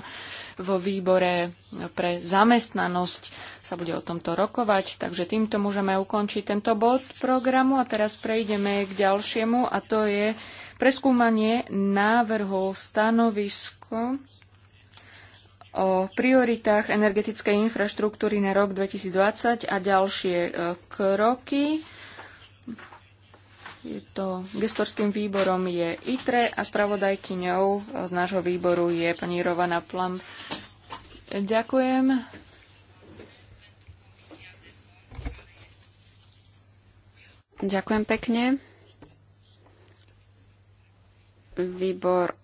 vo výbore pre zamestnanosť sa bude o tomto rokovať. Takže týmto môžeme ukončiť tento bod programu a teraz prejdeme k ďalšiemu a to je preskúmanie návrhu stanovisko o prioritách energetickej infraštruktúry na rok 2020 a ďalšie e, kroky. Je to, gestorským výborom je ITRE a spravodajkyňou z nášho výboru je pani Rovana Plam. Ďakujem. Ďakujem pekne. Výbor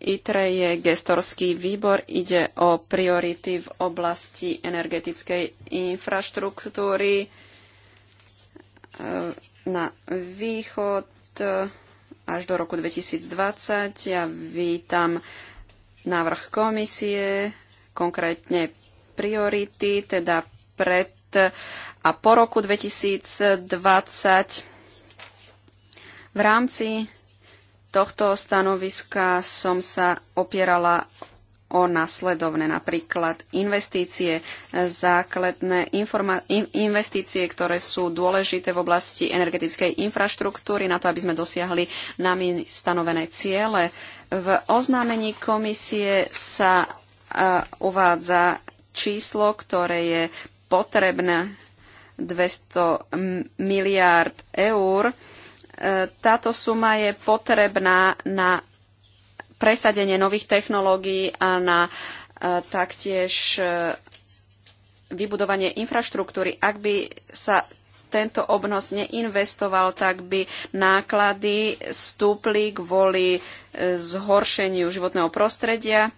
ITRE je gestorský výbor. Ide o priority v oblasti energetickej infraštruktúry na východ e, až do roku 2020. Ja vítam návrh komisie, konkrétne priority, teda pred a po roku 2020. V rámci tohto stanoviska som sa opierala o nasledovné, napríklad investície, základné investície, ktoré sú dôležité v oblasti energetickej infraštruktúry na to, aby sme dosiahli nami stanovené ciele. V oznámení komisie sa e, uvádza číslo, ktoré je potrebné 200 miliárd eur. E, táto suma je potrebná na presadenie nových technológií a na e, taktiež e, vybudovanie infraštruktúry. Ak by sa tento obnos neinvestoval, tak by náklady stúpli kvôli e, zhoršeniu životného prostredia.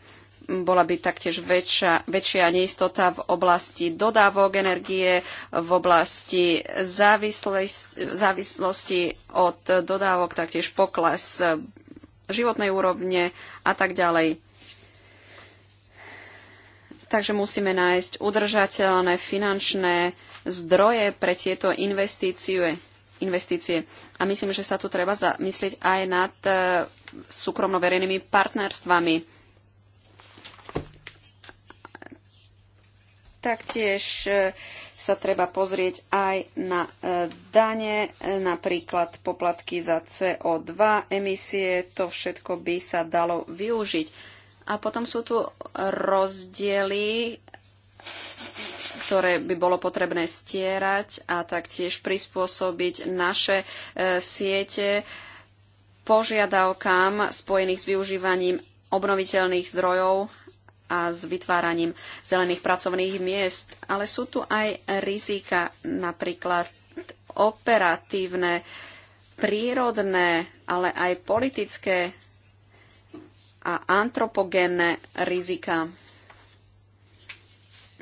Bola by taktiež väčšia, väčšia neistota v oblasti dodávok energie, v oblasti závislosti, závislosti od dodávok, taktiež pokles životnej úrovne a tak ďalej. Takže musíme nájsť udržateľné finančné zdroje pre tieto investície. investície. A myslím, že sa tu treba zamyslieť aj nad e, súkromno-verejnými partnerstvami. taktiež e, sa treba pozrieť aj na e, dane, e, napríklad poplatky za CO2 emisie, to všetko by sa dalo využiť. A potom sú tu rozdiely, ktoré by bolo potrebné stierať a taktiež prispôsobiť naše e, siete požiadavkám spojených s využívaním obnoviteľných zdrojov a s vytváraním zelených pracovných miest. Ale sú tu aj rizika, napríklad operatívne, prírodné, ale aj politické a antropogénne rizika.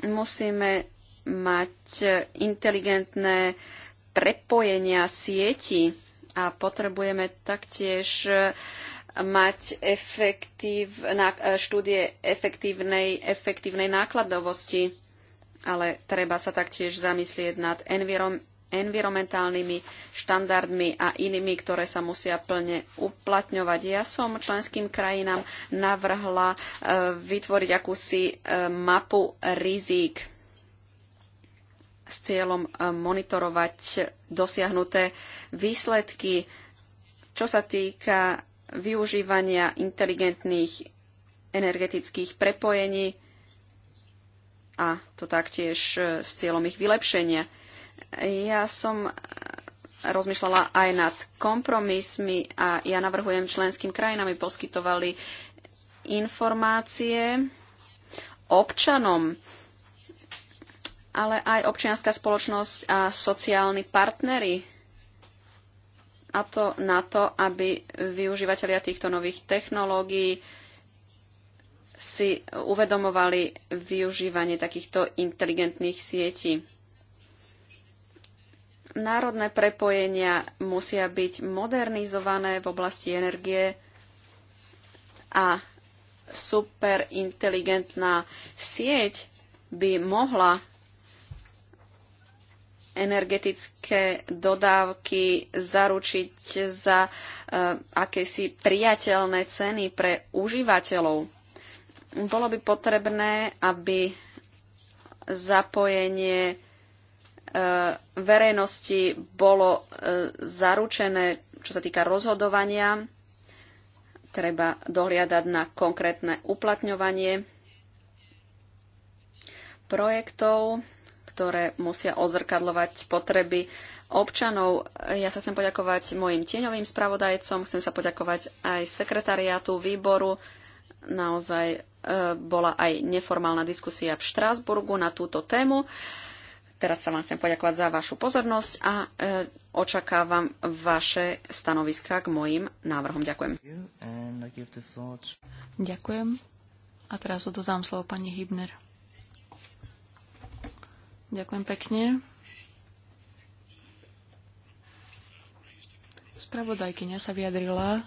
Musíme mať inteligentné prepojenia sieti a potrebujeme taktiež mať efektív, e, štúdie efektívnej, efektívnej nákladovosti, ale treba sa taktiež zamyslieť nad envirom, environmentálnymi štandardmi a inými, ktoré sa musia plne uplatňovať. Ja som členským krajinám navrhla e, vytvoriť akúsi e, mapu rizík s cieľom monitorovať dosiahnuté výsledky. Čo sa týka využívania inteligentných energetických prepojení a to taktiež e, s cieľom ich vylepšenia. Ja som e, rozmýšľala aj nad kompromismi a ja navrhujem členským krajinami poskytovali informácie občanom, ale aj občianská spoločnosť a sociálni partnery a to na to, aby využívateľia týchto nových technológií si uvedomovali využívanie takýchto inteligentných sietí. Národné prepojenia musia byť modernizované v oblasti energie a superinteligentná sieť by mohla energetické dodávky zaručiť za uh, akési priateľné ceny pre užívateľov. Bolo by potrebné, aby zapojenie uh, verejnosti bolo uh, zaručené, čo sa týka rozhodovania. Treba dohliadať na konkrétne uplatňovanie projektov ktoré musia ozrkadľovať potreby občanov. Ja sa chcem poďakovať mojim tieňovým spravodajcom, chcem sa poďakovať aj sekretariátu výboru. Naozaj e, bola aj neformálna diskusia v Štrásburgu na túto tému. Teraz sa vám chcem poďakovať za vašu pozornosť a e, očakávam vaše stanoviska k mojim návrhom. Ďakujem. Ďakujem. A teraz odozám slovo pani Hibner. Ďakujem pekne. Spravodajkyňa sa vyjadrila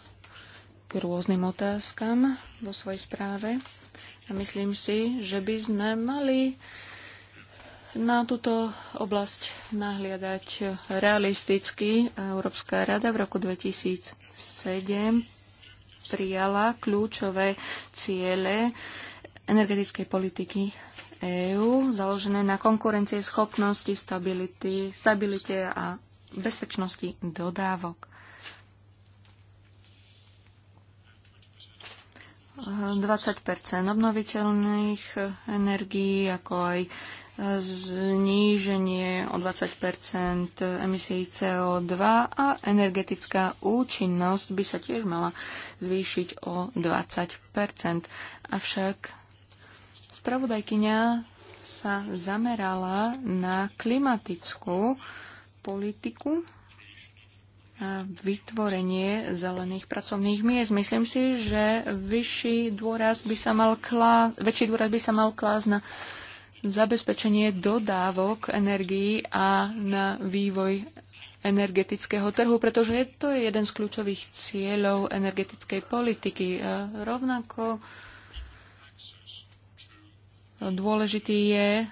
k rôznym otázkam vo svojej správe a myslím si, že by sme mali na túto oblasť nahliadať realisticky. Európska rada v roku 2007 prijala kľúčové ciele energetickej politiky EÚ založené na konkurencie schopnosti, stability, stabilite a bezpečnosti dodávok. 20 obnoviteľných energií, ako aj zníženie o 20 emisí CO2 a energetická účinnosť by sa tiež mala zvýšiť o 20 Avšak Spravodajkyňa sa zamerala na klimatickú politiku a vytvorenie zelených pracovných miest. Myslím si, že vyšší dôraz by sa mal klá... väčší dôraz by sa mal klásť na zabezpečenie dodávok energií a na vývoj energetického trhu, pretože to je jeden z kľúčových cieľov energetickej politiky. Rovnako Dôležitý je e,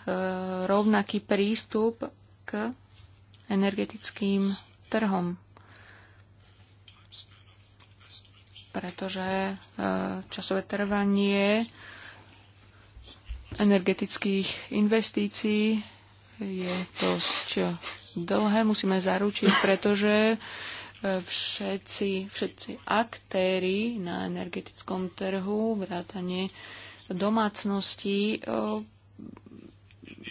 rovnaký prístup k energetickým trhom, pretože e, časové trvanie energetických investícií je dosť dlhé, musíme zaručiť, pretože e, všetci, všetci aktéry na energetickom trhu, vrátane domácnosti, e,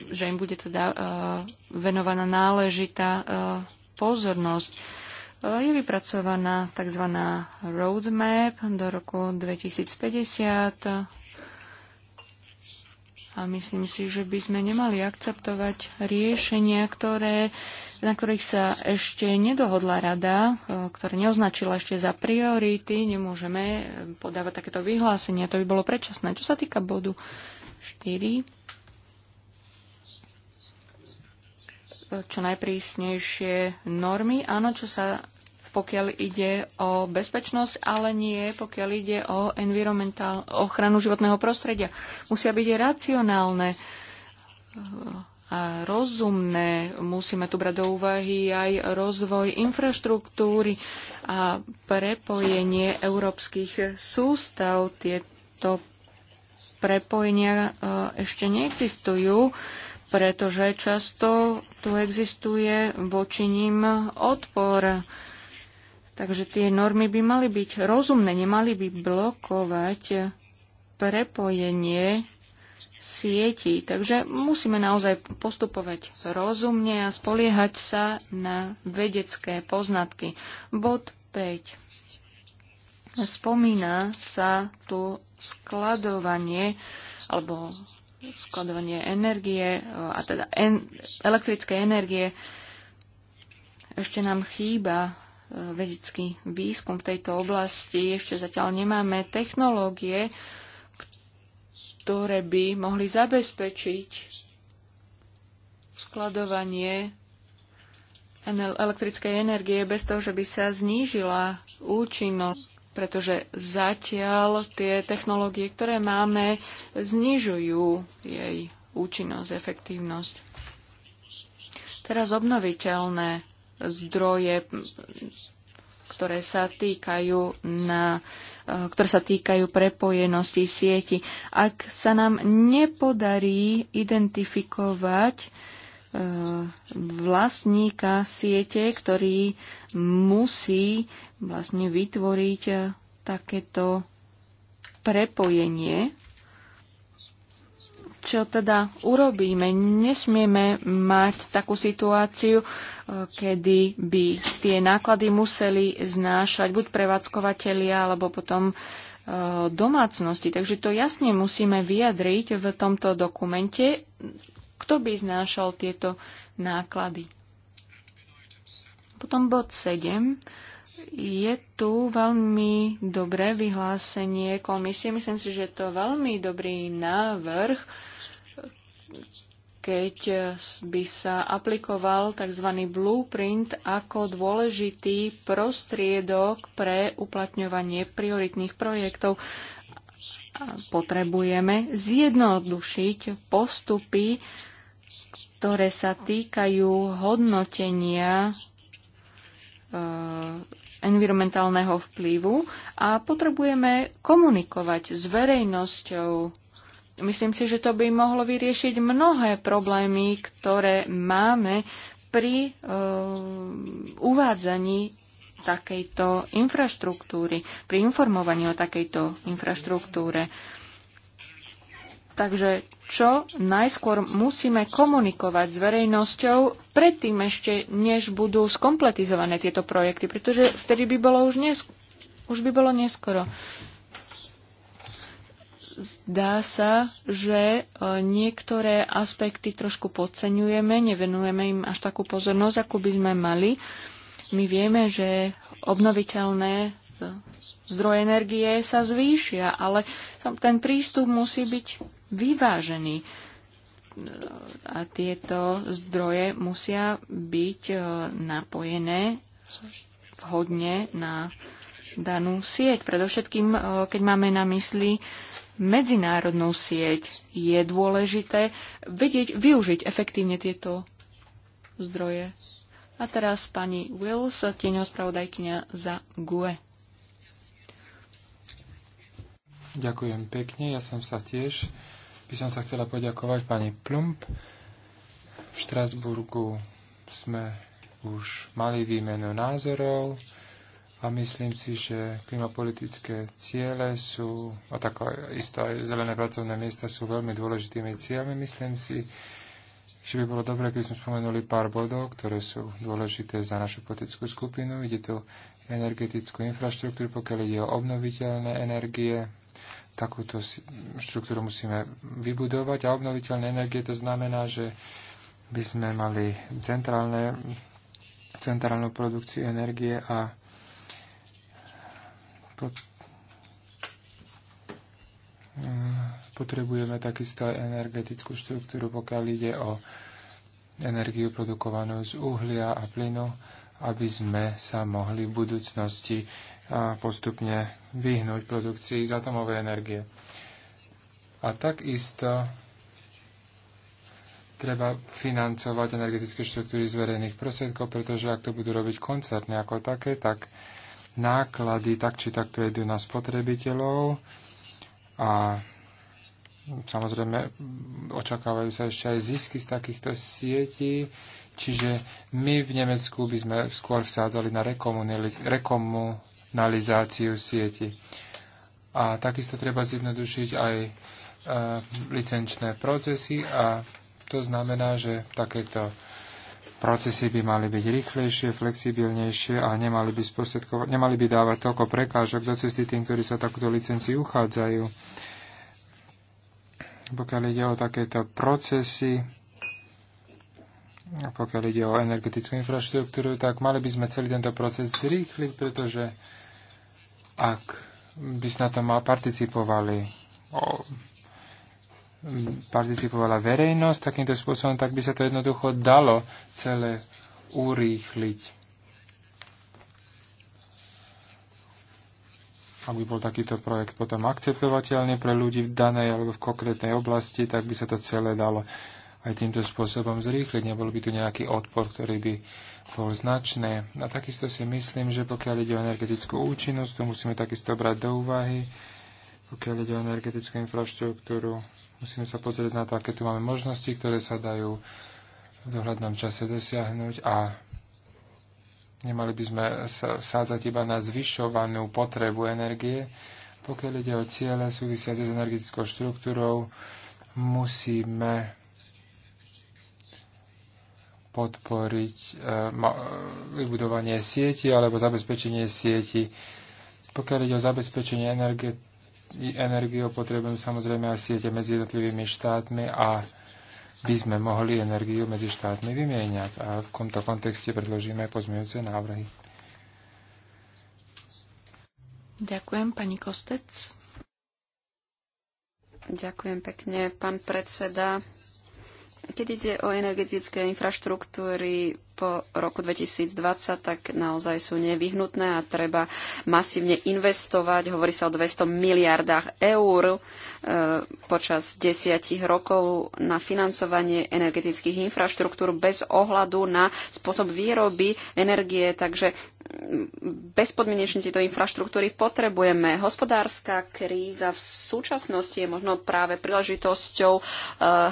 že im bude teda e, venovaná náležitá e, pozornosť. Je vypracovaná tzv. roadmap do roku 2050 a myslím si, že by sme nemali akceptovať riešenia, ktoré na ktorých sa ešte nedohodla rada, e, ktoré neoznačila ešte za priority. Nemôžeme e, podávať takéto vyhlásenie, to by bolo predčasné. Čo sa týka bodu 4, e, čo najprísnejšie normy. Áno, čo sa pokiaľ ide o bezpečnosť, ale nie pokiaľ ide o environmentál, ochranu životného prostredia. Musia byť racionálne rozumné. Musíme tu brať do úvahy aj rozvoj infraštruktúry a prepojenie európskych sústav. Tieto prepojenia e, ešte neexistujú, pretože často tu existuje voči ním odpor. Takže tie normy by mali byť rozumné, nemali by blokovať prepojenie sietí. Takže musíme naozaj postupovať rozumne a spoliehať sa na vedecké poznatky. Bod 5. Spomína sa tu skladovanie alebo skladovanie energie, a teda en, elektrické energie. Ešte nám chýba e, vedecký výskum v tejto oblasti. Ešte zatiaľ nemáme technológie, ktoré by mohli zabezpečiť skladovanie elektrickej energie bez toho, že by sa znížila účinnosť pretože zatiaľ tie technológie, ktoré máme, znižujú jej účinnosť, efektívnosť. Teraz obnoviteľné zdroje, ktoré sa týkajú na Eh, ktoré sa týkajú prepojenosti sieti. Ak sa nám nepodarí identifikovať eh, vlastníka siete, ktorý musí vlastne vytvoriť eh, takéto prepojenie čo teda urobíme? Nesmieme mať takú situáciu, e, kedy by tie náklady museli znášať buď prevádzkovateľia, alebo potom e, domácnosti. Takže to jasne musíme vyjadriť v tomto dokumente, kto by znášal tieto náklady. Potom bod 7. Je tu veľmi dobré vyhlásenie komisie. Myslím si, že je to veľmi dobrý návrh keď by sa aplikoval tzv. blueprint ako dôležitý prostriedok pre uplatňovanie prioritných projektov. Potrebujeme zjednodušiť postupy, ktoré sa týkajú hodnotenia e, environmentálneho vplyvu a potrebujeme komunikovať s verejnosťou Myslím si, že to by mohlo vyriešiť mnohé problémy, ktoré máme pri uh, uvádzaní takejto infraštruktúry, pri informovaní o takejto infraštruktúre. Takže čo najskôr musíme komunikovať s verejnosťou predtým ešte, než budú skompletizované tieto projekty, pretože vtedy by bolo už, nesk- už by bolo neskoro zdá sa, že e, niektoré aspekty trošku podceňujeme, nevenujeme im až takú pozornosť, akú by sme mali. My vieme, že obnoviteľné e, zdroje energie sa zvýšia, ale ten prístup musí byť vyvážený. E, a tieto zdroje musia byť napojené vhodne na danú sieť. Predovšetkým, keď máme na mysli medzinárodnú sieť. Je dôležité vedieť, využiť efektívne tieto zdroje. A teraz pani Wills, tieňová spravodajkynia za GUE. Ďakujem pekne. Ja som sa tiež, by som sa chcela poďakovať pani Plump. V Štrasburgu sme už mali výmenu názorov a myslím si, že klimapolitické ciele sú, a taká isto aj zelené pracovné miesta sú veľmi dôležitými cieľmi. Myslím si, že by bolo dobré, keby sme spomenuli pár bodov, ktoré sú dôležité za našu politickú skupinu. Ide tu energetickú infraštruktúru, pokiaľ ide o obnoviteľné energie. Takúto štruktúru musíme vybudovať a obnoviteľné energie to znamená, že by sme mali centrálne, centrálnu produkciu energie a Mm, potrebujeme takisto aj energetickú štruktúru, pokiaľ ide o energiu produkovanú z uhlia a plynu, aby sme sa mohli v budúcnosti postupne vyhnúť produkcii z atomovej energie. A takisto treba financovať energetické štruktúry z verejných prostriedkov, pretože ak to budú robiť koncerny ako také, tak náklady tak či tak prejdú na spotrebiteľov a samozrejme očakávajú sa ešte aj zisky z takýchto sietí, čiže my v Nemecku by sme skôr vsádzali na rekomunalizáciu sieti. A takisto treba zjednodušiť aj e, licenčné procesy a to znamená, že takéto Procesy by mali byť rýchlejšie, flexibilnejšie a nemali by, nemali by dávať toľko prekážok do cesty tým, ktorí sa takúto licenciu uchádzajú. Pokiaľ ide o takéto procesy, a pokiaľ ide o energetickú infraštruktúru, tak mali by sme celý tento proces zrýchliť, pretože ak by sme na tom participovali participovala verejnosť takýmto spôsobom, tak by sa to jednoducho dalo celé urýchliť. Ak by bol takýto projekt potom akceptovateľný pre ľudí v danej alebo v konkrétnej oblasti, tak by sa to celé dalo aj týmto spôsobom zrýchliť. Nebol by tu nejaký odpor, ktorý by bol značný. A takisto si myslím, že pokiaľ ide o energetickú účinnosť, to musíme takisto brať do úvahy. Pokiaľ ide o energetickú infraštruktúru, Musíme sa pozrieť na to, aké tu máme možnosti, ktoré sa dajú v dohľadnom čase dosiahnuť a nemali by sme sa sádzať iba na zvyšovanú potrebu energie. Pokiaľ ide o ciele súvisiace s energetickou štruktúrou, musíme podporiť eh, vybudovanie sieti alebo zabezpečenie sieti. Pokiaľ ide o zabezpečenie energie, energiou, potrebujeme samozrejme aj siete medzi jednotlivými štátmi a by sme mohli energiu medzi štátmi vymieňať. A v tomto kontexte predložíme pozmeňujúce návrhy. Ďakujem, pani Kostec. Ďakujem pekne, pán predseda. Keď ide o energetické infraštruktúry po roku 2020, tak naozaj sú nevyhnutné a treba masívne investovať. Hovorí sa o 200 miliardách eur e, počas desiatich rokov na financovanie energetických infraštruktúr bez ohľadu na spôsob výroby energie. Takže bezpodmienečne tieto infraštruktúry potrebujeme. Hospodárska kríza v súčasnosti je možno práve príležitosťou eh,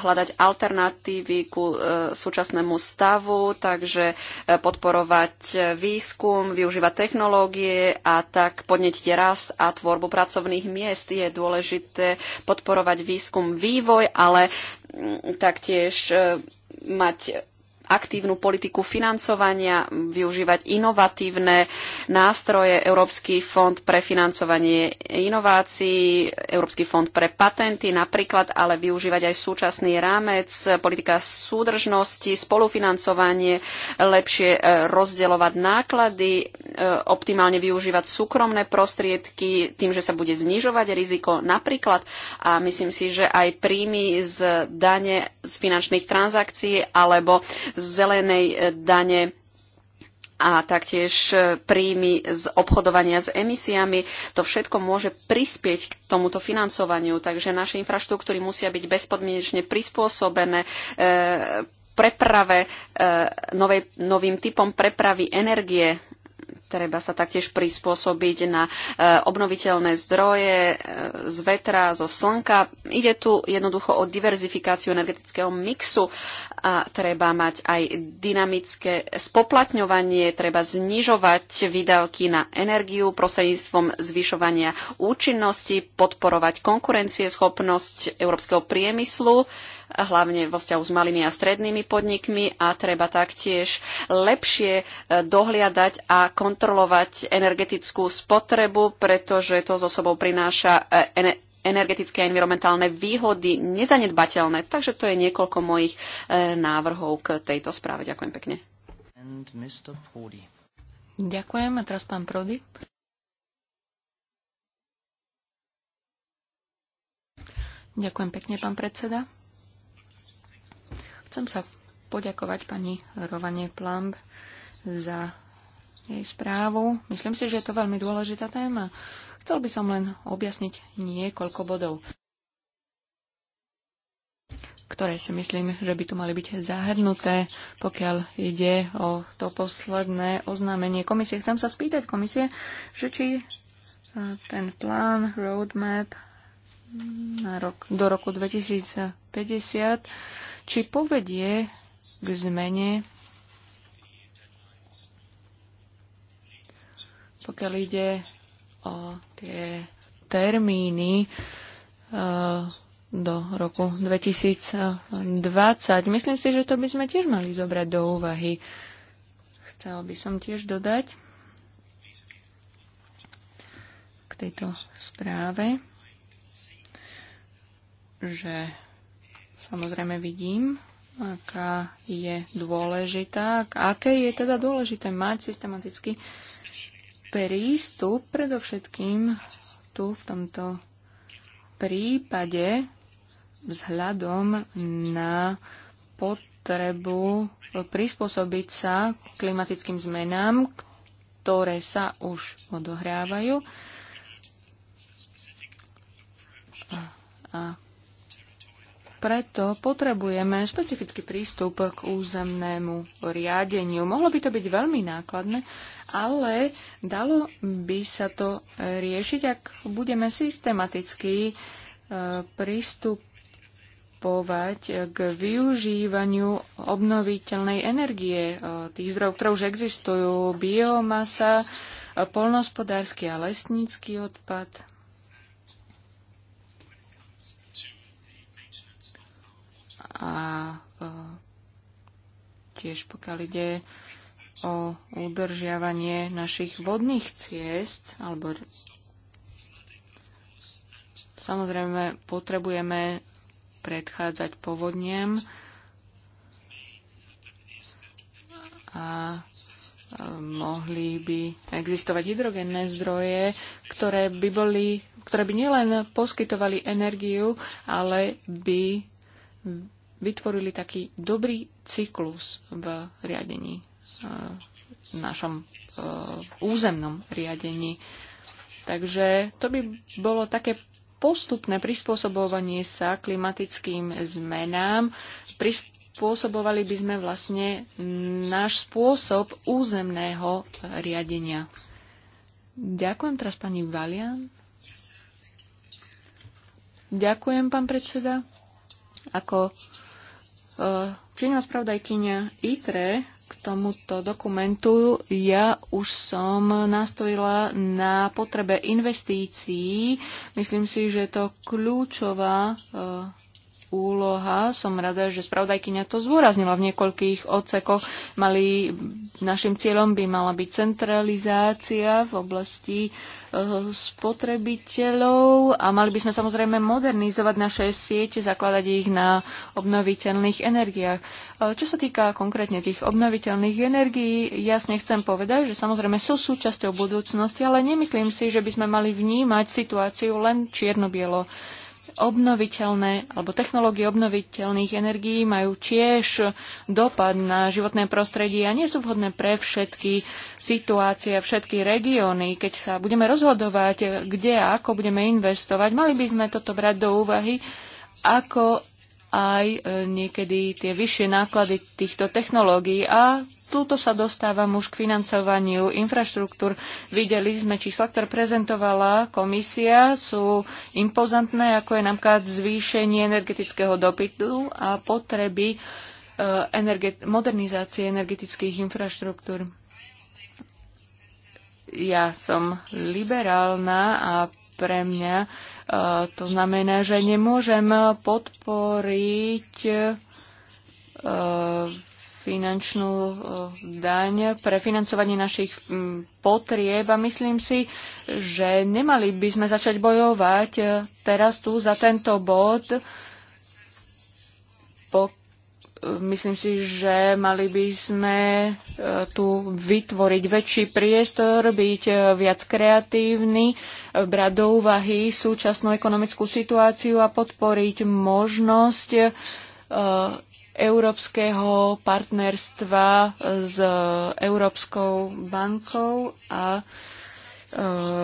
hľadať alternatívy ku eh, súčasnému stavu, takže eh, podporovať výskum, využívať technológie a tak podnetiť rast a tvorbu pracovných miest. Je dôležité podporovať výskum, vývoj, ale mm, taktiež mať aktívnu politiku financovania, využívať inovatívne nástroje, Európsky fond pre financovanie inovácií, Európsky fond pre patenty napríklad, ale využívať aj súčasný rámec, politika súdržnosti, spolufinancovanie, lepšie e, rozdeľovať náklady, e, optimálne využívať súkromné prostriedky tým, že sa bude znižovať riziko napríklad. A myslím si, že aj príjmy z dane z finančných transakcií alebo zelenej e, dane a taktiež e, príjmy z obchodovania s emisiami. To všetko môže prispieť k tomuto financovaniu, takže naše infraštruktúry musia byť bezpodmienečne prispôsobené e, preprave, novej, novým typom prepravy energie Treba sa taktiež prispôsobiť na e, obnoviteľné zdroje e, z vetra, zo slnka. Ide tu jednoducho o diverzifikáciu energetického mixu a treba mať aj dynamické spoplatňovanie, treba znižovať výdavky na energiu prostredníctvom zvyšovania účinnosti, podporovať konkurencieschopnosť európskeho priemyslu hlavne vo vzťahu s malými a strednými podnikmi a treba taktiež lepšie e, dohliadať a kontrolovať energetickú spotrebu, pretože to so sobou prináša e, energetické a environmentálne výhody nezanedbateľné. Takže to je niekoľko mojich e, návrhov k tejto správe. Ďakujem pekne. Ďakujem. A teraz pán Prody. Ďakujem pekne, pán predseda. Chcem sa poďakovať pani Rovanie Plamb za jej správu. Myslím si, že je to veľmi dôležitá téma. Chcel by som len objasniť niekoľko bodov, ktoré si myslím, že by tu mali byť zahrnuté, pokiaľ ide o to posledné oznámenie komisie. Chcem sa spýtať komisie, že či e, ten plán, roadmap na rok, do roku 2050 či povedie k zmene, pokiaľ ide o tie termíny e, do roku 2020. Myslím si, že to by sme tiež mali zobrať do úvahy. Chcel by som tiež dodať k tejto správe, že samozrejme vidím, aká je dôležitá, aké je teda dôležité mať systematický prístup, predovšetkým tu v tomto prípade vzhľadom na potrebu prispôsobiť sa klimatickým zmenám, ktoré sa už odohrávajú. A preto potrebujeme špecifický prístup k územnému riadeniu. Mohlo by to byť veľmi nákladné, ale dalo by sa to riešiť, ak budeme systematicky e, pristupovať k využívaniu obnoviteľnej energie, e, tých zdrojov, ktoré už existujú, biomasa, e, polnospodársky a lesnícky odpad. a e, tiež pokiaľ ide o udržiavanie našich vodných ciest, alebo samozrejme potrebujeme predchádzať povodniem a e, mohli by existovať hydrogenné zdroje, ktoré by, boli, ktoré by nielen poskytovali energiu, ale by vytvorili taký dobrý cyklus v riadení, v eh, našom eh, územnom riadení. Takže to by bolo také postupné prispôsobovanie sa klimatickým zmenám. Prispôsobovali by sme vlastne náš spôsob územného riadenia. Ďakujem teraz pani Valian. Ďakujem, pán predseda. Ako Eh, tieňová spravodajkynia ITRE k tomuto dokumentu ja už som nastojila na potrebe investícií. Myslím si, že je to kľúčová eh, úloha. Som rada, že spravodajkyňa to zdôraznila v niekoľkých odsekoch. Mali, našim cieľom by mala byť centralizácia v oblasti eh, spotrebiteľov a mali by sme samozrejme modernizovať naše siete, zakladať ich na obnoviteľných energiách. Eh, čo sa týka konkrétne tých obnoviteľných energií, jasne chcem povedať, že samozrejme sú súčasťou budúcnosti, ale nemyslím si, že by sme mali vnímať situáciu len čierno-bielo obnoviteľné alebo technológie obnoviteľných energií majú tiež dopad na životné prostredie a nie sú vhodné pre všetky situácie a všetky regióny. Keď sa budeme rozhodovať, kde a ako budeme investovať, mali by sme toto brať do úvahy, ako aj e, niekedy tie vyššie náklady týchto technológií a túto sa dostávam už k financovaniu infraštruktúr. Videli sme čísla, ktoré prezentovala komisia, sú impozantné, ako je napríklad zvýšenie energetického dopytu a potreby e, energe- modernizácie energetických infraštruktúr. Ja som liberálna a pre mňa e, to znamená, že nemôžem podporiť e, finančnú e, daň pre financovanie našich potrieb a myslím si, že nemali by sme začať bojovať e, teraz tu za tento bod. Po, e, myslím si, že mali by sme tu vytvoriť väčší priestor, byť viac kreatívny, brať do úvahy súčasnú ekonomickú situáciu a podporiť možnosť európskeho partnerstva s Európskou bankou a e,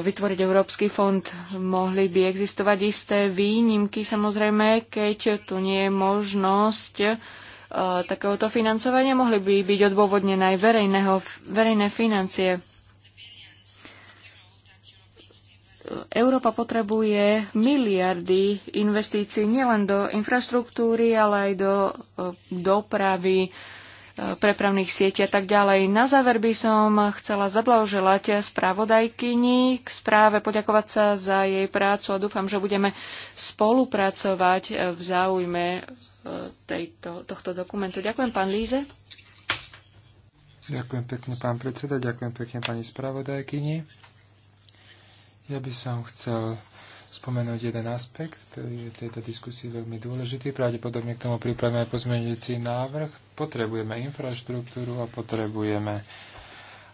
vytvoriť Európsky fond. Mohli by existovať isté výnimky, samozrejme, keď tu nie je možnosť e, takéhoto financovania, mohli by byť odôvodnené aj verejného, verejné financie. Európa potrebuje miliardy investícií nielen do infraštruktúry, ale aj do e, dopravy, e, prepravných sietí a tak ďalej. Na záver by som chcela zablahoželať spravodajkyni k správe, poďakovať sa za jej prácu a dúfam, že budeme spolupracovať v záujme e, tejto, tohto dokumentu. Ďakujem, pán Líze. Ďakujem pekne, pán predseda, ďakujem pekne pani spravodajkyni. Ja by som chcel spomenúť jeden aspekt, ktorý je v tejto diskusii veľmi dôležitý. Pravdepodobne k tomu pripravíme aj pozmeňujúci návrh. Potrebujeme infraštruktúru a potrebujeme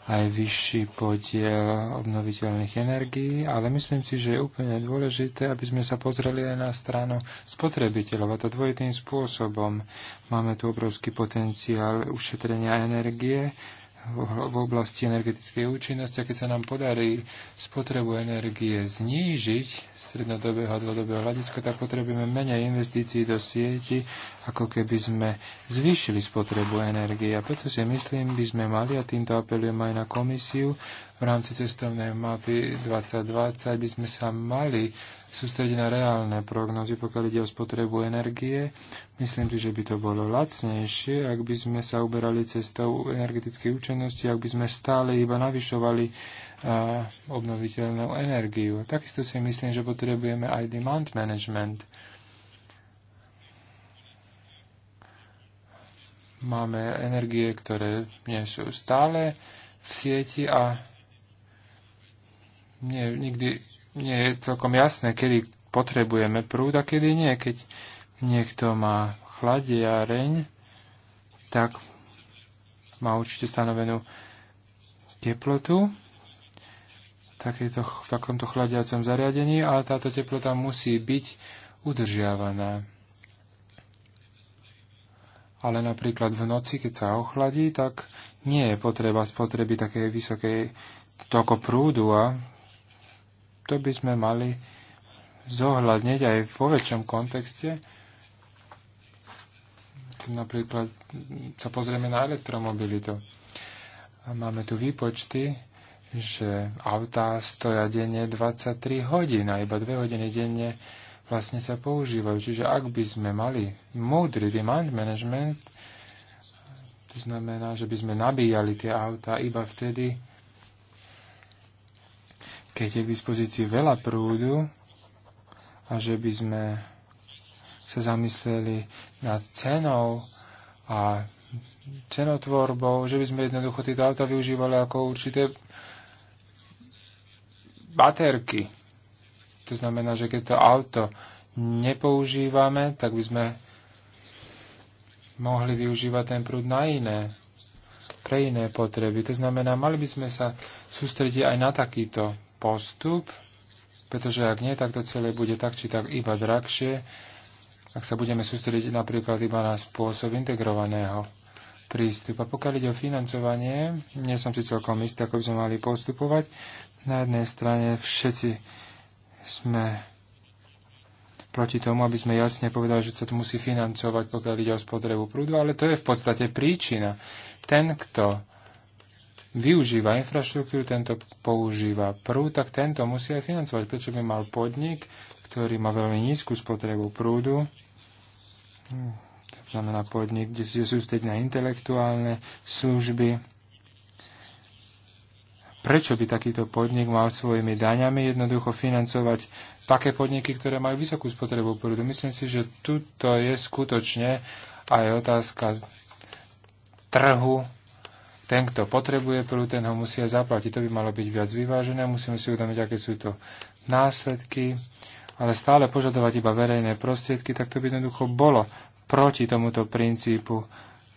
aj vyšší podiel obnoviteľných energií, ale myslím si, že je úplne dôležité, aby sme sa pozreli aj na stranu spotrebiteľov, a to dvojitým spôsobom. Máme tu obrovský potenciál ušetrenia energie v oblasti energetickej účinnosti a keď sa nám podarí spotrebu energie znížiť strednodobého a dlhodobého hľadiska, tak potrebujeme menej investícií do sieti, ako keby sme zvýšili spotrebu energie. A preto si myslím, by sme mali, a týmto apelujem aj na komisiu, v rámci cestovnej mapy 2020 by sme sa mali sústrediť na reálne prognozy, pokiaľ ide o spotrebu energie. Myslím si, že by to bolo lacnejšie, ak by sme sa uberali cestou energetickej účinnosti, ak by sme stále iba navyšovali a, obnoviteľnú energiu. Takisto si myslím, že potrebujeme aj demand management. Máme energie, ktoré nie sú stále v sieti a nie, nikdy nie je celkom jasné, kedy potrebujeme prúd a kedy nie. Keď niekto má chladiareň, tak má určite stanovenú teplotu takéto, v takomto chladiacom zariadení a táto teplota musí byť udržiavaná. Ale napríklad v noci, keď sa ochladí, tak nie je potreba spotreby takej vysokej toko prúdu a to by sme mali zohľadniť aj vo väčšom kontexte. Keď napríklad sa pozrieme na elektromobilitu. A máme tu výpočty, že autá stoja denne 23 hodín a iba 2 hodiny denne vlastne sa používajú. Čiže ak by sme mali múdry demand management, to znamená, že by sme nabíjali tie autá iba vtedy, keď je k dispozícii veľa prúdu a že by sme sa zamysleli nad cenou a cenotvorbou, že by sme jednoducho tieto auta využívali ako určité baterky. To znamená, že keď to auto nepoužívame, tak by sme mohli využívať ten prúd na iné, pre iné potreby. To znamená, mali by sme sa sústrediť aj na takýto postup, pretože ak nie, tak to celé bude tak či tak iba drahšie, ak sa budeme sústrediť napríklad iba na spôsob integrovaného prístupa. Pokiaľ ide o financovanie, nie som si celkom istý, ako by sme mali postupovať. Na jednej strane všetci sme proti tomu, aby sme jasne povedali, že sa to musí financovať, pokiaľ ide o spotrebu prúdu, ale to je v podstate príčina. Ten, kto využíva infraštruktúru, tento používa prúd, tak tento musí aj financovať. Prečo by mal podnik, ktorý má veľmi nízku spotrebu prúdu, hm, to znamená podnik, kde sú na intelektuálne služby, prečo by takýto podnik mal svojimi daňami jednoducho financovať také podniky, ktoré majú vysokú spotrebu prúdu. Myslím si, že tuto je skutočne aj otázka trhu ten, kto potrebuje prúd, ten ho musí zaplatiť. To by malo byť viac vyvážené, musíme si uvedomiť, aké sú to následky, ale stále požadovať iba verejné prostriedky, tak to by jednoducho bolo proti tomuto princípu,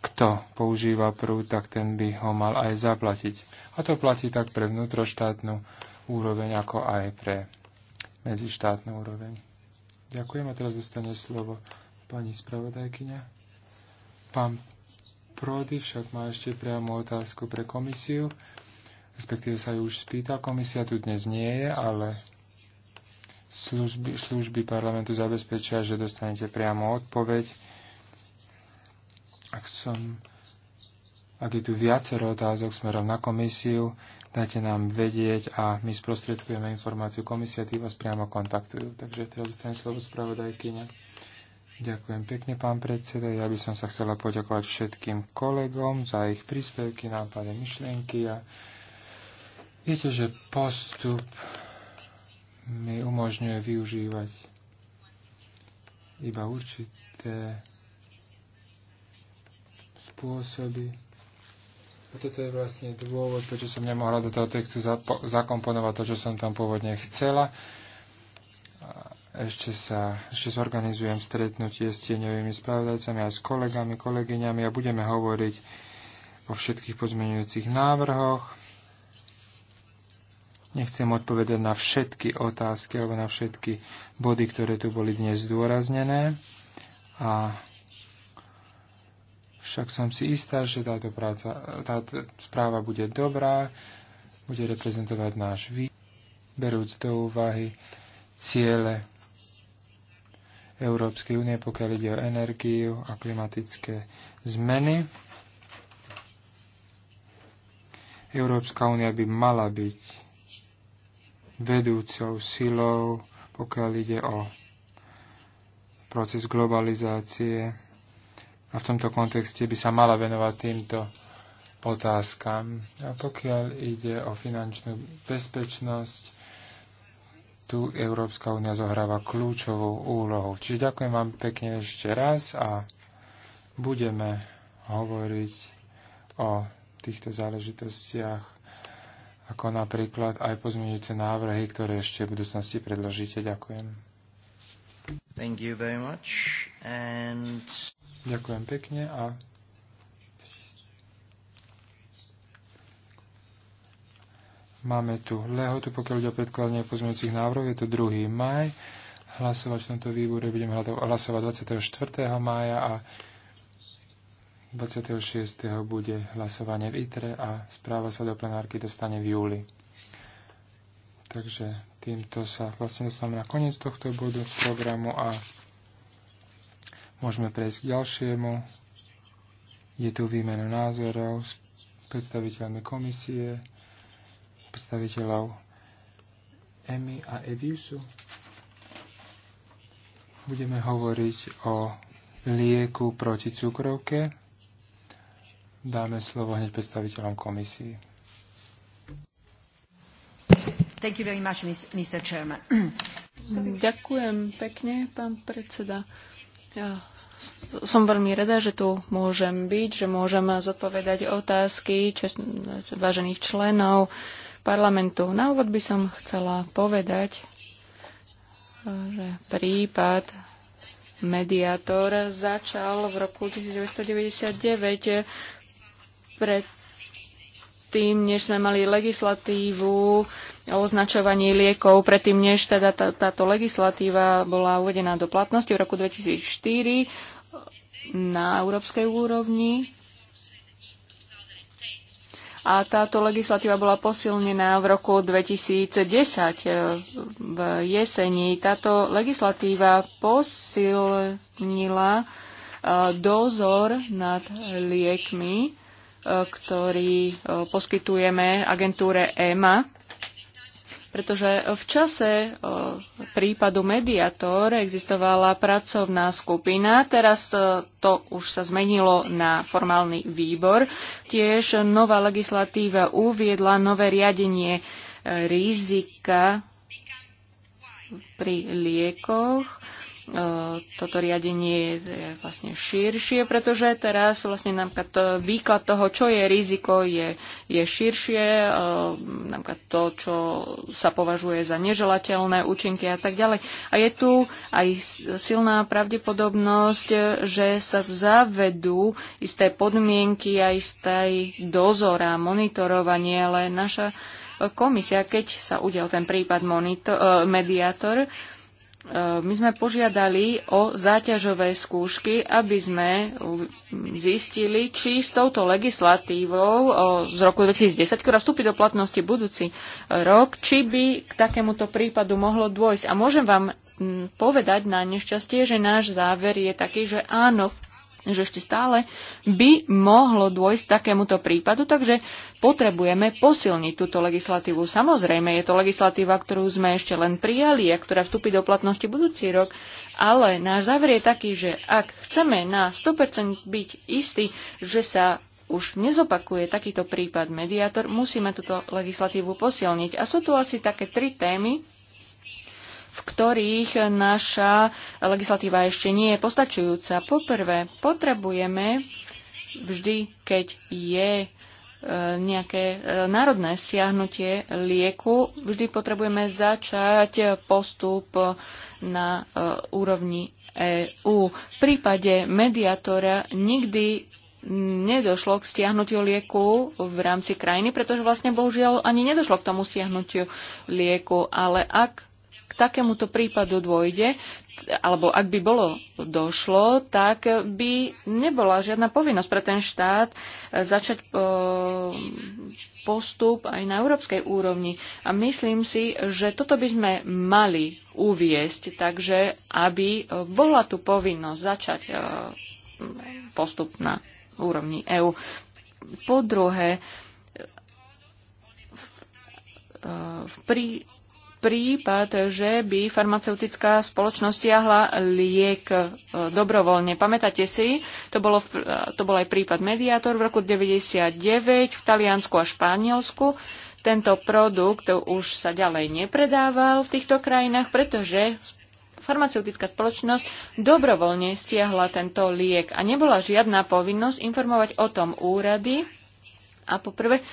kto používa prúd, tak ten by ho mal aj zaplatiť. A to platí tak pre vnútroštátnu úroveň, ako aj pre medzištátnu úroveň. Ďakujem a teraz dostane slovo pani spravodajkyňa. Pán Prody však má ešte priamu otázku pre komisiu, respektíve sa ju už spýtal. Komisia tu dnes nie je, ale služby, služby parlamentu zabezpečia, že dostanete priamo odpoveď. Ak som ak je tu viacero otázok smerom na komisiu, dajte nám vedieť a my sprostredkujeme informáciu Komisia, tí vás priamo kontaktujú. Takže teraz dostanem slovo spravodajkyňa. Ďakujem pekne, pán predseda. Ja by som sa chcela poďakovať všetkým kolegom za ich príspevky, nápady, myšlienky. A viete, že postup mi umožňuje využívať iba určité spôsoby. A toto je vlastne dôvod, prečo som nemohla do toho textu zakomponovať to, čo som tam pôvodne chcela ešte, sa, ešte zorganizujem stretnutie s tieňovými spravodajcami aj s kolegami, kolegyňami a budeme hovoriť o všetkých pozmeňujúcich návrhoch. Nechcem odpovedať na všetky otázky alebo na všetky body, ktoré tu boli dnes zdôraznené. A však som si istá, že táto, práca, táto správa bude dobrá, bude reprezentovať náš výber, berúc do úvahy ciele Európskej únie, pokiaľ ide o energiu a klimatické zmeny. Európska únia by mala byť vedúcou silou, pokiaľ ide o proces globalizácie. A v tomto kontexte by sa mala venovať týmto otázkam. A pokiaľ ide o finančnú bezpečnosť, tu Európska únia zohráva kľúčovú úlohu. Čiže ďakujem vám pekne ešte raz a budeme hovoriť o týchto záležitostiach, ako napríklad aj pozmeňujúce návrhy, ktoré ešte v budúcnosti predložíte. Ďakujem. Thank you very much. And... Ďakujem pekne a Máme tu lehotu, pokiaľ ide o predkladanie pozmeňujúcich návrhov, je to 2. maj. Hlasovať v tomto výbore budeme hlasovať 24. mája a 26. bude hlasovanie v ITRE a správa sa do plenárky dostane v júli. Takže týmto sa vlastne dostávame na koniec tohto bodu programu a môžeme prejsť k ďalšiemu. Je tu výmena názorov s predstaviteľmi komisie predstaviteľov EMI a EVIUSu. Budeme hovoriť o lieku proti cukrovke. Dáme slovo hneď predstaviteľom komisii. Thank you very much, Mr. Chairman. Ďakujem pekne, pán predseda. Ja som veľmi rada, že tu môžem byť, že môžem zodpovedať otázky čest, vážených členov parlamentu. Na úvod by som chcela povedať, že prípad mediátor začal v roku 1999 pred tým, než sme mali legislatívu o označovaní liekov, predtým, než teda tá, táto legislatíva bola uvedená do platnosti v roku 2004 na európskej úrovni a táto legislatíva bola posilnená v roku 2010 e, v jeseni. Táto legislatíva posilnila e, dozor nad liekmi, e, ktorý poskytujeme agentúre EMA pretože v čase prípadu Mediator existovala pracovná skupina, teraz to už sa zmenilo na formálny výbor. Tiež nová legislatíva uviedla nové riadenie e, rizika pri liekoch E, toto riadenie je vlastne širšie, pretože teraz vlastne napríklad to, výklad toho, čo je riziko, je, je širšie, e, napríklad to, čo sa považuje za neželateľné účinky a tak ďalej. A je tu aj silná pravdepodobnosť, že sa zavedú isté podmienky a isté dozor a monitorovanie, ale naša e, komisia, keď sa udel ten prípad monitor, mediátor, Eh, my sme požiadali o záťažové skúšky, aby sme zistili, či s touto legislatívou eh, z roku 2010, ktorá vstúpi do platnosti budúci eh, rok, či by k takémuto prípadu mohlo dôjsť. A môžem vám hm, povedať na nešťastie, že náš záver je taký, že áno, že ešte stále by mohlo dôjsť takémuto prípadu, takže potrebujeme posilniť túto legislatívu. Samozrejme, je to legislatíva, ktorú sme ešte len prijali a ktorá vstúpi do platnosti budúci rok, ale náš záver je taký, že ak chceme na 100% byť istí, že sa už nezopakuje takýto prípad mediátor, musíme túto legislatívu posilniť. A sú tu asi také tri témy, v ktorých naša legislatíva ešte nie je postačujúca. Poprvé, potrebujeme vždy, keď je e, nejaké e, národné stiahnutie lieku, vždy potrebujeme začať postup na e, úrovni EÚ. V prípade mediátora nikdy nedošlo k stiahnutiu lieku v rámci krajiny, pretože vlastne bohužiaľ ani nedošlo k tomu stiahnutiu lieku, ale ak k takémuto prípadu dôjde, alebo ak by bolo došlo, tak by nebola žiadna povinnosť pre ten štát e, začať e, postup aj na európskej úrovni. A myslím si, že toto by sme mali uviesť, takže aby e, bola tu povinnosť začať postup na úrovni EÚ. Po druhé, v, prípad, že by farmaceutická spoločnosť tiahla liek e, dobrovoľne. Pamätáte si, to, bolo, e, to bol aj prípad Mediator v roku 1999 v Taliansku a Španielsku. Tento produkt už sa ďalej nepredával v týchto krajinách, pretože farmaceutická spoločnosť dobrovoľne stiahla tento liek a nebola žiadna povinnosť informovať o tom úrady. A poprvé, e,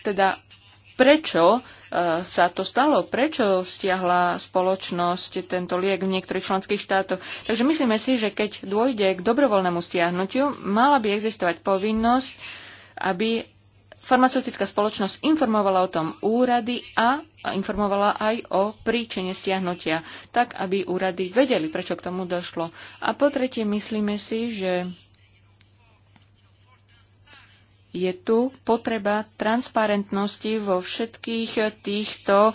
teda prečo e, sa to stalo, prečo stiahla spoločnosť tento liek v niektorých členských štátoch. Takže myslíme si, že keď dôjde k dobrovoľnému stiahnutiu, mala by existovať povinnosť, aby farmaceutická spoločnosť informovala o tom úrady a informovala aj o príčine stiahnutia, tak aby úrady vedeli, prečo k tomu došlo. A po tretie, myslíme si, že je tu potreba transparentnosti vo všetkých týchto uh,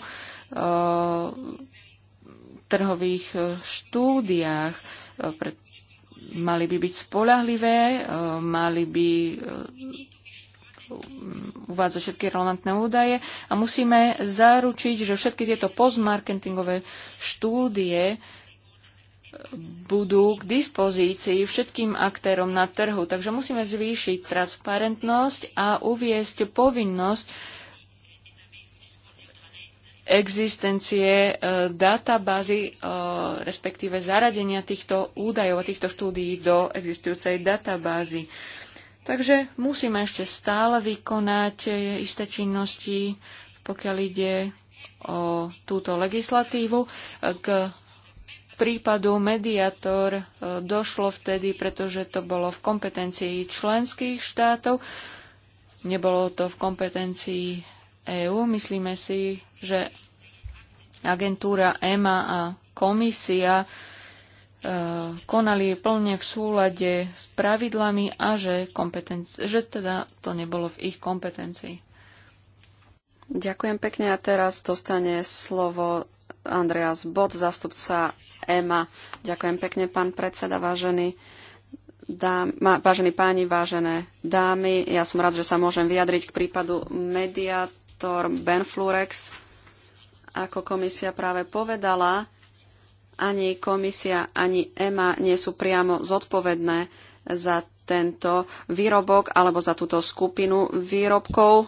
trhových eh, štúdiách. Eh, pre, mali by byť spolahlivé, uh, mali by uh, uvádzať všetky relevantné údaje a musíme zaručiť, že všetky tieto postmarketingové štúdie budú k dispozícii všetkým aktérom na trhu. Takže musíme zvýšiť transparentnosť a uviesť povinnosť existencie e, databázy, e, respektíve zaradenia týchto údajov a týchto štúdií do existujúcej databázy. Takže musíme ešte stále vykonať e, isté činnosti, pokiaľ ide o túto legislatívu. K prípadu mediátor e, došlo vtedy, pretože to bolo v kompetencii členských štátov, nebolo to v kompetencii EÚ. Myslíme si, že agentúra EMA a komisia e, konali plne v súlade s pravidlami a že, že teda to nebolo v ich kompetencii. Ďakujem pekne a teraz dostane slovo Andreas Bod, zastupca EMA. Ďakujem pekne, pán predseda, vážený. Dám, vážení páni, vážené dámy, ja som rád, že sa môžem vyjadriť k prípadu Mediator Benflurex. Ako komisia práve povedala, ani komisia, ani EMA nie sú priamo zodpovedné za tento výrobok alebo za túto skupinu výrobkov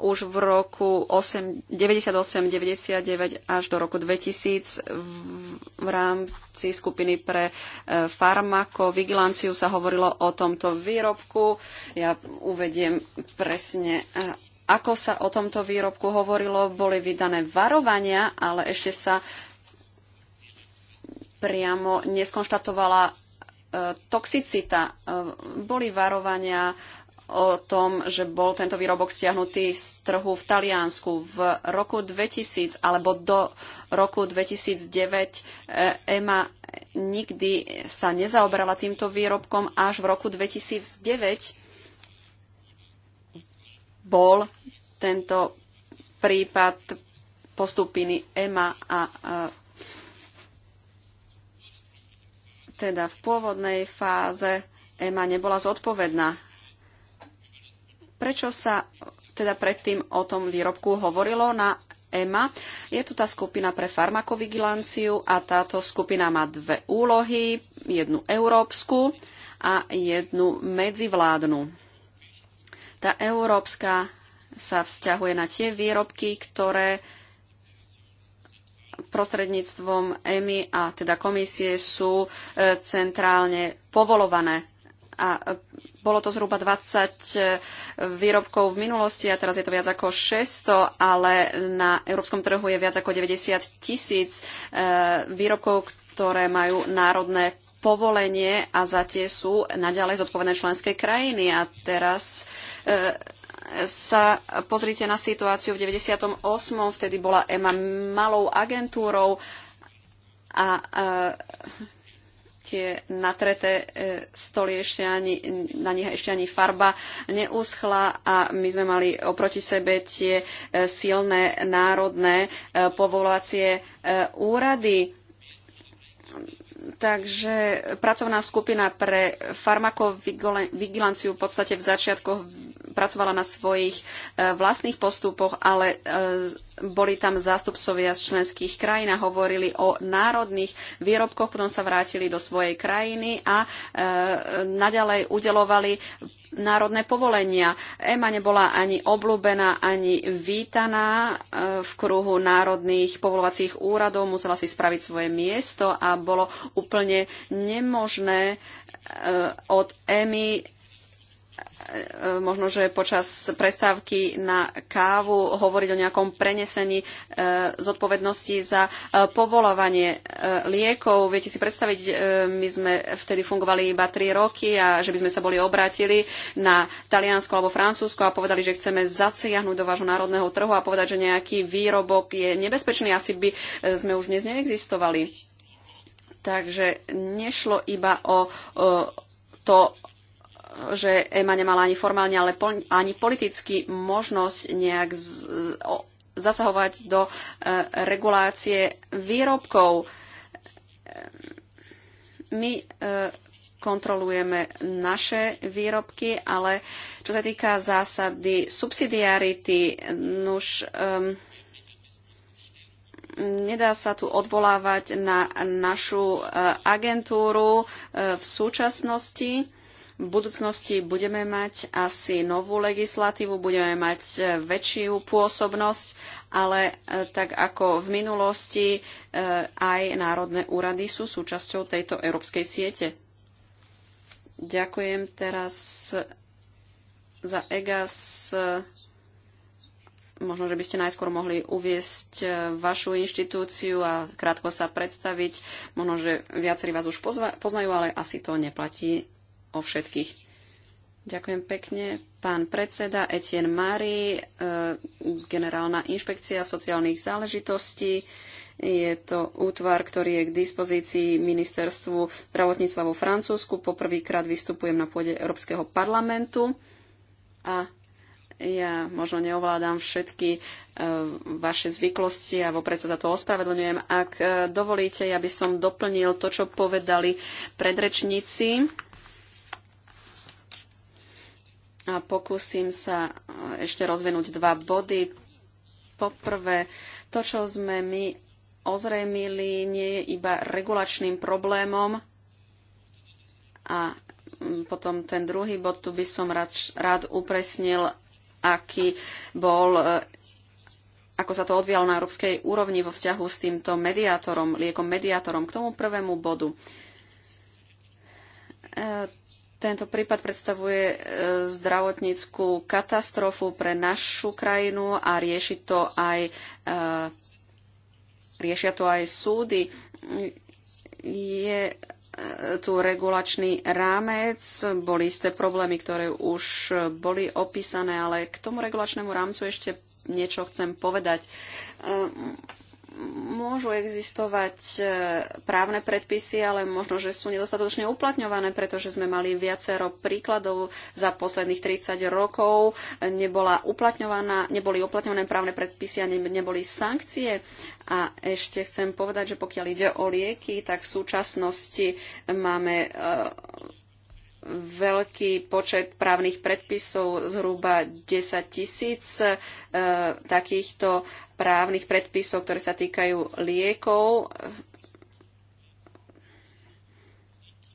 už v roku 98-99 až do roku 2000 v rámci skupiny pre e, farmakovigilanciu sa hovorilo o tomto výrobku. Ja uvediem presne, e, ako sa o tomto výrobku hovorilo. Boli vydané varovania, ale ešte sa priamo neskonštatovala e, toxicita. Boli varovania o tom, že bol tento výrobok stiahnutý z trhu v Taliansku v roku 2000 alebo do roku 2009. E, EMA nikdy sa nezaoberala týmto výrobkom, až v roku 2009 bol tento prípad postupiny EMA a e, teda v pôvodnej fáze EMA nebola zodpovedná Prečo sa teda predtým o tom výrobku hovorilo na EMA? Je tu tá skupina pre farmakovigilanciu a táto skupina má dve úlohy, jednu európsku a jednu medzivládnu. Tá európska sa vzťahuje na tie výrobky, ktoré prostredníctvom EMI a teda komisie sú e, centrálne povolované. A bolo to zhruba 20 eh, výrobkov v minulosti a teraz je to viac ako 600, ale na európskom trhu je viac ako 90 tisíc eh, výrobkov, ktoré majú národné povolenie a za tie sú naďalej zodpovedné členské krajiny. A teraz eh, sa pozrite na situáciu v 98. Vtedy bola EMA malou agentúrou a tie natreté e, stoly ešte ani, na nich ešte ani farba neuschla a my sme mali oproti sebe tie e, silné národné e, povolacie úrady. Takže pracovná skupina pre farmakovigilanciu v podstate v začiatkoch pracovala na svojich vlastných postupoch, ale boli tam zástupcovia z členských krajín a hovorili o národných výrobkoch, potom sa vrátili do svojej krajiny a e, naďalej udelovali národné povolenia. EMA nebola ani oblúbená, ani vítaná e, v kruhu národných povolovacích úradov, musela si spraviť svoje miesto a bolo úplne nemožné e, od EMI E, možno, že počas prestávky na kávu hovoriť o nejakom prenesení e, zodpovednosti za e, povolovanie liekov. Viete si predstaviť, my sme vtedy fungovali iba 3 roky a že by sme sa boli obrátili na Taliansko alebo Francúzsko a povedali, že chceme zasiahnuť do vášho národného trhu a povedať, že nejaký výrobok je nebezpečný, asi by sme už dnes neexistovali. Takže nešlo iba o, o to že EMA nemala ani formálne, ale ani politicky možnosť nejak zasahovať do e, regulácie výrobkov. My e, kontrolujeme naše výrobky, ale čo sa týka zásady subsidiarity, nuž um, nedá sa tu odvolávať na našu uh, agentúru uh, v súčasnosti. V budúcnosti budeme mať asi novú legislatívu, budeme mať e, väčšiu pôsobnosť, ale e, tak ako v minulosti e, aj národné úrady sú súčasťou tejto európskej siete. Ďakujem teraz za EGAS. Možno, že by ste najskôr mohli uviesť vašu inštitúciu a krátko sa predstaviť. Možno, že viacerí vás už poznajú, ale asi to neplatí o všetkých. Ďakujem pekne. Pán predseda Etienne Mari, e, eh, generálna inšpekcia sociálnych záležitostí. Je to útvar, ktorý je k dispozícii ministerstvu zdravotníctva vo Francúzsku. Poprvýkrát vystupujem na pôde Európskeho parlamentu a ja možno neovládam všetky e, vaše zvyklosti a vopred sa za to ospravedlňujem. Ak e, dovolíte, ja by som doplnil to, čo povedali predrečníci a pokúsim sa e, ešte rozvinúť dva body. Poprvé, to, čo sme my ozrejmili, nie je iba regulačným problémom a potom ten druhý bod, tu by som rád, rád upresnil, aký bol e, ako sa to odvialo na európskej úrovni vo vzťahu s týmto mediátorom, liekom mediátorom, k tomu prvému bodu. E, tento prípad predstavuje e, zdravotníckú katastrofu pre našu krajinu a rieši to aj, e, riešia to aj súdy. Je e, tu regulačný rámec, boli ste problémy, ktoré už boli opísané, ale k tomu regulačnému rámcu ešte niečo chcem povedať môžu existovať e, právne predpisy, ale možno, že sú nedostatočne uplatňované, pretože sme mali viacero príkladov za posledných 30 rokov. Nebola uplatňovaná, neboli uplatňované právne predpisy a neboli sankcie. A ešte chcem povedať, že pokiaľ ide o lieky, tak v súčasnosti máme e, veľký počet právnych predpisov, zhruba 10 tisíc e, takýchto právnych predpisov, ktoré sa týkajú liekov.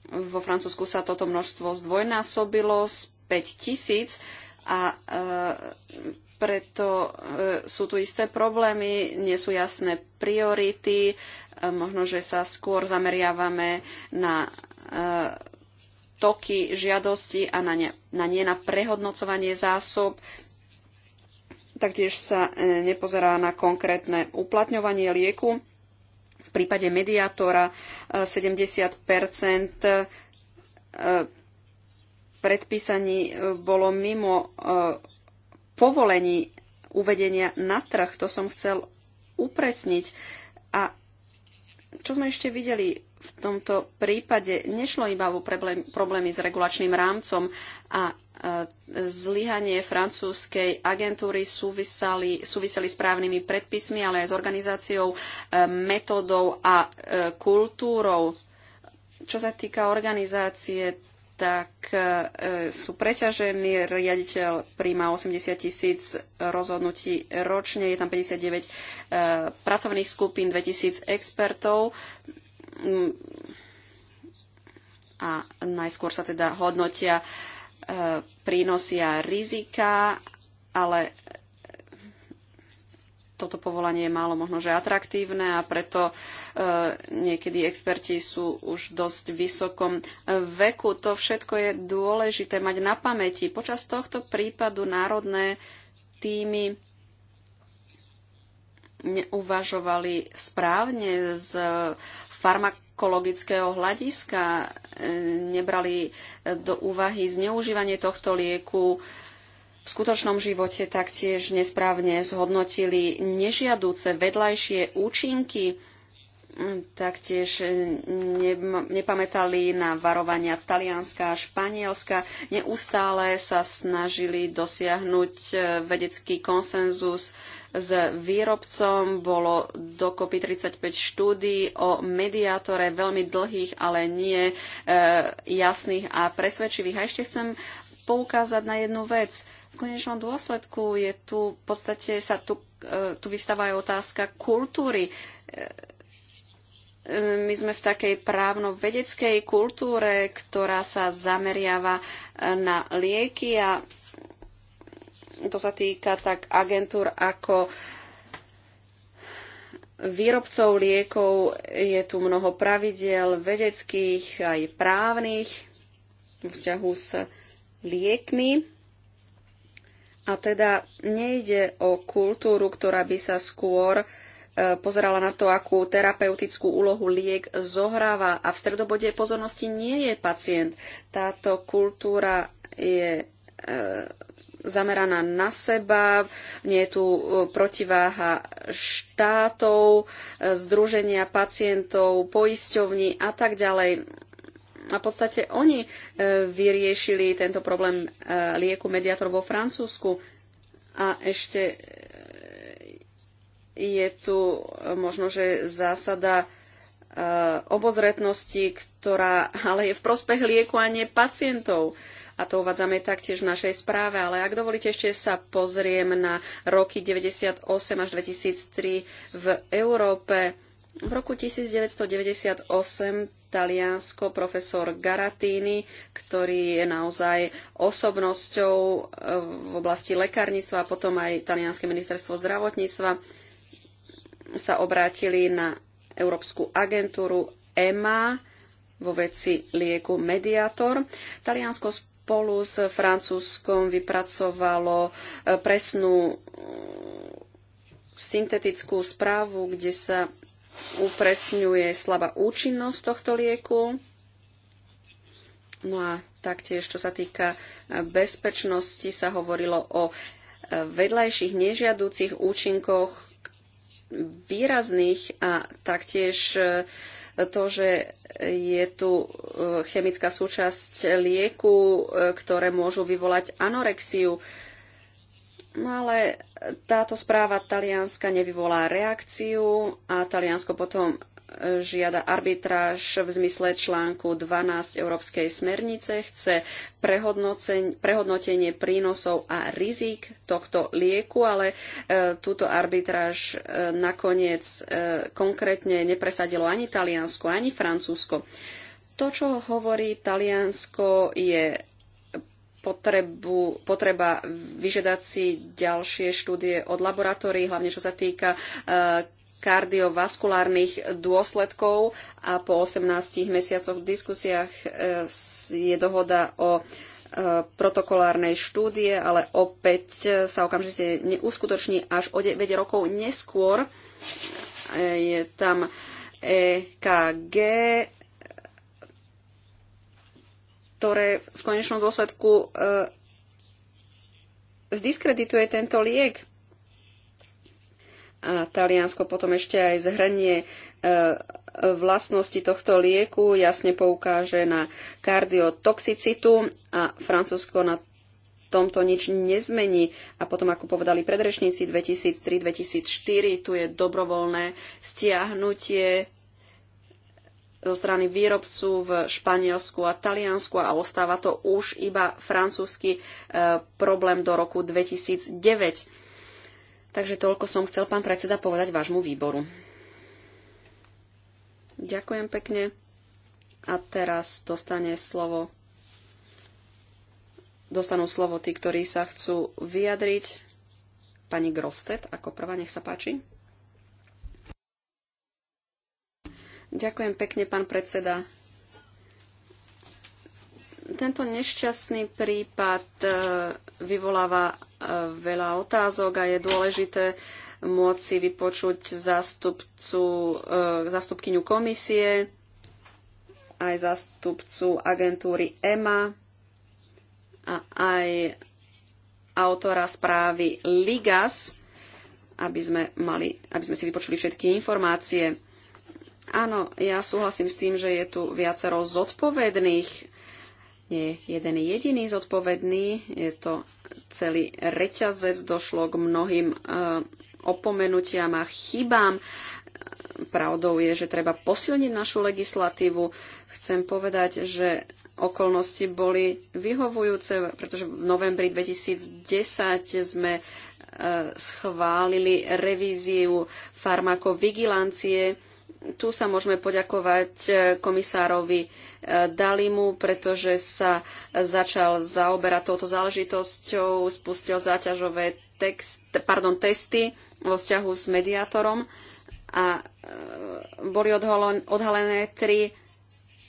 Vo Francúzsku sa toto množstvo zdvojnásobilo z 5 tisíc a e, preto e, sú tu isté problémy, nie sú jasné priority, e, možno, že sa skôr zameriavame na e, toky žiadosti a na, ne, na nie na prehodnocovanie zásob. Taktiež sa e, nepozerá na konkrétne uplatňovanie lieku. V prípade mediátora 70 e, e, predpísaní bolo mimo povolení uvedenia na trh. To som chcel upresniť. A čo sme ešte videli v tomto prípade? Nešlo iba o problémy s regulačným rámcom a e, zlyhanie francúzskej agentúry súviseli, súviseli s právnymi predpismi, ale aj s organizáciou, e, metódou a e, kultúrou. Čo sa týka organizácie, tak e, sú preťažení. Riaditeľ príjma 80 tisíc rozhodnutí ročne, je tam 59 e, pracovných skupín, 2000 expertov. Mm. A najskôr sa teda hodnotia e, prínosy a rizika, ale toto povolanie je málo možno, že atraktívne a preto e, niekedy experti sú už dosť vysokom e, veku. To všetko je dôležité mať na pamäti. Počas tohto prípadu národné týmy neuvažovali správne z farmakologického hľadiska, e, nebrali do úvahy zneužívanie tohto lieku, e, v skutočnom živote taktiež nesprávne zhodnotili nežiadúce vedľajšie účinky, mm, taktiež e, nepamätali na varovania Talianska a Španielska. Neustále sa snažili dosiahnuť e, vedecký konsenzus s výrobcom. Bolo dokopy 35 štúdí o mediátore, veľmi dlhých, ale nie e, jasných a presvedčivých. A ešte chcem poukázať na jednu vec. V konečnom dôsledku je tu, v podstate sa tu, e, tu vystáva aj otázka kultúry. E, e, my sme v takej právno-vedeckej kultúre, ktorá sa zameriava na lieky a to sa týka tak agentúr ako výrobcov liekov. Je tu mnoho pravidel vedeckých aj právnych v vzťahu s liekmi. A teda nejde o kultúru, ktorá by sa skôr e, pozerala na to, akú terapeutickú úlohu liek zohráva a v stredobode pozornosti nie je pacient. Táto kultúra je e, zameraná na seba, nie je tu e, protiváha štátov, združenia pacientov, poisťovní a tak ďalej a v podstate oni e, vyriešili tento problém e, lieku mediátor vo Francúzsku. A ešte e, je tu možno, že zásada obozretnosti, ktorá ale je v prospech lieku a nie pacientov. A to uvádzame taktiež v našej správe, ale ak dovolíte, ešte sa pozriem na roky 98 až 2003 v Európe. V roku 1998 Taliansko, profesor Garatini, ktorý je naozaj osobnosťou eh, v oblasti lekárnictva a potom aj Talianské ministerstvo zdravotníctva sa obrátili na Európsku agentúru EMA vo veci lieku Mediator. Taliansko spolu s Francúzskom vypracovalo eh, presnú eh, syntetickú správu, kde sa upresňuje slabá účinnosť tohto lieku. No a taktiež, čo sa týka bezpečnosti, sa hovorilo o vedľajších nežiadúcich účinkoch výrazných a taktiež e, to, že je tu e, chemická súčasť lieku, e, ktoré môžu vyvolať anorexiu. No ale táto správa Talianska nevyvolá reakciu a Taliansko potom e, žiada arbitráž v zmysle článku 12 Európskej smernice, chce prehodnotenie prínosov a rizik tohto lieku, ale e, túto arbitráž e, nakoniec e, konkrétne nepresadilo ani Taliansko, ani Francúzsko. To, čo hovorí Taliansko, je potrebu, potreba vyžiadať si ďalšie štúdie od laboratórií, hlavne čo sa týka e, kardiovaskulárnych dôsledkov a po 18 mesiacoch v diskusiách e, je dohoda o e, protokolárnej štúdie, ale opäť sa okamžite neuskutoční až o 9 rokov neskôr. Je tam EKG, ktoré v konečnom dôsledku e, zdiskredituje tento liek. A Taliansko potom ešte aj zhrnie e, vlastnosti tohto lieku, jasne poukáže na kardiotoxicitu a Francúzsko na tomto nič nezmení. A potom, ako povedali predrečníci 2003-2004, tu je dobrovoľné stiahnutie zo strany výrobcu v Španielsku a Taliansku a ostáva to už iba francúzsky e, problém do roku 2009. Takže toľko som chcel, pán predseda, povedať vášmu výboru. Ďakujem pekne. A teraz dostane slovo dostanú slovo tí, ktorí sa chcú vyjadriť. Pani Grostet, ako prvá, nech sa páči. Ďakujem pekne, pán predseda. Tento nešťastný prípad e, vyvoláva e, veľa otázok a je dôležité môcť si vypočuť zástupcu, e, zástupkyňu komisie, aj zástupcu agentúry EMA a aj autora správy Ligas, aby sme, mali, aby sme si vypočuli všetky informácie. Áno, ja súhlasím s tým, že je tu viacero zodpovedných. Nie jeden jediný zodpovedný, je to celý reťazec, došlo k mnohým e, opomenutiam a chybám. Pravdou je, že treba posilniť našu legislatívu. Chcem povedať, že okolnosti boli vyhovujúce, pretože v novembri 2010 sme e, schválili revíziu farmakovigilancie tu sa môžeme poďakovať e, komisárovi e, Dalimu, pretože sa začal zaoberať touto záležitosťou, spustil záťažové text, pardon, testy vo vzťahu s mediátorom a e, boli odhalené tri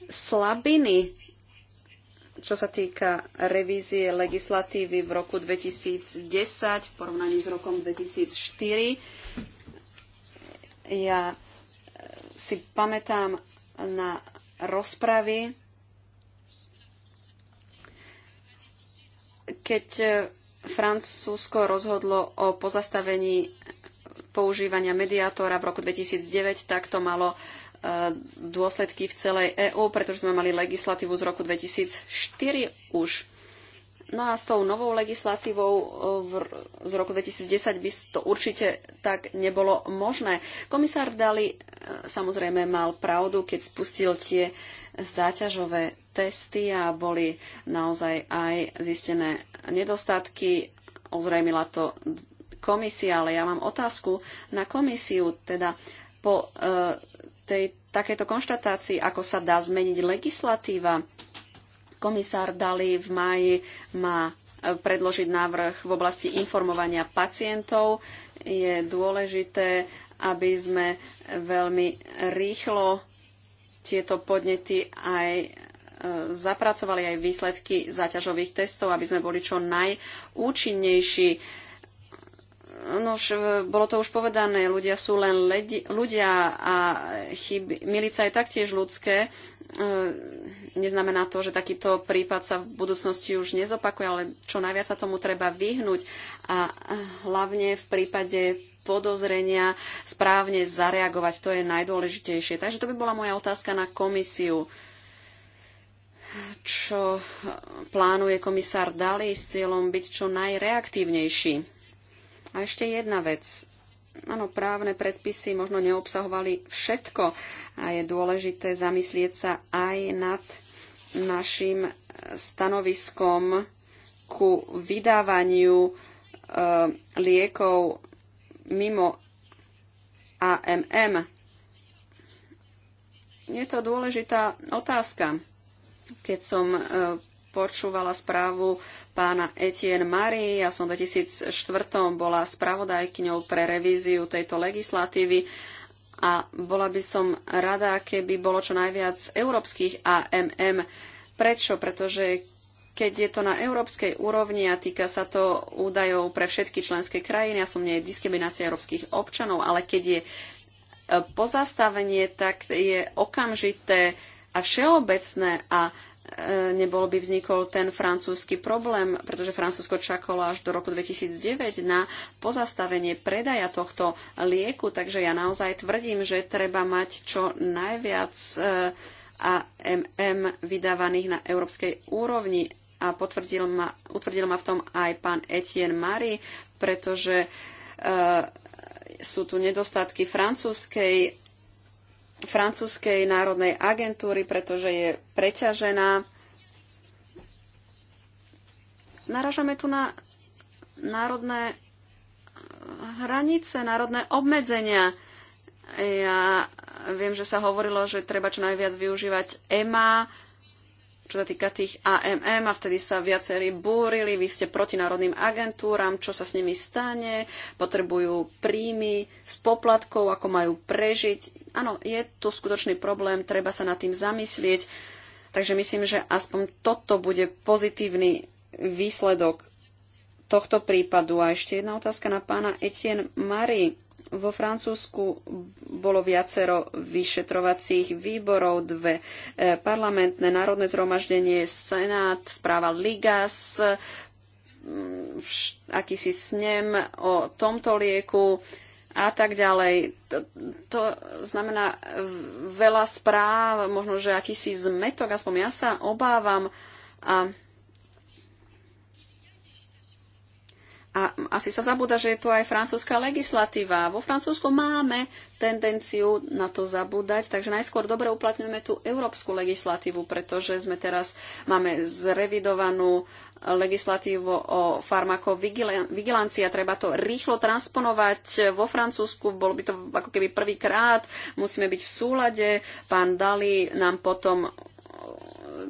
slabiny, čo sa týka revízie legislatívy v roku 2010 v porovnaní s rokom 2004. Ja si pamätám na rozpravy, keď e, Francúzsko rozhodlo o pozastavení používania mediátora v roku 2009, tak to malo e, dôsledky v celej EÚ, pretože sme mali legislatívu z roku 2004 už. No a s tou novou legislatívou e, v, z roku 2010 by to určite tak nebolo možné. Komisár Dali e, samozrejme mal pravdu, keď spustil tie záťažové testy a boli naozaj aj zistené nedostatky. Ozrejmila to komisia, ale ja mám otázku na komisiu, teda po e, tej takéto konštatácii, ako sa dá zmeniť legislatíva Komisár Dali v maji má e, predložiť návrh v oblasti informovania pacientov. Je dôležité, aby sme veľmi rýchlo tieto podnety aj e, zapracovali aj výsledky záťažových testov, aby sme boli čo najúčinnejší. No už e, bolo to už povedané, ľudia sú len ledi, ľudia a chyby, milica je taktiež ľudské E, neznamená to, že takýto prípad sa v budúcnosti už nezopakuje, ale čo najviac sa tomu treba vyhnúť a hlavne v prípade podozrenia správne zareagovať. To je najdôležitejšie. Takže to by bola moja otázka na komisiu. Čo plánuje komisár Dali s cieľom byť čo najreaktívnejší? A ešte jedna vec Áno, právne predpisy možno neobsahovali všetko a je dôležité zamyslieť sa aj nad našim e, stanoviskom ku vydávaniu e, liekov mimo AMM. Je to dôležitá otázka. Keď som e, počúvala správu pána Etienne Marie. Ja som v 2004 bola spravodajkňou pre revíziu tejto legislatívy a bola by som rada, keby bolo čo najviac európskych AMM. Prečo? Pretože keď je to na európskej úrovni a týka sa to údajov pre všetky členské krajiny, aspoň nie je diskriminácia európskych občanov, ale keď je e, pozastavenie, tak je okamžité a všeobecné a E, nebol by vznikol ten francúzsky problém, pretože Francúzsko čakalo až do roku 2009 na pozastavenie predaja tohto lieku, takže ja naozaj tvrdím, že treba mať čo najviac e, AMM vydávaných na európskej úrovni a potvrdil ma, utvrdil ma v tom aj pán Etienne Mari, pretože e, sú tu nedostatky francúzskej francúzskej národnej agentúry, pretože je preťažená. Naražame tu na národné hranice, národné obmedzenia. Ja viem, že sa hovorilo, že treba čo najviac využívať EMA, čo sa týka tých AMM, a vtedy sa viacerí búrili, vy ste proti národným agentúram, čo sa s nimi stane, potrebujú príjmy z poplatkov, ako majú prežiť. Áno, je to skutočný problém, treba sa nad tým zamyslieť. Takže myslím, že aspoň toto bude pozitívny výsledok tohto prípadu. A ešte jedna otázka na pána Etienne Marie. Vo Francúzsku bolo viacero vyšetrovacích výborov, dve e, parlamentné, národné zhromaždenie, senát, správa Ligas, akýsi snem o tomto lieku, a tak ďalej. To, to znamená veľa správ, možno, že akýsi zmetok, aspoň ja sa obávam a A asi sa zabúda, že je tu aj francúzska legislatíva. Vo Francúzsku máme tendenciu na to zabúdať, takže najskôr dobre uplatňujeme tú európsku legislatívu, pretože sme teraz máme zrevidovanú legislatívu o farmakovigilancii a treba to rýchlo transponovať vo Francúzsku. Bolo by to ako keby prvýkrát. Musíme byť v súlade. Pán Dali nám potom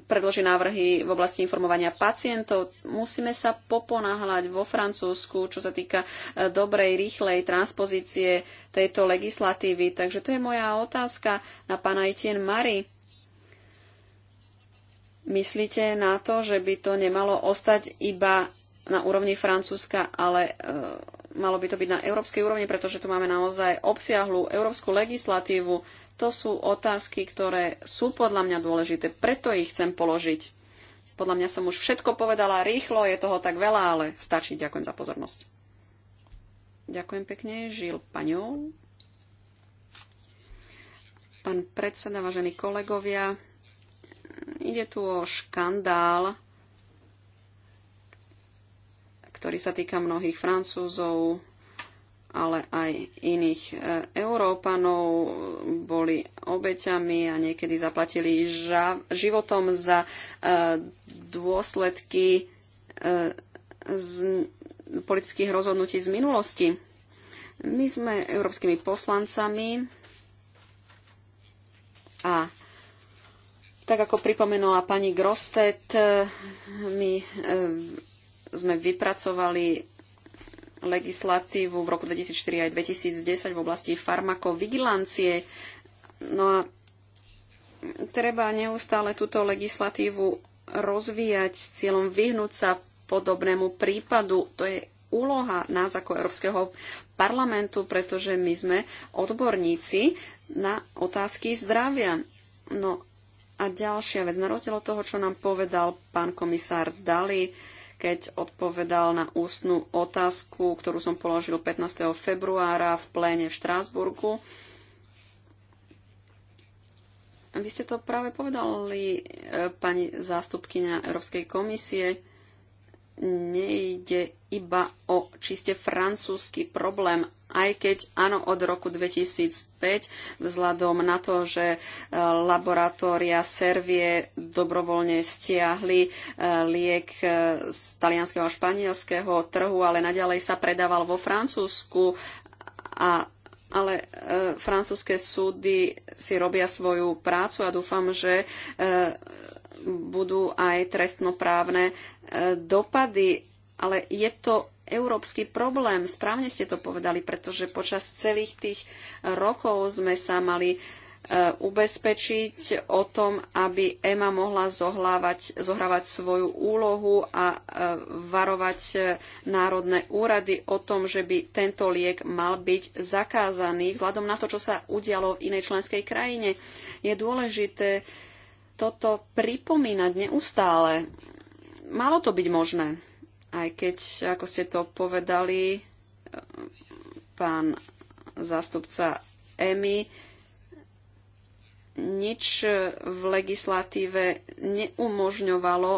predloží návrhy v oblasti informovania pacientov. Musíme sa poponáhľať vo Francúzsku, čo sa týka e, dobrej, rýchlej transpozície tejto legislatívy. Takže to je moja otázka na pána Itien Mari. Myslíte na to, že by to nemalo ostať iba na úrovni Francúzska, ale e, malo by to byť na európskej úrovni, pretože tu máme naozaj obsiahlu európsku legislatívu, to sú otázky, ktoré sú podľa mňa dôležité, preto ich chcem položiť. Podľa mňa som už všetko povedala rýchlo, je toho tak veľa, ale stačí. Ďakujem za pozornosť. Ďakujem pekne, Žil Paňov. Pán predseda, vážení kolegovia, ide tu o škandál, ktorý sa týka mnohých Francúzov, ale aj iných e, Európanov boli obeťami a niekedy zaplatili životom za e, dôsledky e, z politických rozhodnutí z minulosti. My sme európskymi poslancami a tak ako pripomenula pani Grostet, my sme vypracovali legislatívu v roku 2004 aj 2010 v oblasti farmakovigilancie. No a treba neustále túto legislatívu rozvíjať s cieľom vyhnúť sa podobnému prípadu. To je úloha nás ako Európskeho parlamentu, pretože my sme odborníci na otázky zdravia. No a ďalšia vec, na rozdiel od toho, čo nám povedal pán komisár Dali, keď odpovedal na ústnu otázku, ktorú som položil 15. februára v pléne v Štrásburgu. Vy ste to práve povedali, e, pani zástupkynia Európskej komisie nejde iba o čiste francúzsky problém, aj keď áno od roku 2005 vzhľadom na to, že e, laboratória Servie dobrovoľne stiahli e, liek e, z talianského a španielského trhu, ale naďalej sa predával vo Francúzsku a ale e, francúzske súdy si robia svoju prácu a dúfam, že e, budú aj trestnoprávne e, dopady, ale je to európsky problém. Správne ste to povedali, pretože počas celých tých rokov sme sa mali e, ubezpečiť o tom, aby EMA mohla zohlávať, zohrávať svoju úlohu a e, varovať národné úrady o tom, že by tento liek mal byť zakázaný vzhľadom na to, čo sa udialo v inej členskej krajine. Je dôležité toto pripomínať neustále. Malo to byť možné, aj keď, ako ste to povedali, eh, pán zástupca EMI, nič v legislatíve neumožňovalo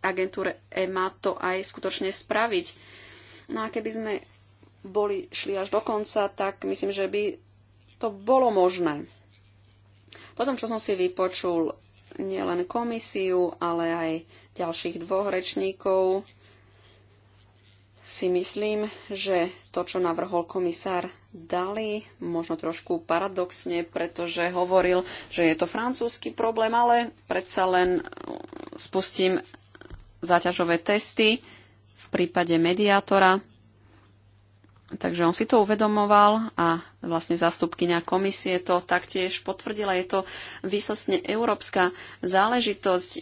agentúre EMA to aj skutočne spraviť. No a keby sme boli, šli až do konca, tak myslím, že by to bolo možné. Potom, čo som si vypočul nielen komisiu, ale aj ďalších dvoch rečníkov, si myslím, že to, čo navrhol komisár Dali, možno trošku paradoxne, pretože hovoril, že je to francúzsky problém, ale predsa len spustím záťažové testy v prípade mediátora. Takže on si to uvedomoval a vlastne zastupkynia komisie to taktiež potvrdila. Je to výsostne európska záležitosť.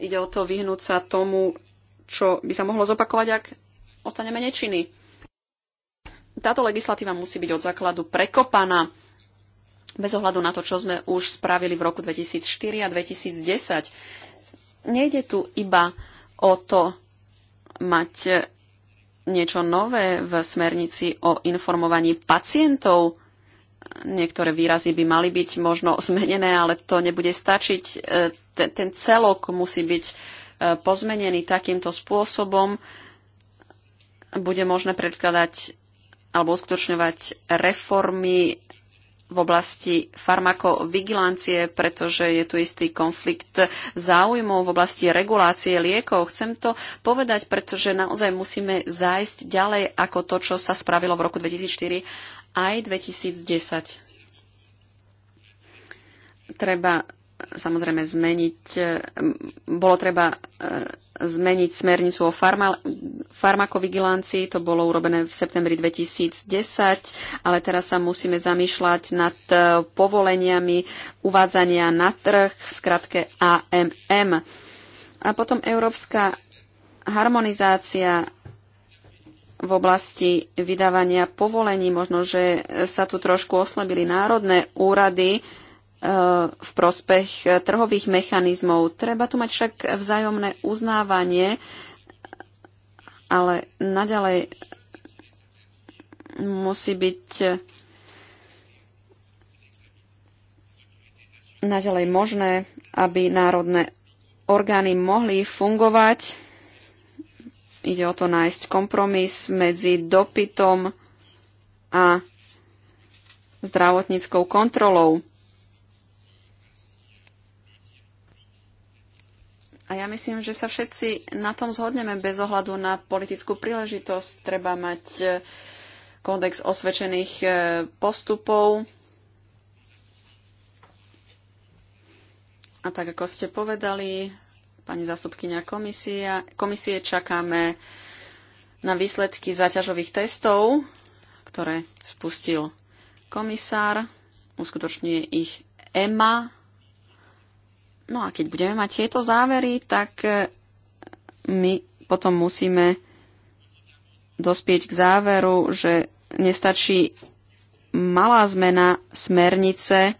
Ide o to vyhnúť sa tomu, čo by sa mohlo zopakovať, ak ostaneme nečiny. Táto legislatíva musí byť od základu prekopaná bez ohľadu na to, čo sme už spravili v roku 2004 a 2010. Nejde tu iba o to mať niečo nové v smernici o informovaní pacientov. Niektoré výrazy by mali byť možno *laughs* zmenené, ale to nebude stačiť. E, ten, ten celok musí byť e, pozmenený takýmto spôsobom. Bude možné predkladať alebo uskutočňovať reformy v oblasti farmakovigilancie, pretože je tu istý konflikt záujmov v oblasti regulácie liekov. Chcem to povedať, pretože naozaj musíme zájsť ďalej ako to, čo sa spravilo v roku 2004 aj 2010. Treba samozrejme zmeniť, bolo treba e, zmeniť smernicu o farma, farmakovigilancii, to bolo urobené v septembri 2010, ale teraz sa musíme zamýšľať nad e, povoleniami uvádzania na trh v skratke AMM. A potom európska harmonizácia v oblasti vydávania povolení, možno, že sa tu trošku oslabili národné úrady, v prospech eh, trhových mechanizmov. Treba tu mať však vzájomné uznávanie, ale naďalej musí byť eh, naďalej možné, aby národné orgány mohli fungovať. Ide o to nájsť kompromis medzi dopytom a zdravotníckou kontrolou. A ja myslím, že sa všetci na tom zhodneme bez ohľadu na politickú príležitosť. Treba mať e, kódex osvedčených e, postupov. A tak, ako ste povedali, pani zastupkynia komisia, komisie, čakáme na výsledky zaťažových testov, ktoré spustil komisár. Uskutočňuje ich EMA, No a keď budeme mať tieto závery, tak e, my potom musíme dospieť k záveru, že nestačí malá zmena smernice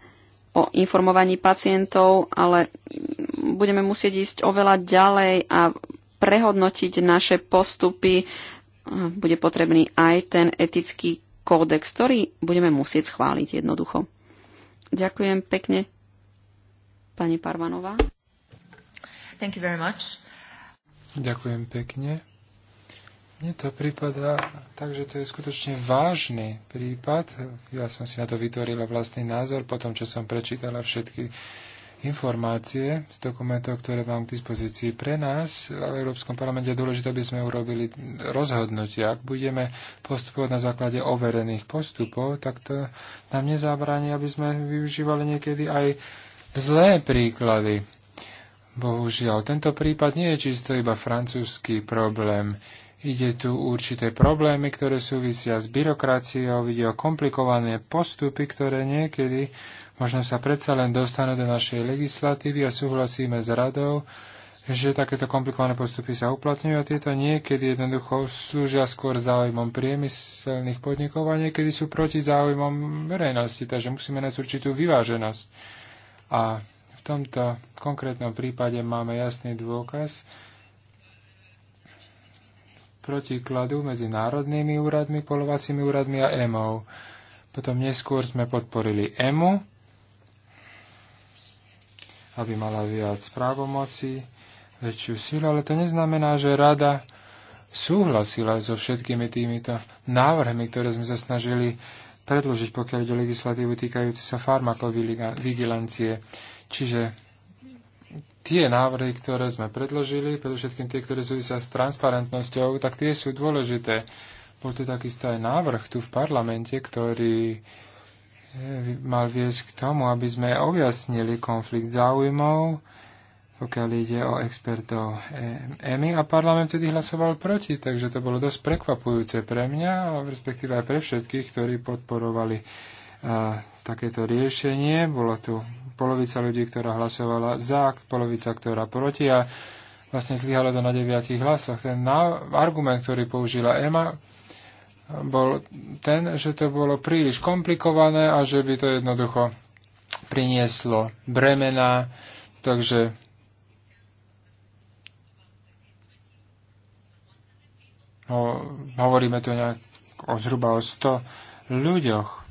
o informovaní pacientov, ale budeme musieť ísť oveľa ďalej a prehodnotiť naše postupy. E, bude potrebný aj ten etický kódex, ktorý budeme musieť schváliť jednoducho. Ďakujem pekne Pani Parvanová. Thank you very much. Ďakujem pekne. Mne to prípada tak, že to je skutočne vážny prípad. Ja som si na to vytvorila vlastný názor po tom, čo som prečítala všetky informácie z dokumentov, ktoré mám k dispozícii pre nás. V Európskom parlamente je dôležité, aby sme urobili rozhodnutie. Ak budeme postupovať na základe overených postupov, tak to nám nezabráni, aby sme využívali niekedy aj zlé príklady. Bohužiaľ, tento prípad nie je čisto iba francúzsky problém. Ide tu určité problémy, ktoré súvisia s byrokraciou, ide o komplikované postupy, ktoré niekedy možno sa predsa len dostanú do našej legislatívy a súhlasíme s radou, že takéto komplikované postupy sa uplatňujú a tieto niekedy jednoducho slúžia skôr záujmom priemyselných podnikov a niekedy sú proti záujmom verejnosti, takže musíme nájsť určitú vyváženosť. A v tomto konkrétnom prípade máme jasný dôkaz protikladu medzi národnými úradmi, polovacími úradmi a EMO. Potom neskôr sme podporili EMU, aby mala viac právomoci, väčšiu silu, ale to neznamená, že rada súhlasila so všetkými týmito návrhmi, ktoré sme sa snažili predložiť, pokiaľ ide legislatívu týkajúcu sa farmakovigilancie. Čiže tie návrhy, ktoré sme predložili, predovšetkým tie, ktoré súvisia s transparentnosťou, tak tie sú dôležité. Bol tu takisto aj návrh tu v parlamente, ktorý eh, mal viesť k tomu, aby sme objasnili konflikt záujmov, pokiaľ ide o expertov EMI a parlament vtedy hlasoval proti, takže to bolo dosť prekvapujúce pre mňa, respektíve aj pre všetkých, ktorí podporovali a, e, takéto riešenie. Bolo tu polovica ľudí, ktorá hlasovala za, polovica, ktorá proti a vlastne zlyhalo to na deviatich hlasoch. Ten argument, ktorý použila EMA, bol ten, že to bolo príliš komplikované a že by to jednoducho prinieslo bremena, takže No, hovoríme tu nejak o zhruba o 100 ľuďoch.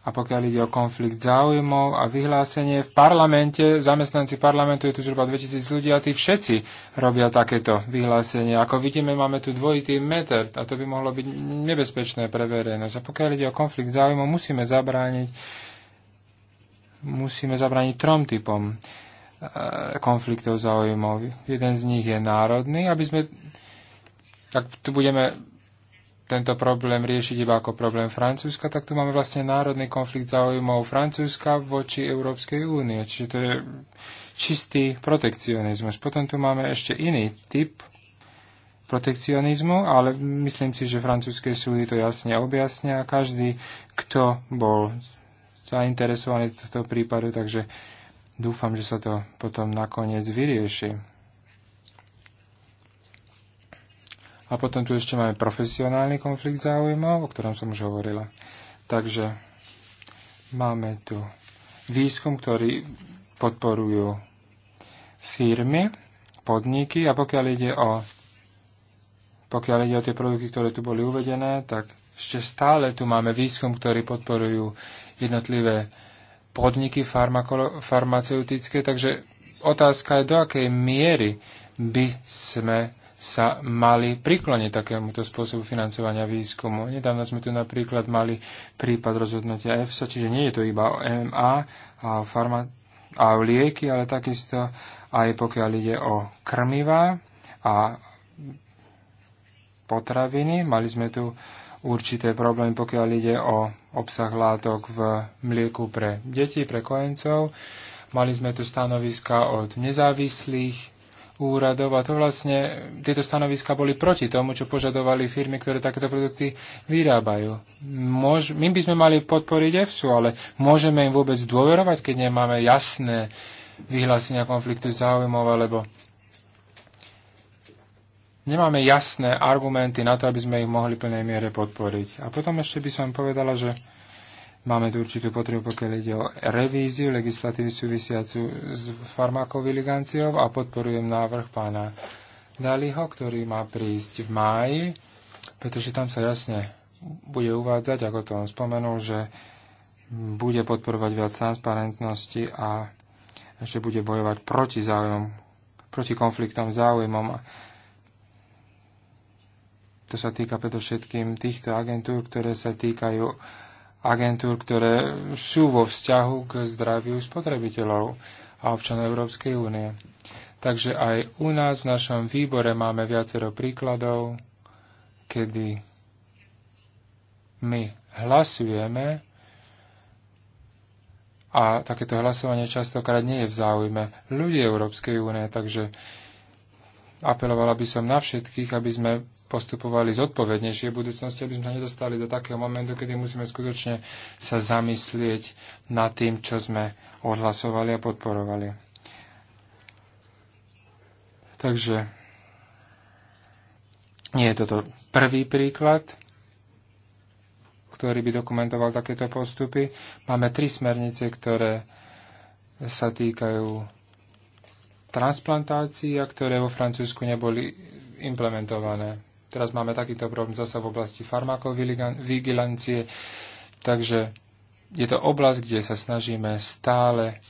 A pokiaľ ide o konflikt záujmov a vyhlásenie v parlamente, zamestnanci parlamentu je tu zhruba 2000 ľudí a tí všetci robia takéto vyhlásenie. Ako vidíme, máme tu dvojitý meter a to by mohlo byť nebezpečné pre verejnosť. A pokiaľ ide o konflikt záujmov, musíme zabrániť musíme zabrániť trom typom E, konfliktov záujmov. Jeden z nich je národný, aby sme, ak tu budeme tento problém riešiť iba ako problém Francúzska, tak tu máme vlastne národný konflikt záujmov Francúzska voči Európskej únie. Čiže to je čistý protekcionizmus. Potom tu máme ešte iný typ protekcionizmu, ale myslím si, že francúzske súdy to jasne objasnia. Každý, kto bol zainteresovaný v tohto prípadu, takže Dúfam, že sa to potom nakoniec vyrieši. A potom tu ešte máme profesionálny konflikt záujmov, o ktorom som už hovorila. Takže máme tu výskum, ktorý podporujú firmy, podniky a pokiaľ ide o pokiaľ ide o tie produkty, ktoré tu boli uvedené, tak ešte stále tu máme výskum, ktorý podporujú jednotlivé podniky farmaceutické, takže otázka je, do akej miery by sme sa mali prikloniť takémuto spôsobu financovania výskumu. Nedávno sme tu napríklad mali prípad rozhodnutia EFSA, čiže nie je to iba o MA a o, farma- a o lieky, ale takisto aj pokiaľ ide o krmivá a potraviny. Mali sme tu určité problémy, pokiaľ ide o obsah látok v mlieku pre deti, pre kojencov. Mali sme tu stanoviska od nezávislých úradov a to vlastne, tieto stanoviska boli proti tomu, čo požadovali firmy, ktoré takéto produkty vyrábajú. Môž, my by sme mali podporiť EFSU, ale môžeme im vôbec dôverovať, keď nemáme jasné vyhlásenia konfliktu záujmov alebo nemáme jasné argumenty na to, aby sme ich mohli plnej miere podporiť. A potom ešte by som povedala, že máme tu určitú potrebu, pokiaľ ide o revíziu legislatívy súvisiacu s farmakoviliganciou a podporujem návrh pána Daliho, ktorý má prísť v máji, pretože tam sa jasne bude uvádzať, ako to on spomenul, že bude podporovať viac transparentnosti a že bude bojovať proti záujmom, proti konfliktom záujmom to sa týka predovšetkým týchto agentúr, ktoré sa týkajú agentúr, ktoré sú vo vzťahu k zdraviu spotrebiteľov a občanov Európskej únie. Takže aj u nás v našom výbore máme viacero príkladov, kedy my hlasujeme a takéto hlasovanie častokrát nie je v záujme ľudí Európskej únie, takže apelovala by som na všetkých, aby sme postupovali zodpovednejšie v budúcnosti, aby sme sa nedostali do takého momentu, kedy musíme skutočne sa zamyslieť nad tým, čo sme odhlasovali a podporovali. Takže nie je toto prvý príklad, ktorý by dokumentoval takéto postupy. Máme tri smernice, ktoré sa týkajú transplantácií a ktoré vo Francúzsku neboli implementované. Teraz máme takýto problém zase v oblasti farmakovigilancie. Takže je to oblasť, kde sa snažíme stále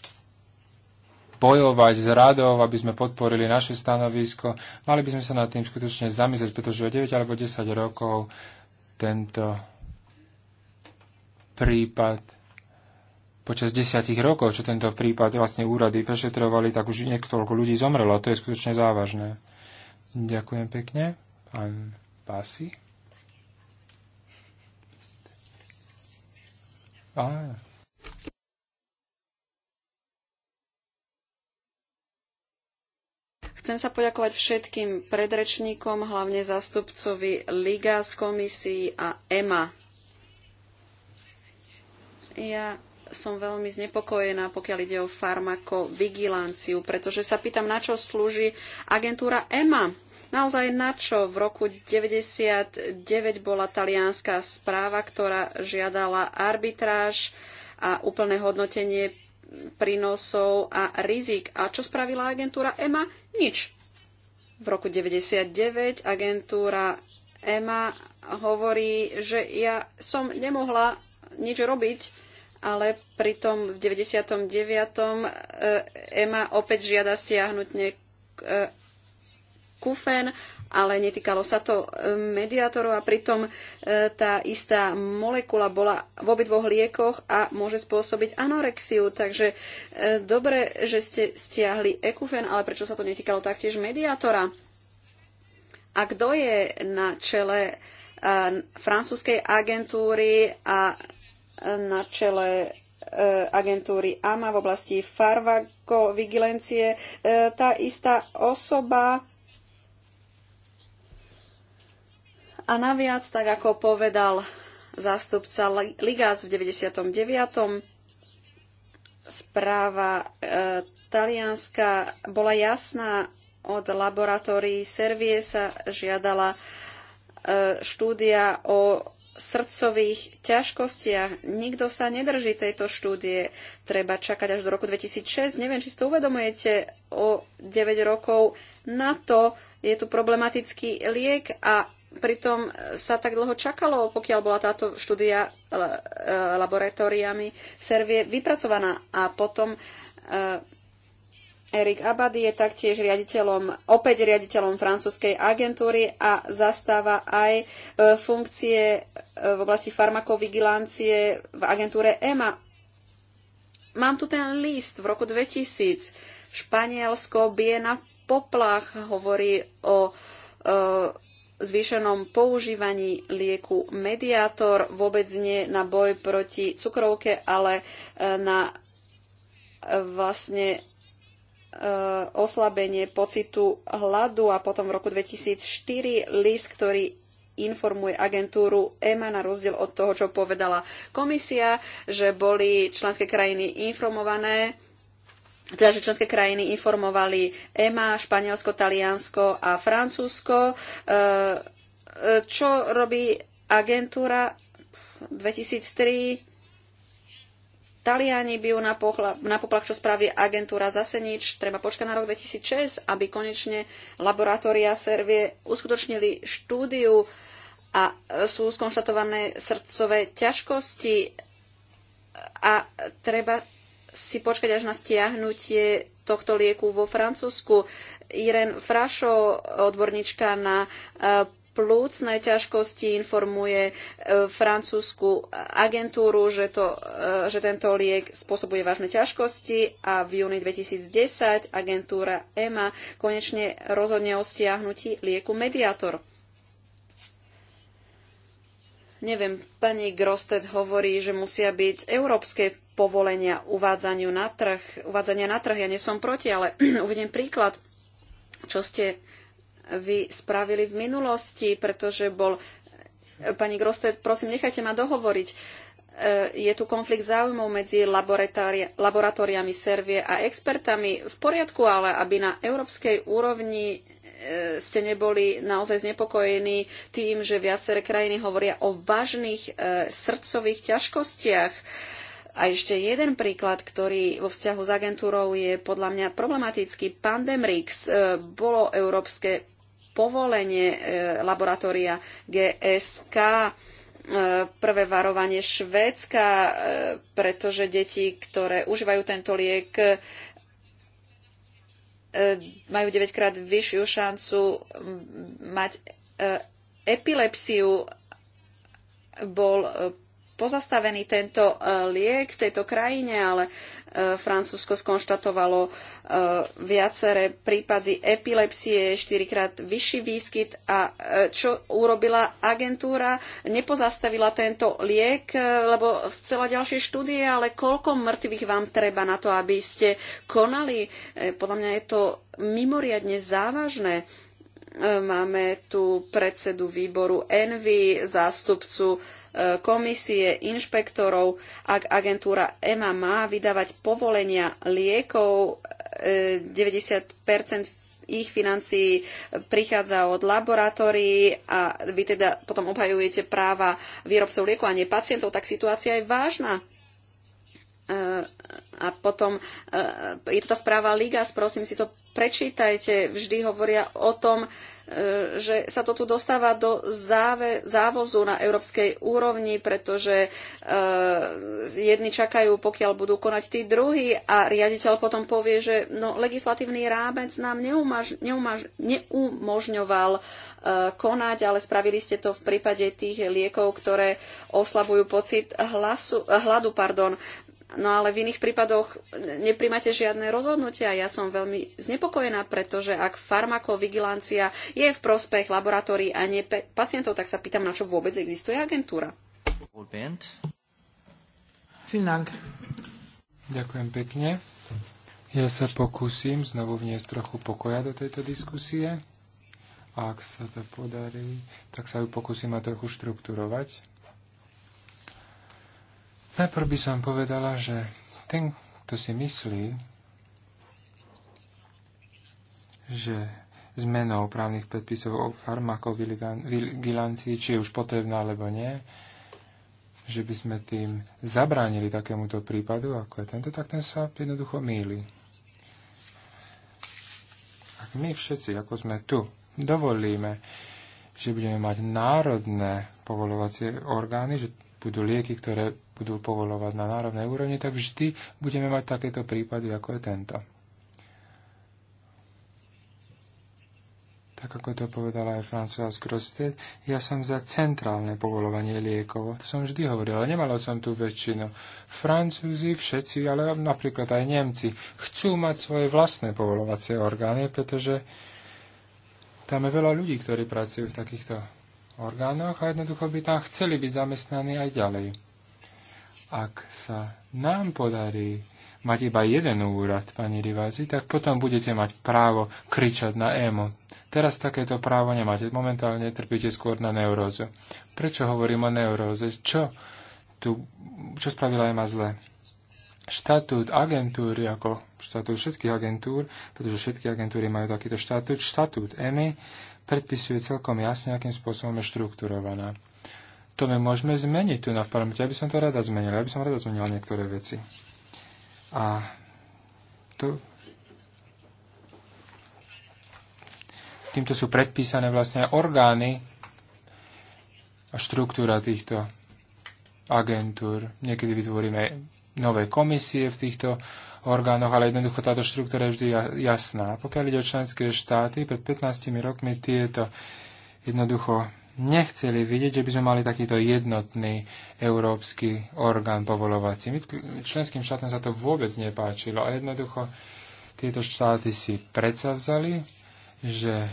bojovať s radou, aby sme podporili naše stanovisko. Mali by sme sa nad tým skutočne zamyslieť, pretože o 9 alebo 10 rokov tento prípad počas desiatich rokov, čo tento prípad vlastne úrady prešetrovali, tak už niekoľko ľudí zomrelo. To je skutočne závažné. Ďakujem pekne. Pán Pasi? Ah. Chcem sa poďakovať všetkým predrečníkom, hlavne zástupcovi Liga z komisii a EMA. Ja som veľmi znepokojená, pokiaľ ide o farmakovigilanciu, pretože sa pýtam, na čo slúži agentúra EMA Naozaj na čo? V roku 99 bola talianská správa, ktorá žiadala arbitráž a úplné hodnotenie prínosov a rizik. A čo spravila agentúra EMA? Nič. V roku 99 agentúra EMA hovorí, že ja som nemohla nič robiť, ale pritom v 99. EMA e opäť žiada stiahnuť e, kufen, ale netýkalo sa to e, mediátorov a pritom e, tá istá molekula bola v obidvoch liekoch a môže spôsobiť anorexiu. Takže e, dobre, že ste stiahli ekufen, ale prečo sa to netýkalo taktiež mediátora? A kto je na čele francúzskej agentúry a na čele agentúry AMA v oblasti farmakovigilencie. Tá istá osoba A naviac, tak ako povedal zástupca Ligas v 99. správa e, Talianska bola jasná od laboratórií Servie sa žiadala e, štúdia o srdcových ťažkostiach. Nikto sa nedrží tejto štúdie. Treba čakať až do roku 2006. Neviem, či si to uvedomujete. O 9 rokov na to je tu problematický liek a pritom sa tak dlho čakalo, pokiaľ bola táto štúdia eh, laboratóriami Servie vypracovaná. A potom eh, Erik Abadi je taktiež riaditeľom, opäť riaditeľom francúzskej agentúry a zastáva aj eh, funkcie v oblasti farmakovigilancie v agentúre EMA. Mám tu ten list v roku 2000. Španielsko bije na poplach, hovorí o zvýšenom používaní lieku mediátor, vôbec nie na boj proti cukrovke, ale e, na e, vlastne e, oslabenie pocitu hladu a potom v roku 2004 list, ktorý informuje agentúru EMA na rozdiel od toho, čo povedala komisia, že boli členské krajiny informované teda, že členské krajiny informovali EMA, Španielsko, Taliansko a Francúzsko. E, e, čo robí agentúra 2003? Taliani bijú na, pohla, na poplach, čo spraví agentúra zase nič. Treba počkať na rok 2006, aby konečne laboratória Servie uskutočnili štúdiu a sú skonštatované srdcové ťažkosti a treba si počkať až na stiahnutie tohto lieku vo Francúzsku. Irene Frašo, odborníčka na eh, plúcne ťažkosti, informuje eh, francúzsku agentúru, že, to, eh, že tento liek spôsobuje vážne ťažkosti a v júni 2010 agentúra EMA konečne rozhodne o stiahnutí lieku Mediator. Neviem, pani Grosted hovorí, že musia byť európske povolenia uvádzaniu na trh, uvádzania na trh. Ja nie som proti, ale *clears throat* uvediem príklad, čo ste vy spravili v minulosti, pretože bol... Pani Grosted, prosím, nechajte ma dohovoriť. E, je tu konflikt záujmov medzi laboratóriami Servie a expertami. V poriadku, ale aby na európskej úrovni E, ste neboli naozaj znepokojení tým, že viaceré krajiny hovoria o vážnych e, srdcových ťažkostiach. A ešte jeden príklad, ktorý vo vzťahu s agentúrou je podľa mňa problematický. Pandemrix e, bolo európske povolenie laboratória GSK prvé varovanie Švédska, pretože deti, ktoré užívajú tento liek, E, majú 9 krát vyššiu šancu mať e, epilepsiu. Bol e, pozastavený tento liek v tejto krajine, ale Francúzsko skonštatovalo e, viaceré prípady epilepsie, štyrikrát vyšší výskyt a e, čo urobila agentúra? Nepozastavila tento liek, e, lebo chcela ďalšie štúdie, ale koľko mŕtvych vám treba na to, aby ste konali? Podľa mňa je to mimoriadne závažné. Máme tu predsedu výboru Envy, zástupcu e, komisie, inšpektorov. Ak agentúra EMA má vydávať povolenia liekov, 90 e, ich financií prichádza od laboratórií a vy teda potom obhajujete práva výrobcov liekov a nie pacientov, tak situácia je vážna a potom e, je to tá správa Ligas, prosím si to prečítajte, vždy hovoria o tom, e, že sa to tu dostáva do záve, závozu na európskej úrovni, pretože e, jedni čakajú, pokiaľ budú konať tí druhí a riaditeľ potom povie, že no, legislatívny rámec nám neumaž, neumaž, neumožňoval konať, ale spravili ste to v prípade tých liekov, ktoré oslabujú pocit hlasu, hladu. Pardon. No ale v iných prípadoch nepríjmate žiadne rozhodnutia. Ja som veľmi znepokojená, pretože ak farmakovigilancia je v prospech laboratórií a nie pacientov, tak sa pýtam, na čo vôbec existuje agentúra. Ďakujem pekne. Ja sa pokúsim znovu vniesť trochu pokoja do tejto diskusie. A ak sa to podarí, tak sa ju pokúsim a trochu štruktúrovať. Najprv by som povedala, že ten, kto si myslí, že zmenou právnych predpisov o farmakovigilancii, či je už potrebná alebo nie, že by sme tým zabránili takémuto prípadu, ako je tento, tak ten sa jednoducho míli. Ak my všetci, ako sme tu, dovolíme, že budeme mať národné povolovacie orgány, že budú lieky, ktoré budú povolovať na národnej úrovni, tak vždy budeme mať takéto prípady, ako je tento. Tak ako to povedala aj François Grostet, ja som za centrálne povolovanie liekov. To som vždy ale nemala som tu väčšinu. Francúzi všetci, ale napríklad aj Nemci, chcú mať svoje vlastné povolovacie orgány, pretože tam je veľa ľudí, ktorí pracujú v takýchto orgánoch a jednoducho by tam chceli byť zamestnaní aj ďalej. Ak sa nám podarí mať iba jeden úrad, pani Rivázi, tak potom budete mať právo kričať na EMO. Teraz takéto právo nemáte. Momentálne trpíte skôr na neurózu. Prečo hovorím o neuróze? Čo, tu, čo spravila EMA zle? Štatút agentúry, ako štatút všetkých agentúr, pretože všetky agentúry majú takýto štatút, štatút EMI predpisuje celkom jasne, akým spôsobom je štruktúrovaná. To my môžeme zmeniť tu na parlamente. Ja by som to rada zmenila. Ja by som rada zmenil niektoré veci. A tu týmto sú predpísané vlastne aj orgány a štruktúra týchto agentúr. Niekedy vytvoríme nové komisie v týchto orgánoch, ale jednoducho táto štruktúra je vždy jasná. Pokiaľ ide o členské štáty, pred 15 rokmi tieto jednoducho nechceli vidieť, že by sme mali takýto jednotný európsky orgán povolovací. My členským štátom sa to vôbec nepáčilo a jednoducho tieto štáty si predsavzali, že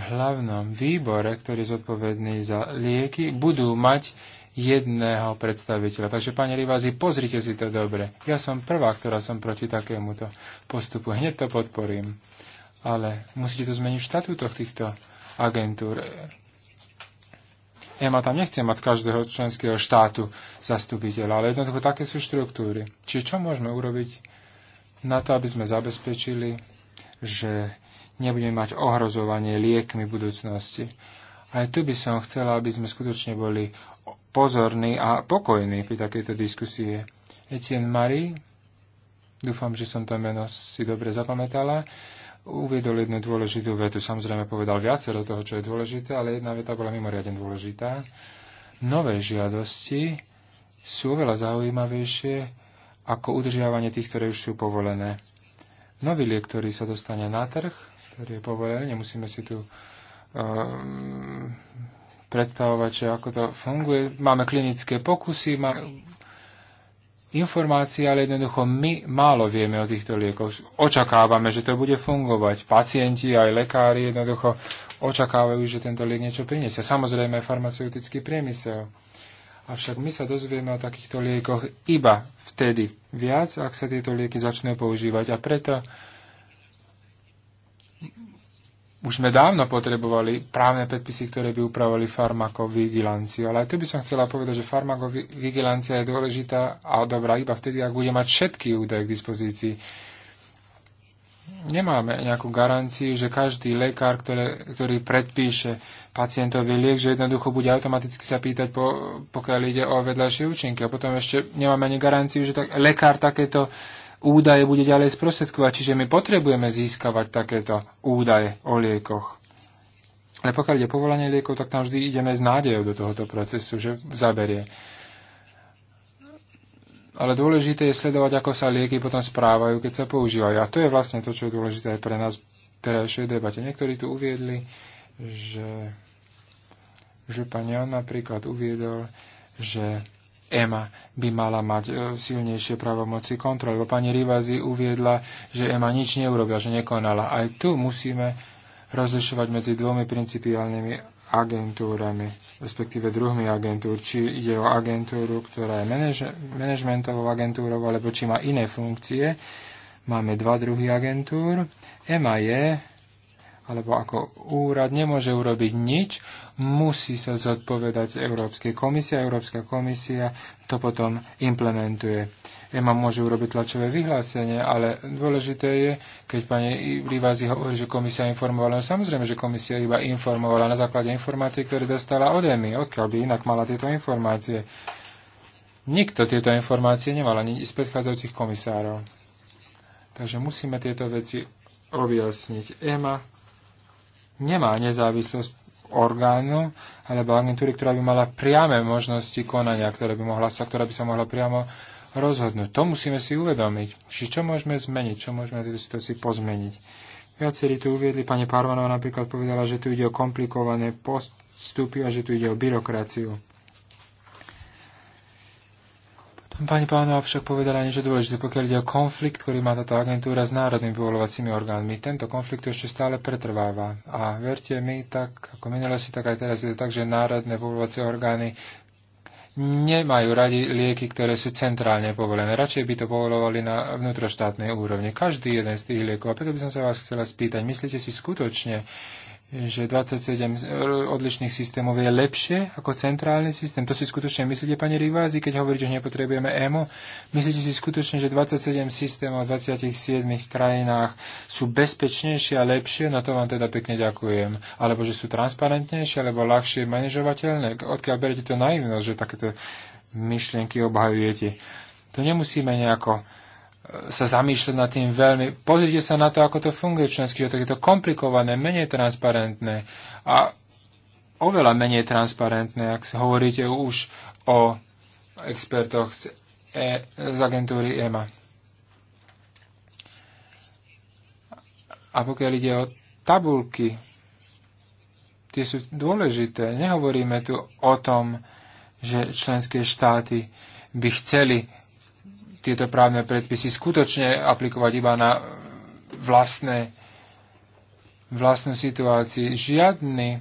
v hlavnom výbore, ktorý je zodpovedný za lieky, budú mať jedného predstaviteľa. Takže, pani Rivazi, pozrite si to dobre. Ja som prvá, ktorá som proti takémuto postupu. Hneď to podporím. Ale musíte to zmeniť v štatútoch týchto agentúr. Ja ma tam nechcem mať z každého členského štátu zastupiteľa, ale jednoducho také sú štruktúry. Čiže čo môžeme urobiť na to, aby sme zabezpečili, že nebudeme mať ohrozovanie liekmi budúcnosti. Aj tu by som chcela, aby sme skutočne boli pozorný a pokojný pri takejto diskusie. Etienne Marie, dúfam, že som to meno si dobre zapamätala, uviedol jednu dôležitú vetu. Samozrejme povedal viacero toho, čo je dôležité, ale jedna veta bola mimoriadne dôležitá. Nové žiadosti sú oveľa zaujímavejšie ako udržiavanie tých, ktoré už sú povolené. Nový liek, ktorý sa dostane na trh, ktorý je povolený, nemusíme si tu um, predstavovať, že ako to funguje. Máme klinické pokusy, máme informácie, ale jednoducho my málo vieme o týchto liekoch. Očakávame, že to bude fungovať. Pacienti aj lekári jednoducho očakávajú, že tento liek niečo priniesie. Samozrejme aj farmaceutický priemysel. Avšak my sa dozvieme o takýchto liekoch iba vtedy viac, ak sa tieto lieky začnú používať. A preto už sme dávno potrebovali právne predpisy, ktoré by upravovali farmakovigilanciu. Ale aj tu by som chcela povedať, že farmakovigilancia je dôležitá a dobrá iba vtedy, ak bude mať všetky údaje k dispozícii. Nemáme nejakú garanciu, že každý lekár, ktoré, ktorý predpíše pacientovi liek, že jednoducho bude automaticky sa pýtať, po, pokiaľ ide o vedľajšie účinky. A potom ešte nemáme ani garanciu, že tak, lekár takéto údaje bude ďalej sprostredkovať. Čiže my potrebujeme získavať takéto údaje o liekoch. Ale pokiaľ ide povolanie liekov, tak tam vždy ideme s nádejou do tohoto procesu, že zaberie. Ale dôležité je sledovať, ako sa lieky potom správajú, keď sa používajú. A to je vlastne to, čo je dôležité aj pre nás v terajšej debate. Niektorí tu uviedli, že, že pani Jan napríklad uviedol, že EMA by mala mať e, silnejšie právomoci kontroly. Lebo pani Rivazi uviedla, že EMA nič neurobila, že nekonala. Aj tu musíme rozlišovať medzi dvomi principiálnymi agentúrami, respektíve druhmi agentúr. Či ide o agentúru, ktorá je manažmentovou agentúrou, alebo či má iné funkcie. Máme dva druhy agentúr. EMA je alebo ako úrad nemôže urobiť nič, musí sa zodpovedať Európskej komisie a Európska komisia to potom implementuje. EMA môže urobiť tlačové vyhlásenie, ale dôležité je, keď pani Livázi hovorí, že komisia informovala, no samozrejme, že komisia iba informovala na základe informácií, ktoré dostala od EMI, odkiaľ by inak mala tieto informácie. Nikto tieto informácie nemal, ani z predchádzajúcich komisárov. Takže musíme tieto veci objasniť. EMA nemá nezávislosť orgánu alebo agentúry, ktorá by mala priame možnosti konania, ktoré by mohla sa, ktorá by sa mohla priamo rozhodnúť. To musíme si uvedomiť. Či čo môžeme zmeniť, čo môžeme na tejto situácii pozmeniť. Viacerí tu uviedli, pani Parvanova napríklad povedala, že tu ide o komplikované postupy a že tu ide o byrokraciu. Pani Pánova však povedala niečo dôležité, pokiaľ ide o konflikt, ktorý má táto agentúra s národnými povolovacími orgánmi. Tento konflikt ešte stále pretrváva. A verte mi, tak ako minule si, tak aj teraz je to tak, že národné vyvolovacie orgány nemajú radi lieky, ktoré sú centrálne povolené. Radšej by to povolovali na vnútroštátnej úrovni. Každý jeden z tých liekov. A preto by som sa vás chcela spýtať, myslíte si skutočne, že 27 odlišných systémov je lepšie ako centrálny systém. To si skutočne myslíte, pani Rivázi, keď hovoríte, že nepotrebujeme EMO? Myslíte si skutočne, že 27 systémov v 27 krajinách sú bezpečnejšie a lepšie? Na no to vám teda pekne ďakujem. Alebo že sú transparentnejšie, alebo ľahšie manažovateľné? Odkiaľ berete to naivnosť, že takéto myšlienky obhajujete? To nemusíme nejako sa zamýšľať nad tým veľmi. Pozrite sa na to, ako to funguje v členských Je to komplikované, menej transparentné a oveľa menej transparentné, ak sa hovoríte už o expertoch z, e, z agentúry EMA. A pokiaľ ide o tabulky, tie sú dôležité. Nehovoríme tu o tom, že členské štáty by chceli tieto právne predpisy skutočne aplikovať iba na vlastné, vlastnú situácii. Žiadny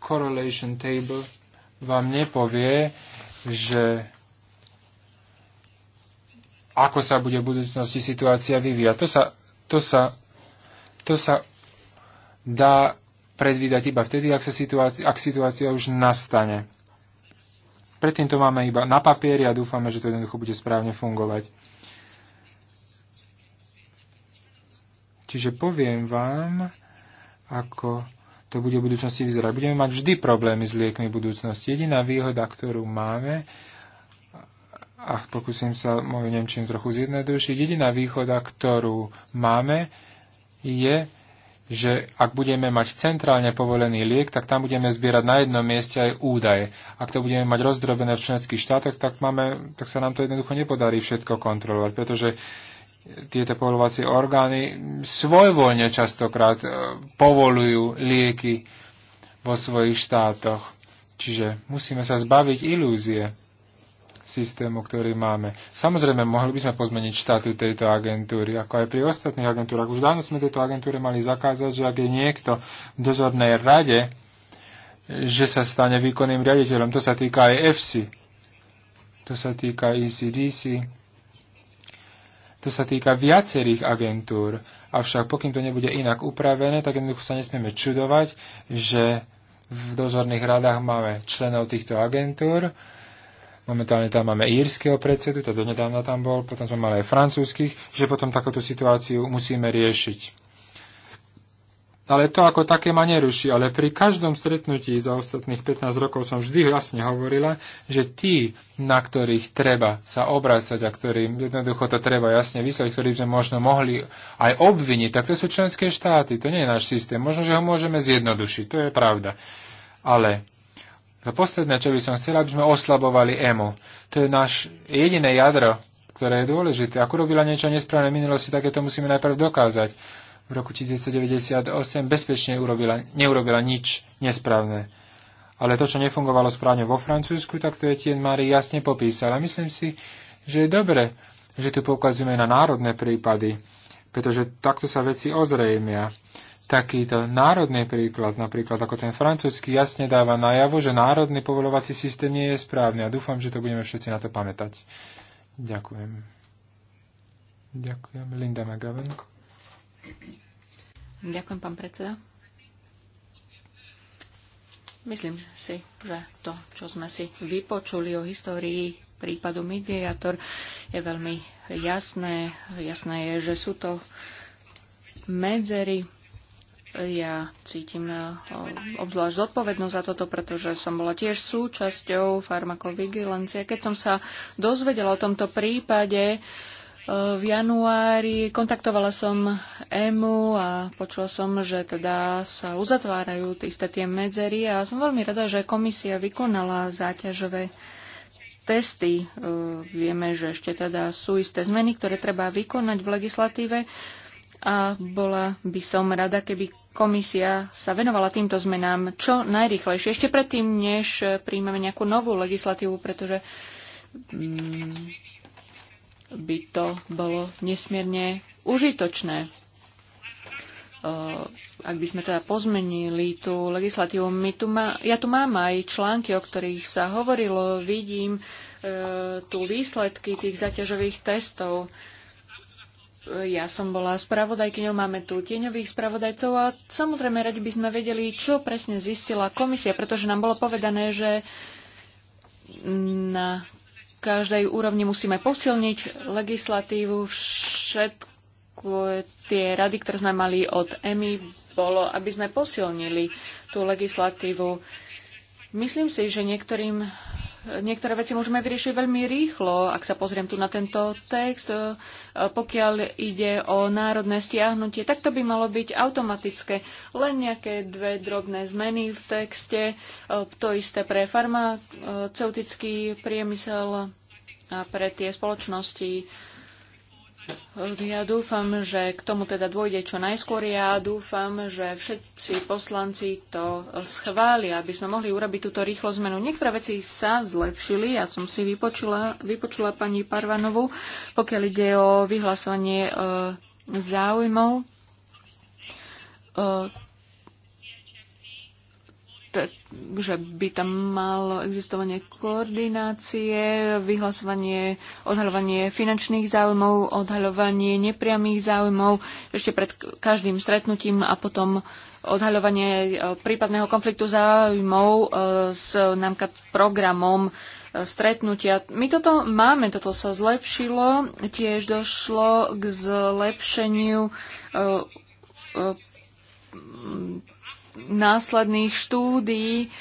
correlation table vám nepovie, že ako sa bude v budúcnosti situácia vyvíjať. To sa, to sa, to sa dá predvídať iba vtedy, ak, sa situácia, ak situácia už nastane. Predtým to máme iba na papieri a dúfame, že to jednoducho bude správne fungovať. Čiže poviem vám, ako to bude v budúcnosti vyzerať. Budeme mať vždy problémy s liekmi v budúcnosti. Jediná výhoda, ktorú máme, a pokúsim sa moju Nemčinu trochu zjednodušiť, jediná výhoda, ktorú máme, je, že ak budeme mať centrálne povolený liek, tak tam budeme zbierať na jednom mieste aj údaje. Ak to budeme mať rozdrobené v členských štátoch, tak, máme, tak sa nám to jednoducho nepodarí všetko kontrolovať, pretože tieto povolovacie orgány svojvoľne častokrát e, povolujú lieky vo svojich štátoch. Čiže musíme sa zbaviť ilúzie systému, ktorý máme. Samozrejme, mohli by sme pozmeniť štátu tejto agentúry, ako aj pri ostatných agentúrach. Už dávno sme tejto agentúre mali zakázať, že ak je niekto v dozornej rade, že sa stane výkonným riaditeľom. To sa týka aj EFSI. To sa týka ECDC. To sa týka viacerých agentúr. Avšak pokým to nebude inak upravené, tak jednoducho sa nesmieme čudovať, že v dozorných radách máme členov týchto agentúr Momentálne tam máme írskeho predsedu, to donedávna tam bol, potom sme mali aj francúzskych, že potom takúto situáciu musíme riešiť. Ale to ako také ma neruší, ale pri každom stretnutí za ostatných 15 rokov som vždy jasne hovorila, že tí, na ktorých treba sa obrácať a ktorým jednoducho to treba jasne vysvetliť, ktorí sme možno mohli aj obviniť, tak to sú členské štáty, to nie je náš systém. Možno, že ho môžeme zjednodušiť, to je pravda. Ale a posledné, čo by som chcel, aby sme oslabovali EMO. To je náš jediné jadro, ktoré je dôležité. Ak urobila niečo nesprávne v minulosti, tak to musíme najprv dokázať. V roku 1998 bezpečne urobila, neurobila nič nesprávne. Ale to, čo nefungovalo správne vo Francúzsku, tak to je Tien Mari jasne popísal. A myslím si, že je dobre, že tu poukazujeme na národné prípady, pretože takto sa veci ozrejmia takýto národný príklad, napríklad ako ten francúzsky, jasne dáva najavo, že národný povolovací systém nie je správny a dúfam, že to budeme všetci na to pamätať. Ďakujem. Ďakujem. Linda McGovern. Ďakujem, pán predseda. Myslím si, že to, čo sme si vypočuli o histórii prípadu Mediator, je veľmi jasné. Jasné je, že sú to medzery ja cítim eh, obzvlášť zodpovednosť za toto, pretože som bola tiež súčasťou farmakovigilancie. Keď som sa dozvedela o tomto prípade eh, v januári, kontaktovala som EMU a počula som, že teda sa uzatvárajú isté tie medzery a som veľmi rada, že komisia vykonala záťažové testy. Eh, vieme, že ešte teda sú isté zmeny, ktoré treba vykonať v legislatíve a bola by som rada, keby komisia sa venovala týmto zmenám čo najrychlejšie, ešte predtým, než príjmeme nejakú novú legislatívu, pretože mm, by to bolo nesmierne užitočné. Ak by sme teda pozmenili tú legislatívu, my tu má, ja tu mám aj články, o ktorých sa hovorilo, vidím e, tu výsledky tých zaťažových testov. E, ja som bola spravodajkyňou, máme tu tieňových spravodajcov a samozrejme radi by sme vedeli, čo presne zistila komisia, pretože nám bolo povedané, že na každej úrovni musíme posilniť legislatívu. Všetko tie rady, ktoré sme mali od EMI, bolo, aby sme posilnili tú legislatívu. Myslím si, že niektorým niektoré veci môžeme vyriešiť veľmi rýchlo, ak sa pozriem tu na tento text. E, pokiaľ ide o národné stiahnutie, tak to by malo byť automatické. Len nejaké dve drobné zmeny v texte, e, to isté pre farmaceutický priemysel a pre tie spoločnosti ja dúfam, že k tomu teda dôjde čo najskôr. Ja dúfam, že všetci poslanci to schvália, aby sme mohli urobiť túto rýchlo zmenu. Niektoré veci sa zlepšili. Ja som si vypočula, vypočula pani Parvanovu, pokiaľ ide o vyhlasovanie e, záujmov. E, že by tam malo existovanie koordinácie, vyhlasovanie, odhaľovanie finančných záujmov, odhaľovanie nepriamých záujmov ešte pred každým stretnutím a potom odhaľovanie e, prípadného konfliktu záujmov e, s námka programom e, stretnutia. My toto máme, toto sa zlepšilo, tiež došlo k zlepšeniu následných štúdií.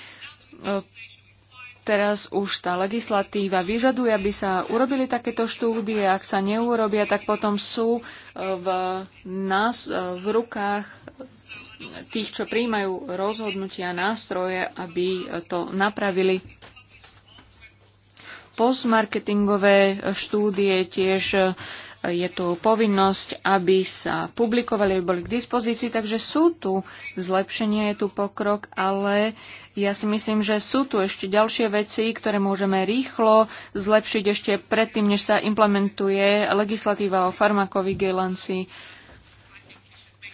Teraz už tá legislatíva vyžaduje, aby sa urobili takéto štúdie. Ak sa neurobia, tak potom sú e, v, nás, e, v rukách tých, čo príjmajú rozhodnutia nástroje, aby to napravili. Postmarketingové štúdie tiež e, je tu povinnosť, aby sa publikovali, aby boli k dispozícii, takže sú tu zlepšenie, je tu pokrok, ale ja si myslím, že sú tu ešte ďalšie veci, ktoré môžeme rýchlo zlepšiť ešte predtým, než sa implementuje legislatíva o farmakovigilancii.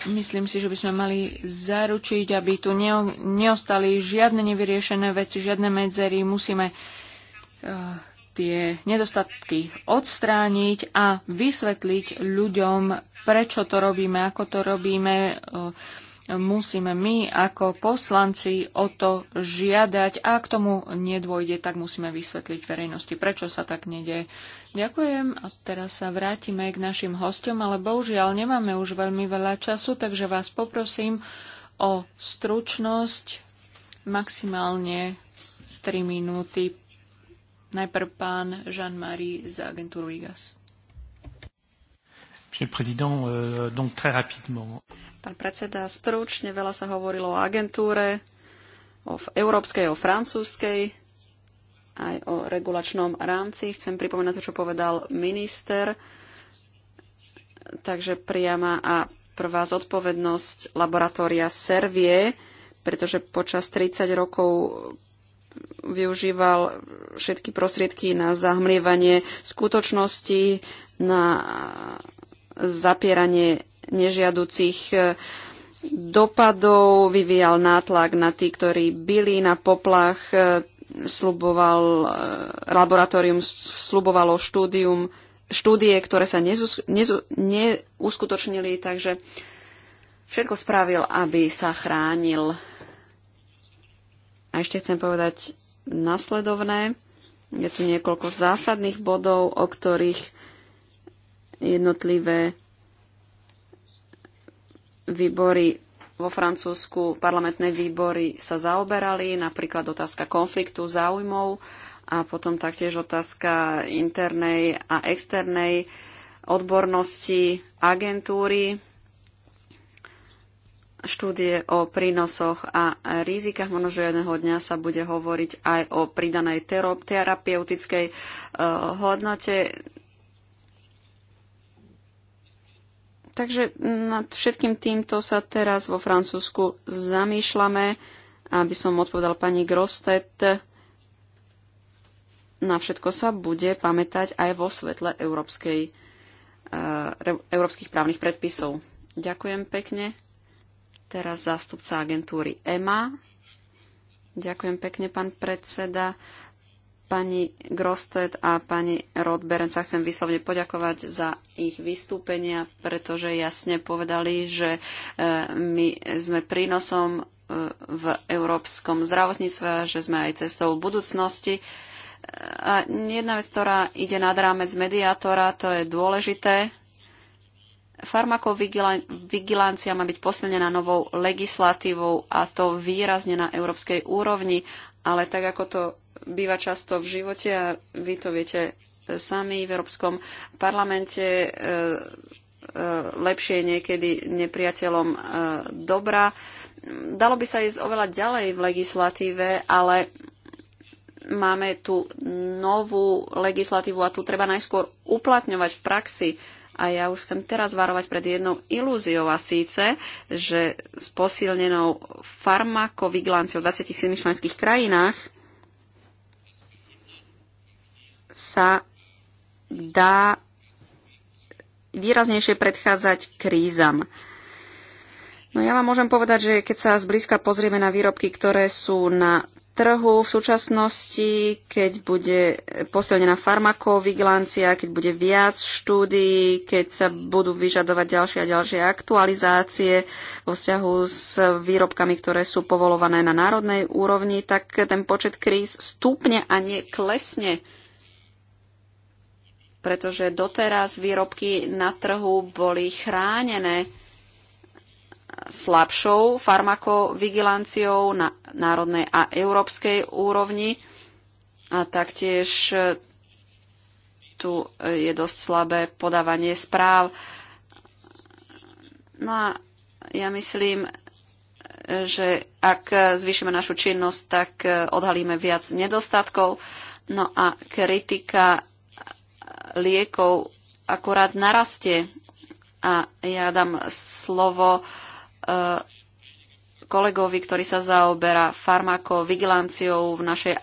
Myslím si, že by sme mali zaručiť, aby tu neostali žiadne nevyriešené veci, žiadne medzery. Musíme uh, tie nedostatky odstrániť a vysvetliť ľuďom, prečo to robíme, ako to robíme. E, musíme my ako poslanci o to žiadať a k tomu nedôjde, tak musíme vysvetliť verejnosti, prečo sa tak nedie. Ďakujem a teraz sa vrátime k našim hostom, ale bohužiaľ nemáme už veľmi veľa času, takže vás poprosím o stručnosť maximálne 3 minúty Najprv pán Jean-Marie za agentúru IGAS. Euh, pán predseda, stručne veľa sa hovorilo o agentúre, o európskej, o francúzskej, aj o regulačnom rámci. Chcem pripomenúť to, čo povedal minister. Takže priama a prvá zodpovednosť laboratória Servie, pretože počas 30 rokov využíval všetky prostriedky na zahmlievanie skutočnosti, na zapieranie nežiaducich e, dopadov, vyvíjal nátlak na tí, ktorí byli na poplach, e, sluboval, e, laboratórium slubovalo štúdium, štúdie, ktoré sa nezus, nezu, neuskutočnili, takže všetko spravil, aby sa chránil a ešte chcem povedať nasledovné. Je tu niekoľko zásadných bodov, o ktorých jednotlivé výbory vo Francúzsku, parlamentné výbory sa zaoberali, napríklad otázka konfliktu záujmov a potom taktiež otázka internej a externej odbornosti agentúry štúdie o prínosoch a rizikách. Možno, že jedného dňa sa bude hovoriť aj o pridanej terapeutickej eh, hodnote. Takže nad všetkým týmto sa teraz vo Francúzsku zamýšľame, aby som odpovedal pani Grostet. Na všetko sa bude pamätať aj vo svetle európskej, eh, európskych právnych predpisov. Ďakujem pekne. Teraz zástupca agentúry EMA. Ďakujem pekne, pán predseda. Pani Grosted a pani Rodberen sa chcem vyslovne poďakovať za ich vystúpenia, pretože jasne povedali, že e, my sme prínosom e, v európskom zdravotníctve, že sme aj cestou budúcnosti. E, a jedna vec, ktorá ide nad rámec mediátora, to je dôležité. Farmakovigilancia má byť posilnená novou legislatívou a to výrazne na európskej úrovni, ale tak ako to býva často v živote a vy to viete e, sami v Európskom parlamente, e, e, lepšie niekedy nepriateľom dobra. Dalo by sa ísť oveľa ďalej v legislatíve, ale máme tu novú legislatívu a tu treba najskôr uplatňovať v praxi a ja už chcem teraz varovať pred jednou ilúziou a síce, že s posilnenou farmakovigilanciou v 27 členských krajinách sa dá výraznejšie predchádzať krízam. No ja vám môžem povedať, že keď sa zblízka pozrieme na výrobky, ktoré sú na trhu v súčasnosti, keď bude posilnená farmakovigilancia, keď bude viac štúdií, keď sa budú vyžadovať ďalšie a ďalšie aktualizácie vo vzťahu s výrobkami, ktoré sú povolované na národnej úrovni, tak ten počet kríz stúpne a nie klesne pretože doteraz výrobky na trhu boli chránené slabšou farmakovigilanciou na národnej a európskej úrovni. A taktiež e, tu e, je dosť slabé podávanie správ. No a ja myslím, e, že ak zvýšime našu činnosť, tak odhalíme viac nedostatkov. No a kritika liekov akurát narastie. A ja dám slovo uh, E, kolegovi, ktorý sa zaoberá farmakovigilanciou v našej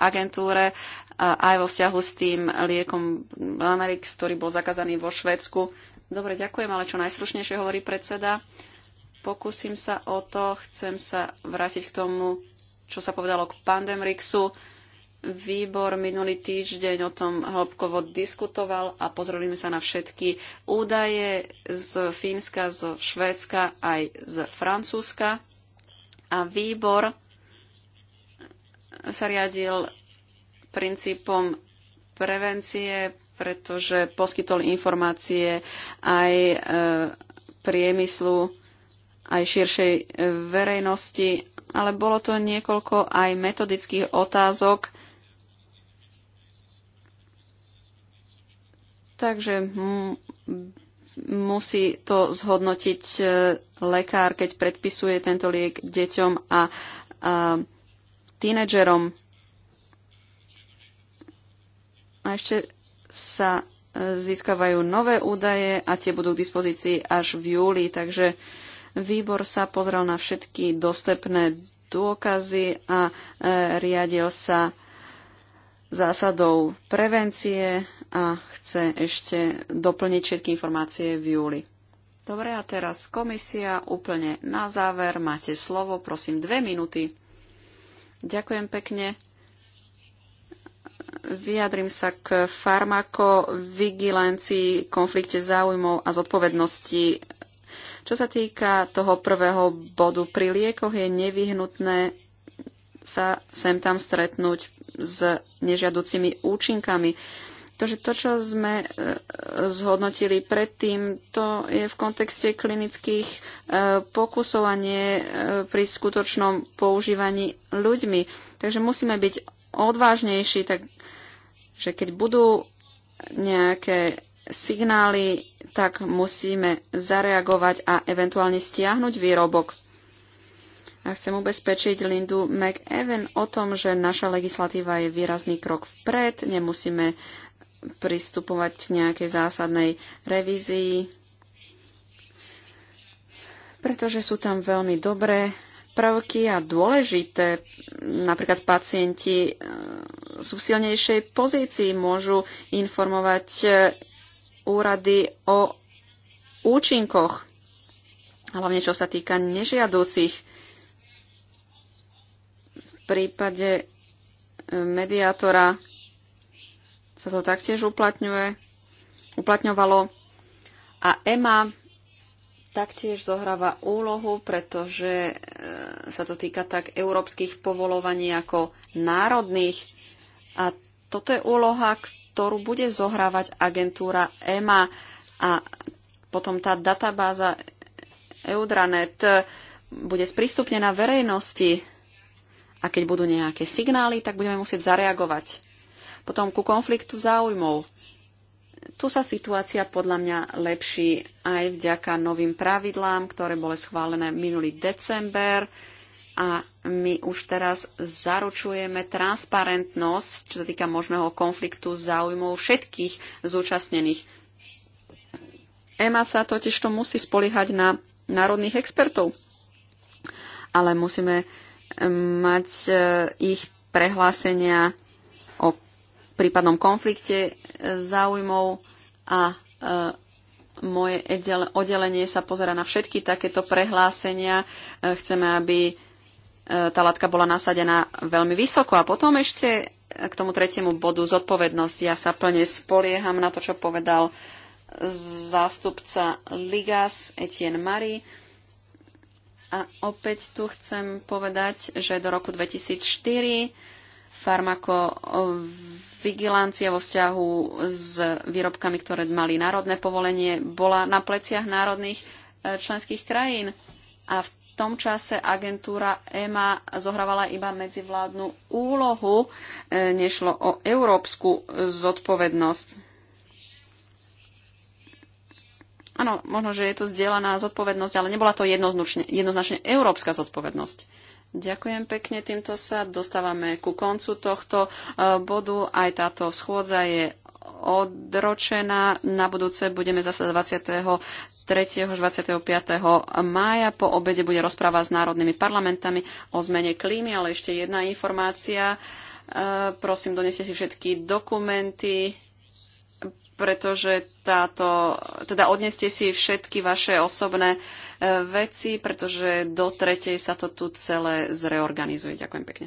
agentúre e, aj vo vzťahu s tým liekom Blamerix, ktorý bol zakázaný vo Švedsku. Dobre, ďakujem, ale čo najslušnejšie hovorí predseda. Pokúsim sa o to, chcem sa vrátiť k tomu, čo sa povedalo k Pandemrixu. Výbor minulý týždeň o tom hĺbkovo diskutoval a pozreli sme sa na všetky údaje z Fínska, zo Švédska aj z Francúzska. A výbor sa riadil princípom prevencie, pretože poskytol informácie aj e, priemyslu, aj širšej e, verejnosti, ale bolo to niekoľko aj metodických otázok, Takže mm, musí to zhodnotiť e, lekár, keď predpisuje tento liek deťom a, a tínedžerom. A ešte sa e, získavajú nové údaje a tie budú k dispozícii až v júli, takže výbor sa pozrel na všetky dostupné dôkazy a e, riadil sa zásadou prevencie a chce ešte doplniť všetky informácie v júli. Dobre, a teraz komisia úplne na záver. Máte slovo, prosím, dve minúty. Ďakujem pekne. Vyjadrim sa k farmakovigilancii, konflikte záujmov a zodpovednosti. Čo sa týka toho prvého bodu, pri liekoch je nevyhnutné sa sem tam stretnúť s nežiaducimi účinkami Takže to, čo sme e, zhodnotili predtým, to je v kontexte klinických e, pokusov a nie e, pri skutočnom používaní ľuďmi. Takže musíme byť odvážnejší, že keď budú nejaké signály, tak musíme zareagovať a eventuálne stiahnuť výrobok. A chcem ubezpečiť Lindu McEwen o tom, že naša legislatíva je výrazný krok vpred, nemusíme pristupovať k nejakej zásadnej revízii, pretože sú tam veľmi dobré prvky a dôležité. Napríklad pacienti e, sú v silnejšej pozícii, môžu informovať e, úrady o účinkoch, hlavne čo sa týka nežiadúcich. V prípade e, mediátora sa to taktiež uplatňuje, uplatňovalo. A EMA taktiež zohráva úlohu, pretože e, sa to týka tak európskych povolovaní ako národných. A toto je úloha, ktorú bude zohrávať agentúra EMA a potom tá databáza Eudranet bude sprístupnená verejnosti a keď budú nejaké signály, tak budeme musieť zareagovať. Potom ku konfliktu záujmov. Tu sa situácia podľa mňa lepší aj vďaka novým pravidlám, ktoré boli schválené minulý december a my už teraz zaručujeme transparentnosť, čo sa týka možného konfliktu záujmov všetkých zúčastnených. EMA sa totiž to musí spoliehať na národných expertov, ale musíme mm, mať e, ich prehlásenia prípadnom konflikte e, záujmov a e, moje oddelenie sa pozera na všetky takéto prehlásenia. E, chceme, aby tá látka bola nasadená veľmi vysoko. A potom ešte k tomu tretiemu bodu zodpovednosť. Ja sa plne spolieham na to, čo povedal zástupca Ligas Etienne Marie. A opäť tu chcem povedať, že do roku 2004 farmako vigilancia vo vzťahu s výrobkami, ktoré mali národné povolenie, bola na pleciach národných e, členských krajín. A v tom čase agentúra EMA zohrávala iba medzivládnu úlohu, e, nešlo o európsku zodpovednosť. Áno, možno, že je tu zdieľaná zodpovednosť, ale nebola to jednoznačne, jednoznačne európska zodpovednosť. Ďakujem pekne, týmto sa dostávame ku koncu tohto e, bodu. Aj táto schôdza je odročená. Na budúce budeme zase 23. až 25. mája. Po obede bude rozpráva s národnými parlamentami o zmene klímy, ale ešte jedna informácia. E, prosím, doneste si všetky dokumenty, pretože táto, teda odneste si všetky vaše osobné e, veci, pretože do tretej sa to tu celé zreorganizuje. Ďakujem pekne.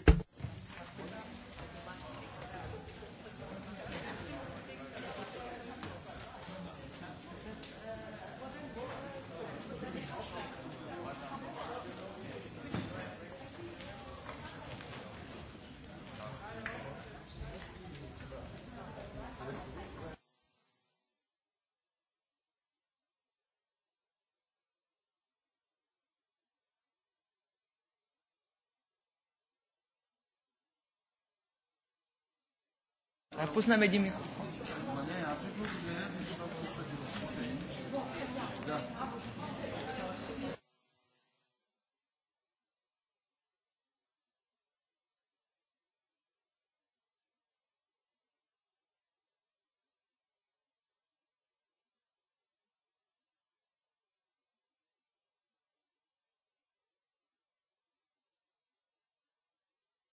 Poznáme Dimiku.